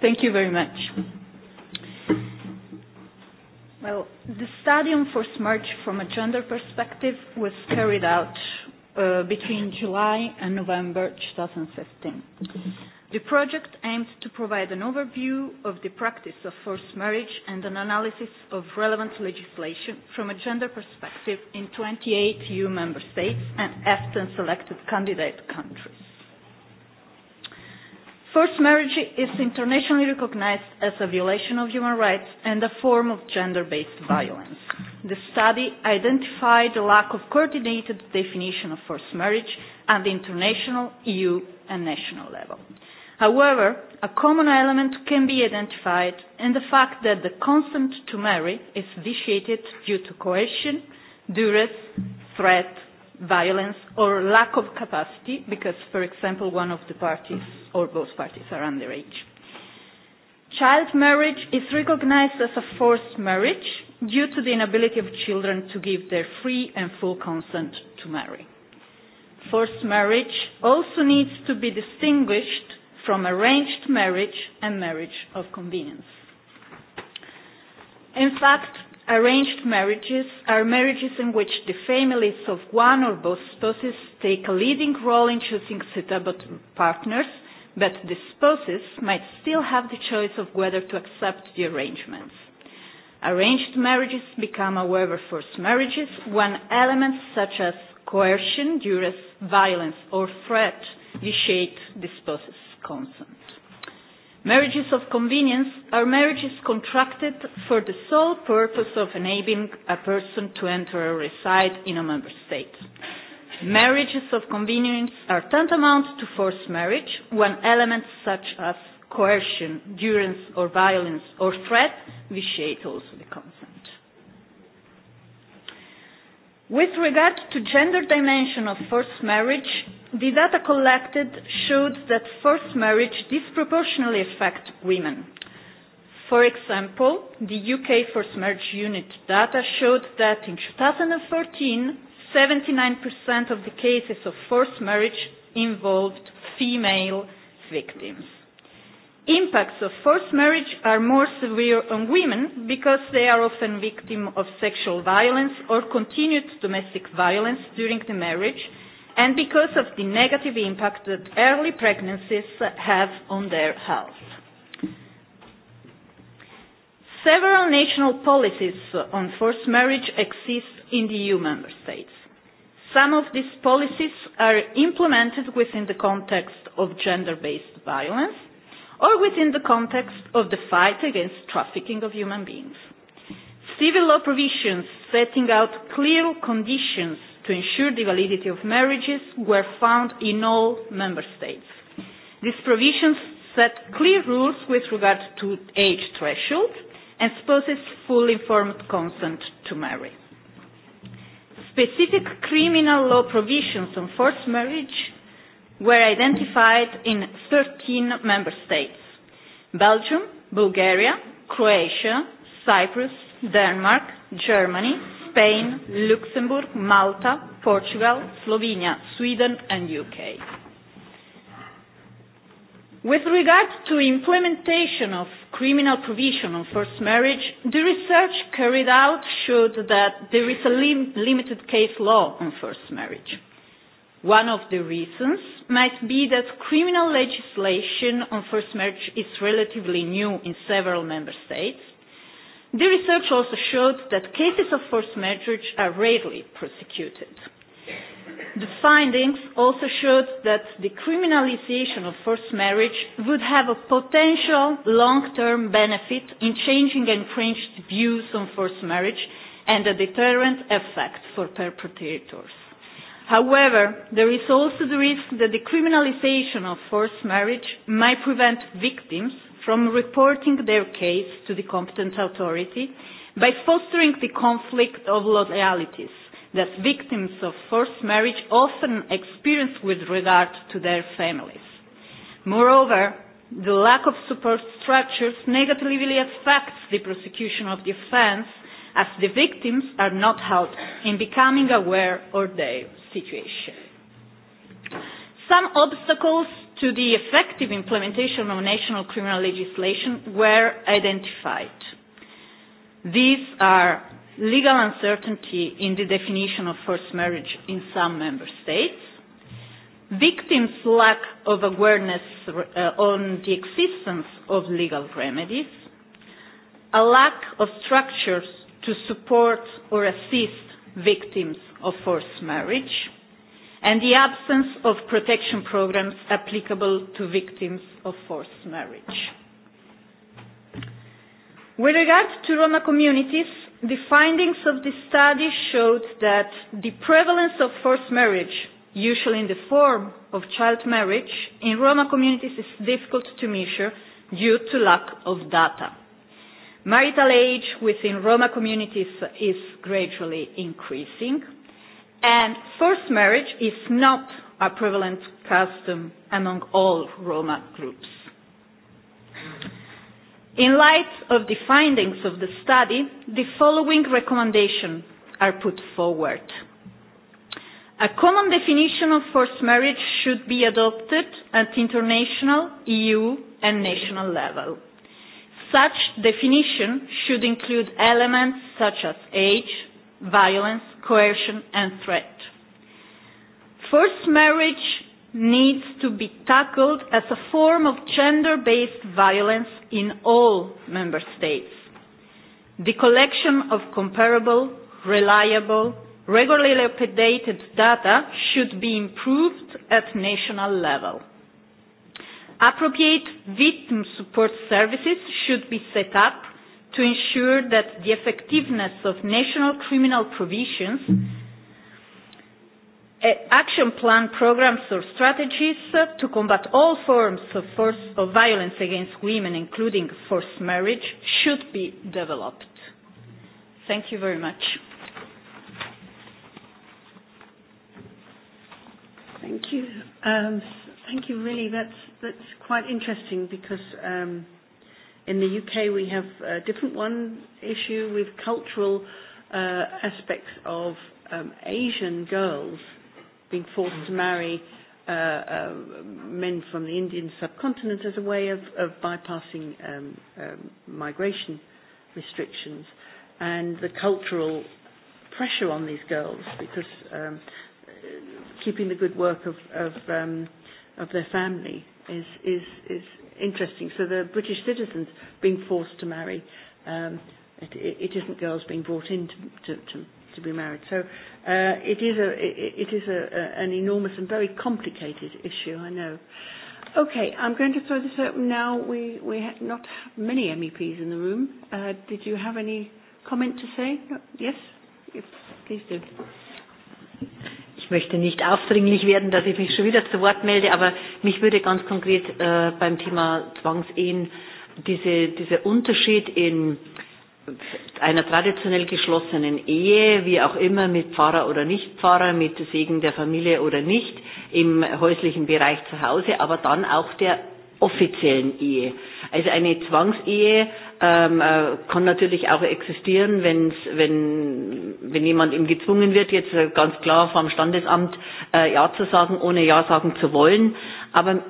S2: Thank you very much.
S17: Well, the study on forced marriage from a gender perspective was carried out uh, between July and November 2015. The project aimed to provide an overview of the practice of forced marriage and an analysis of relevant legislation from a gender perspective in 28 EU member states and EFTA selected candidate countries. Forced marriage is internationally recognized as a violation of human rights and a form of gender-based violence. The study identified the lack of coordinated definition of forced marriage at the international, EU and national level. However, a common element can be identified in the fact that the consent to marry is vitiated due to coercion, duress, threat, violence or lack of capacity because, for example, one of the parties or both parties are underage. Child marriage is recognized as a forced marriage due to the inability of children to give their free and full consent to marry. Forced marriage also needs to be distinguished from arranged marriage and marriage of convenience. In fact, arranged marriages are marriages in which the families of one or both spouses take a leading role in choosing suitable partners, but the spouses might still have the choice of whether to accept the arrangements. Arranged marriages become, however, forced marriages when elements such as coercion, duress, violence, or threat vitiate the spouse's consent. Marriages of convenience are marriages contracted for the sole purpose of enabling a person to enter or reside in a member state. Marriages of convenience are tantamount to forced marriage when elements such as coercion, durance or violence or threat vitiate also the consent. With regard to gender dimension of forced marriage, The data collected showed that forced marriage disproportionately affects women. For example, the UK forced marriage unit data showed that in 2014, 79% of the cases of forced marriage involved female victims. Impacts of forced marriage are more severe on women because they are often victims of sexual violence or continued domestic violence during the marriage – and because of the negative impact that early pregnancies have on their health. Several national policies on forced marriage exist in the EU member states. Some of these policies are implemented within the context of gender-based violence or within the context of the fight against trafficking of human beings. Civil law provisions setting out clear conditions to ensure the validity of marriages were found in all member states. These provisions set clear rules with regard to age threshold and supposes full informed consent to marry. Specific criminal law provisions on forced marriage were identified in 13 member states. Belgium, Bulgaria, Croatia, Cyprus, Denmark, Germany, Spain, Luxembourg, Malta, Portugal, Slovenia, Sweden and UK. With regard to implementation of criminal provision on forced marriage, the research carried out showed that there is a lim limited case law on forced marriage. One of the reasons might be that criminal legislation on forced marriage is relatively new in several member states, The research also showed that cases of forced marriage are rarely prosecuted. The findings also showed that the criminalization of forced marriage would have a potential long-term benefit in changing entrenched views on forced marriage and a deterrent effect for perpetrators. However, there is also the risk that the criminalization of forced marriage might prevent victims from reporting their case to the competent authority by fostering the conflict of loyalties that victims of forced marriage often experience with regard to their families. Moreover, the lack of support structures negatively affects the prosecution of the offence as the victims are not helped in becoming aware of their situation. Some obstacles to the effective implementation of national criminal legislation were identified. These are legal uncertainty in the definition of forced marriage in some member states, victims' lack of awareness uh, on the existence of legal remedies, a lack of structures to support or assist victims of forced marriage, and the absence of protection programs applicable to victims of forced marriage. With regard to Roma communities, the findings of the study showed that the prevalence of forced marriage, usually in the form of child marriage, in Roma communities is difficult to measure due to lack of data. Marital age within Roma communities is gradually increasing And forced marriage is not a prevalent custom among all Roma groups. In light of the findings of the study, the following recommendations are put forward. A common definition of forced marriage should be adopted at international, EU, and national level. Such definition should include elements such as age, violence, coercion, and threat. Forced marriage needs to be tackled as a form of gender-based violence in all member states. The collection of comparable, reliable, regularly updated data should be improved at national level. Appropriate victim support services should be set up to ensure that the effectiveness of national criminal provisions, uh, action plan programs or strategies uh, to combat all forms of, force of violence against women, including forced marriage, should be developed. Thank you very much.
S2: Thank you. Um, thank you, really. That's, that's quite interesting because um, In the UK, we have a different one issue with cultural uh, aspects of um, Asian girls being forced to marry uh, uh, men from the Indian subcontinent as a way of, of bypassing um, um, migration restrictions and the cultural pressure on these girls because um, keeping the good work of, of um, of their family is, is, is interesting. So the British citizens being forced to marry, um, it, it, it isn't girls being brought in to, to, to, to be married. So uh, it is, a, it, it is a, a, an enormous and very complicated issue, I know. Okay, I'm going to throw this open now. We, we have not many MEPs in the room. Uh, did you have any comment to say? No? Yes? Please do.
S16: Ich möchte nicht aufdringlich werden, dass ich mich schon wieder zu Wort melde, aber mich würde ganz konkret äh, beim Thema Zwangsehen diese, dieser Unterschied in einer traditionell geschlossenen Ehe, wie auch immer, mit Pfarrer oder nicht Pfarrer, mit Segen der Familie oder nicht, im häuslichen Bereich zu Hause, aber dann auch der offiziellen Ehe. Also eine Zwangsehe ähm, äh, kann natürlich auch existieren, wenn's, wenn, wenn jemand ihm gezwungen wird, jetzt äh, ganz klar vom Standesamt äh, Ja zu sagen, ohne Ja sagen zu wollen. Aber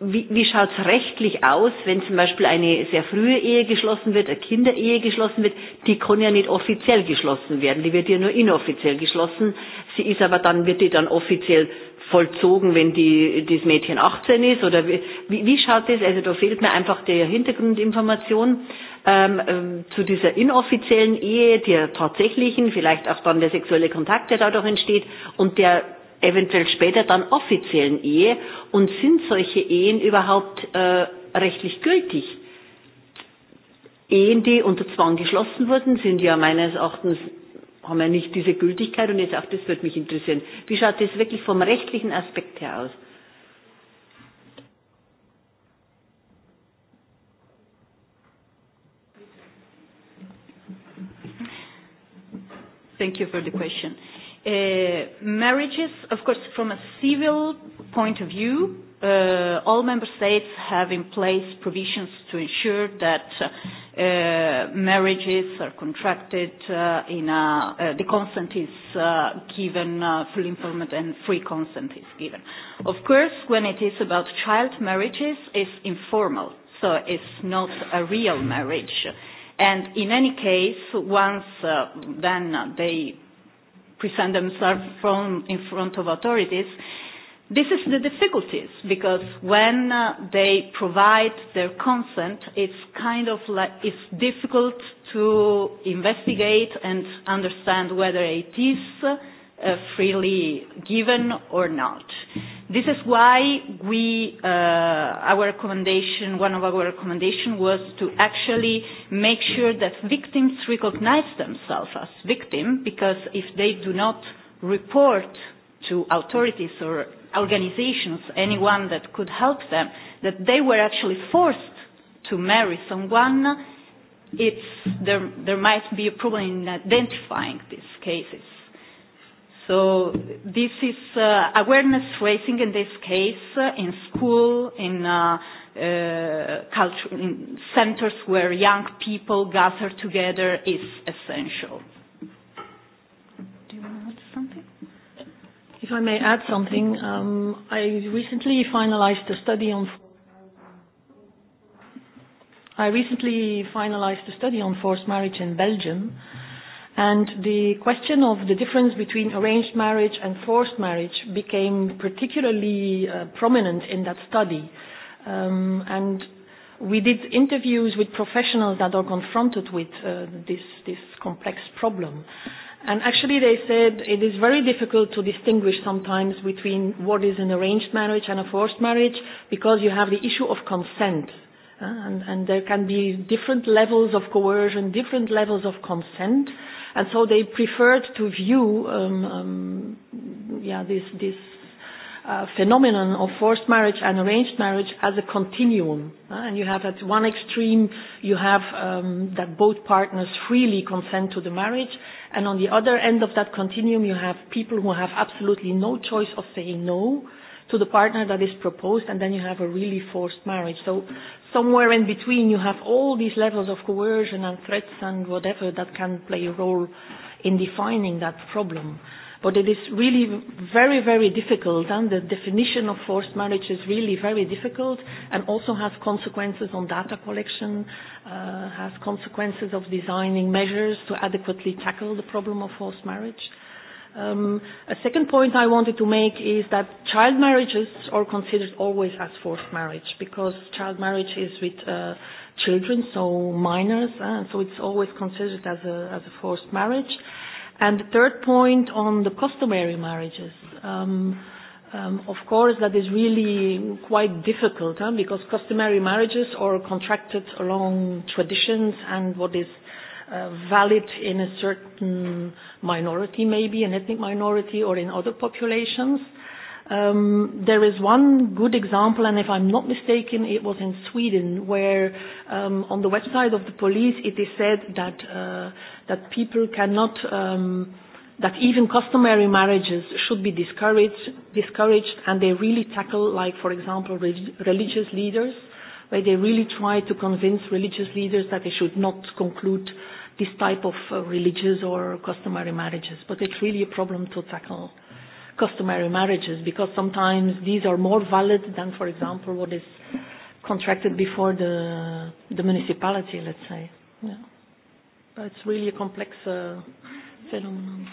S16: wie, wie schaut es rechtlich aus, wenn zum Beispiel eine sehr frühe Ehe geschlossen wird, eine Kinderehe geschlossen wird? Die kann ja nicht offiziell geschlossen werden, die wird ja nur inoffiziell geschlossen. Sie ist aber dann, wird die dann offiziell vollzogen, wenn die, das Mädchen 18 ist? Oder wie, wie schaut das? Also da fehlt mir einfach die Hintergrundinformation ähm, ähm, zu dieser inoffiziellen Ehe, der tatsächlichen, vielleicht auch dann der sexuelle Kontakt, der dadurch entsteht und der eventuell später dann offiziellen Ehe. Und sind solche Ehen überhaupt äh, rechtlich gültig? Ehen, die unter Zwang geschlossen wurden, sind ja meines Erachtens haben wir nicht diese Gültigkeit? Und jetzt auch das würde mich interessieren. Wie schaut das wirklich vom rechtlichen Aspekt her aus?
S17: Thank you for the question. Uh, marriages, of course, from a civil point of view, uh, all member states have in place provisions to ensure that uh, marriages are contracted uh, in a, uh, the consent is uh, given, uh, full informed and free consent is given. Of course, when it is about child marriages, it's informal, so it's not a real marriage. And in any case, once uh, then they present themselves from, in front of authorities, This is the difficulties because when uh, they provide their consent, it's kind of like it's difficult to investigate and understand whether it is uh, freely given or not. This is why we, uh, our recommendation, one of our recommendations was to actually make sure that victims recognize themselves as victims because if they do not report to authorities or organizations, anyone that could help them, that they were actually forced to marry someone, it's, there, there might be a problem in identifying these cases. So this is uh, awareness raising in this case uh, in school, in uh, uh, culture, in centers where young
S18: people gather together is essential.
S17: Do you want to add
S7: something?
S18: If I may add something, um, I recently finalized a study on I recently finalized a study on forced marriage in Belgium, and the question of the difference between arranged marriage and forced marriage became particularly uh, prominent in that study. Um, and we did interviews with professionals that are confronted with uh, this, this complex problem. And actually, they said it is very difficult to distinguish sometimes between what is an arranged marriage and a forced marriage because you have the issue of consent. Uh, and, and there can be different levels of coercion, different levels of consent. And so they preferred to view um, um, yeah, this, this Uh, phenomenon of forced marriage and arranged marriage as a continuum. Uh, and you have at one extreme, you have um, that both partners freely consent to the marriage, and on the other end of that continuum, you have people who have absolutely no choice of saying no to the partner that is proposed, and then you have a really forced marriage. So somewhere in between, you have all these levels of coercion and threats and whatever that can play a role in defining that problem. But it is really very, very difficult, and the definition of forced marriage is really very difficult and also has consequences on data collection, uh, has consequences of designing measures to adequately tackle the problem of forced marriage. Um, a second point I wanted to make is that child marriages are considered always as forced marriage because child marriage is with uh, children, so minors, uh, and so it's always considered as a, as a forced marriage. And the third point on the customary marriages. Um, um, of course, that is really quite difficult huh? because customary marriages are contracted along traditions and what is uh, valid in a certain minority, maybe an ethnic minority or in other populations. Um, there is one good example, and if I'm not mistaken, it was in Sweden, where um, on the website of the police it is said that uh, that people cannot, um, that even customary marriages should be discouraged, discouraged, and they really tackle, like for example, re- religious leaders, where they really try to convince religious leaders that they should not conclude this type of uh, religious or customary marriages. But it's really a problem to tackle customary marriages because sometimes these are more valid than, for example, what is contracted before the, the municipality, let's say. Yeah. But it's really a complex uh, phenomenon.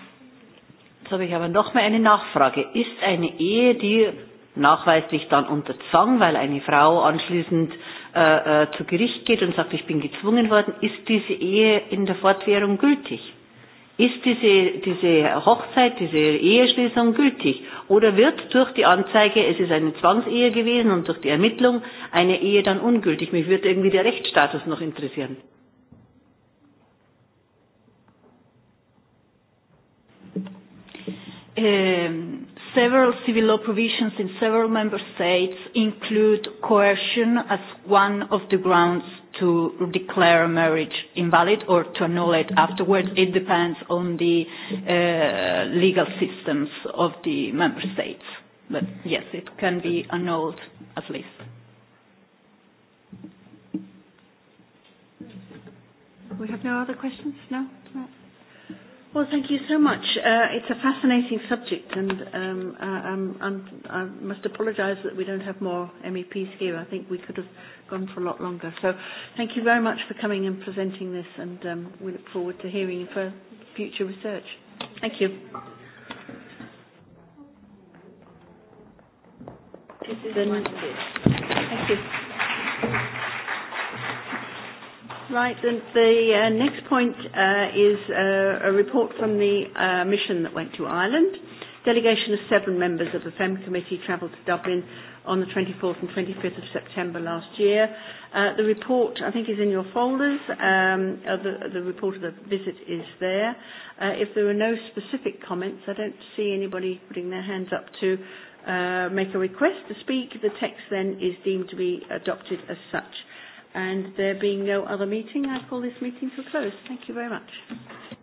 S16: So we have another noch mal eine Nachfrage. Ist eine Ehe, die nachweislich dann unter Zwang, weil eine Frau anschließend äh, äh, zu Gericht geht und sagt, ich bin gezwungen worden, ist diese Ehe in der Fortwährung gültig? Ist diese, diese Hochzeit, diese Eheschließung gültig? Oder wird durch die Anzeige, es ist eine Zwangsehe gewesen und durch die Ermittlung eine Ehe dann ungültig? Mich würde irgendwie der Rechtsstatus noch interessieren.
S17: Um, several civil law provisions in several member states include coercion as one of the grounds to declare a marriage invalid or to annul it afterwards. It depends on the uh, legal systems of the member states. But yes, it can be annulled
S2: at least. We have no other questions? No? Well, thank you so much. Uh, it's a fascinating subject, and um, I, I'm, I'm, I must apologise that we don't have more MEPs here. I think we could have gone for a lot longer. So thank you very much for coming and presenting this, and um, we look forward to hearing you for future research. Thank you. thank you. Right, then the uh, next point uh, is uh, a report from the uh, mission that went to Ireland. Delegation of seven members of the FEM committee travelled to Dublin on the 24th and 25th of September last year. Uh, the report, I think, is in your folders. Um, uh, the, the report of the visit is there. Uh, if there are no specific comments, I don't see anybody putting their hands up to uh, make a request to speak. The text then is deemed to be adopted as such. And there being no other meeting, I call this meeting to a close. Thank
S13: you very much.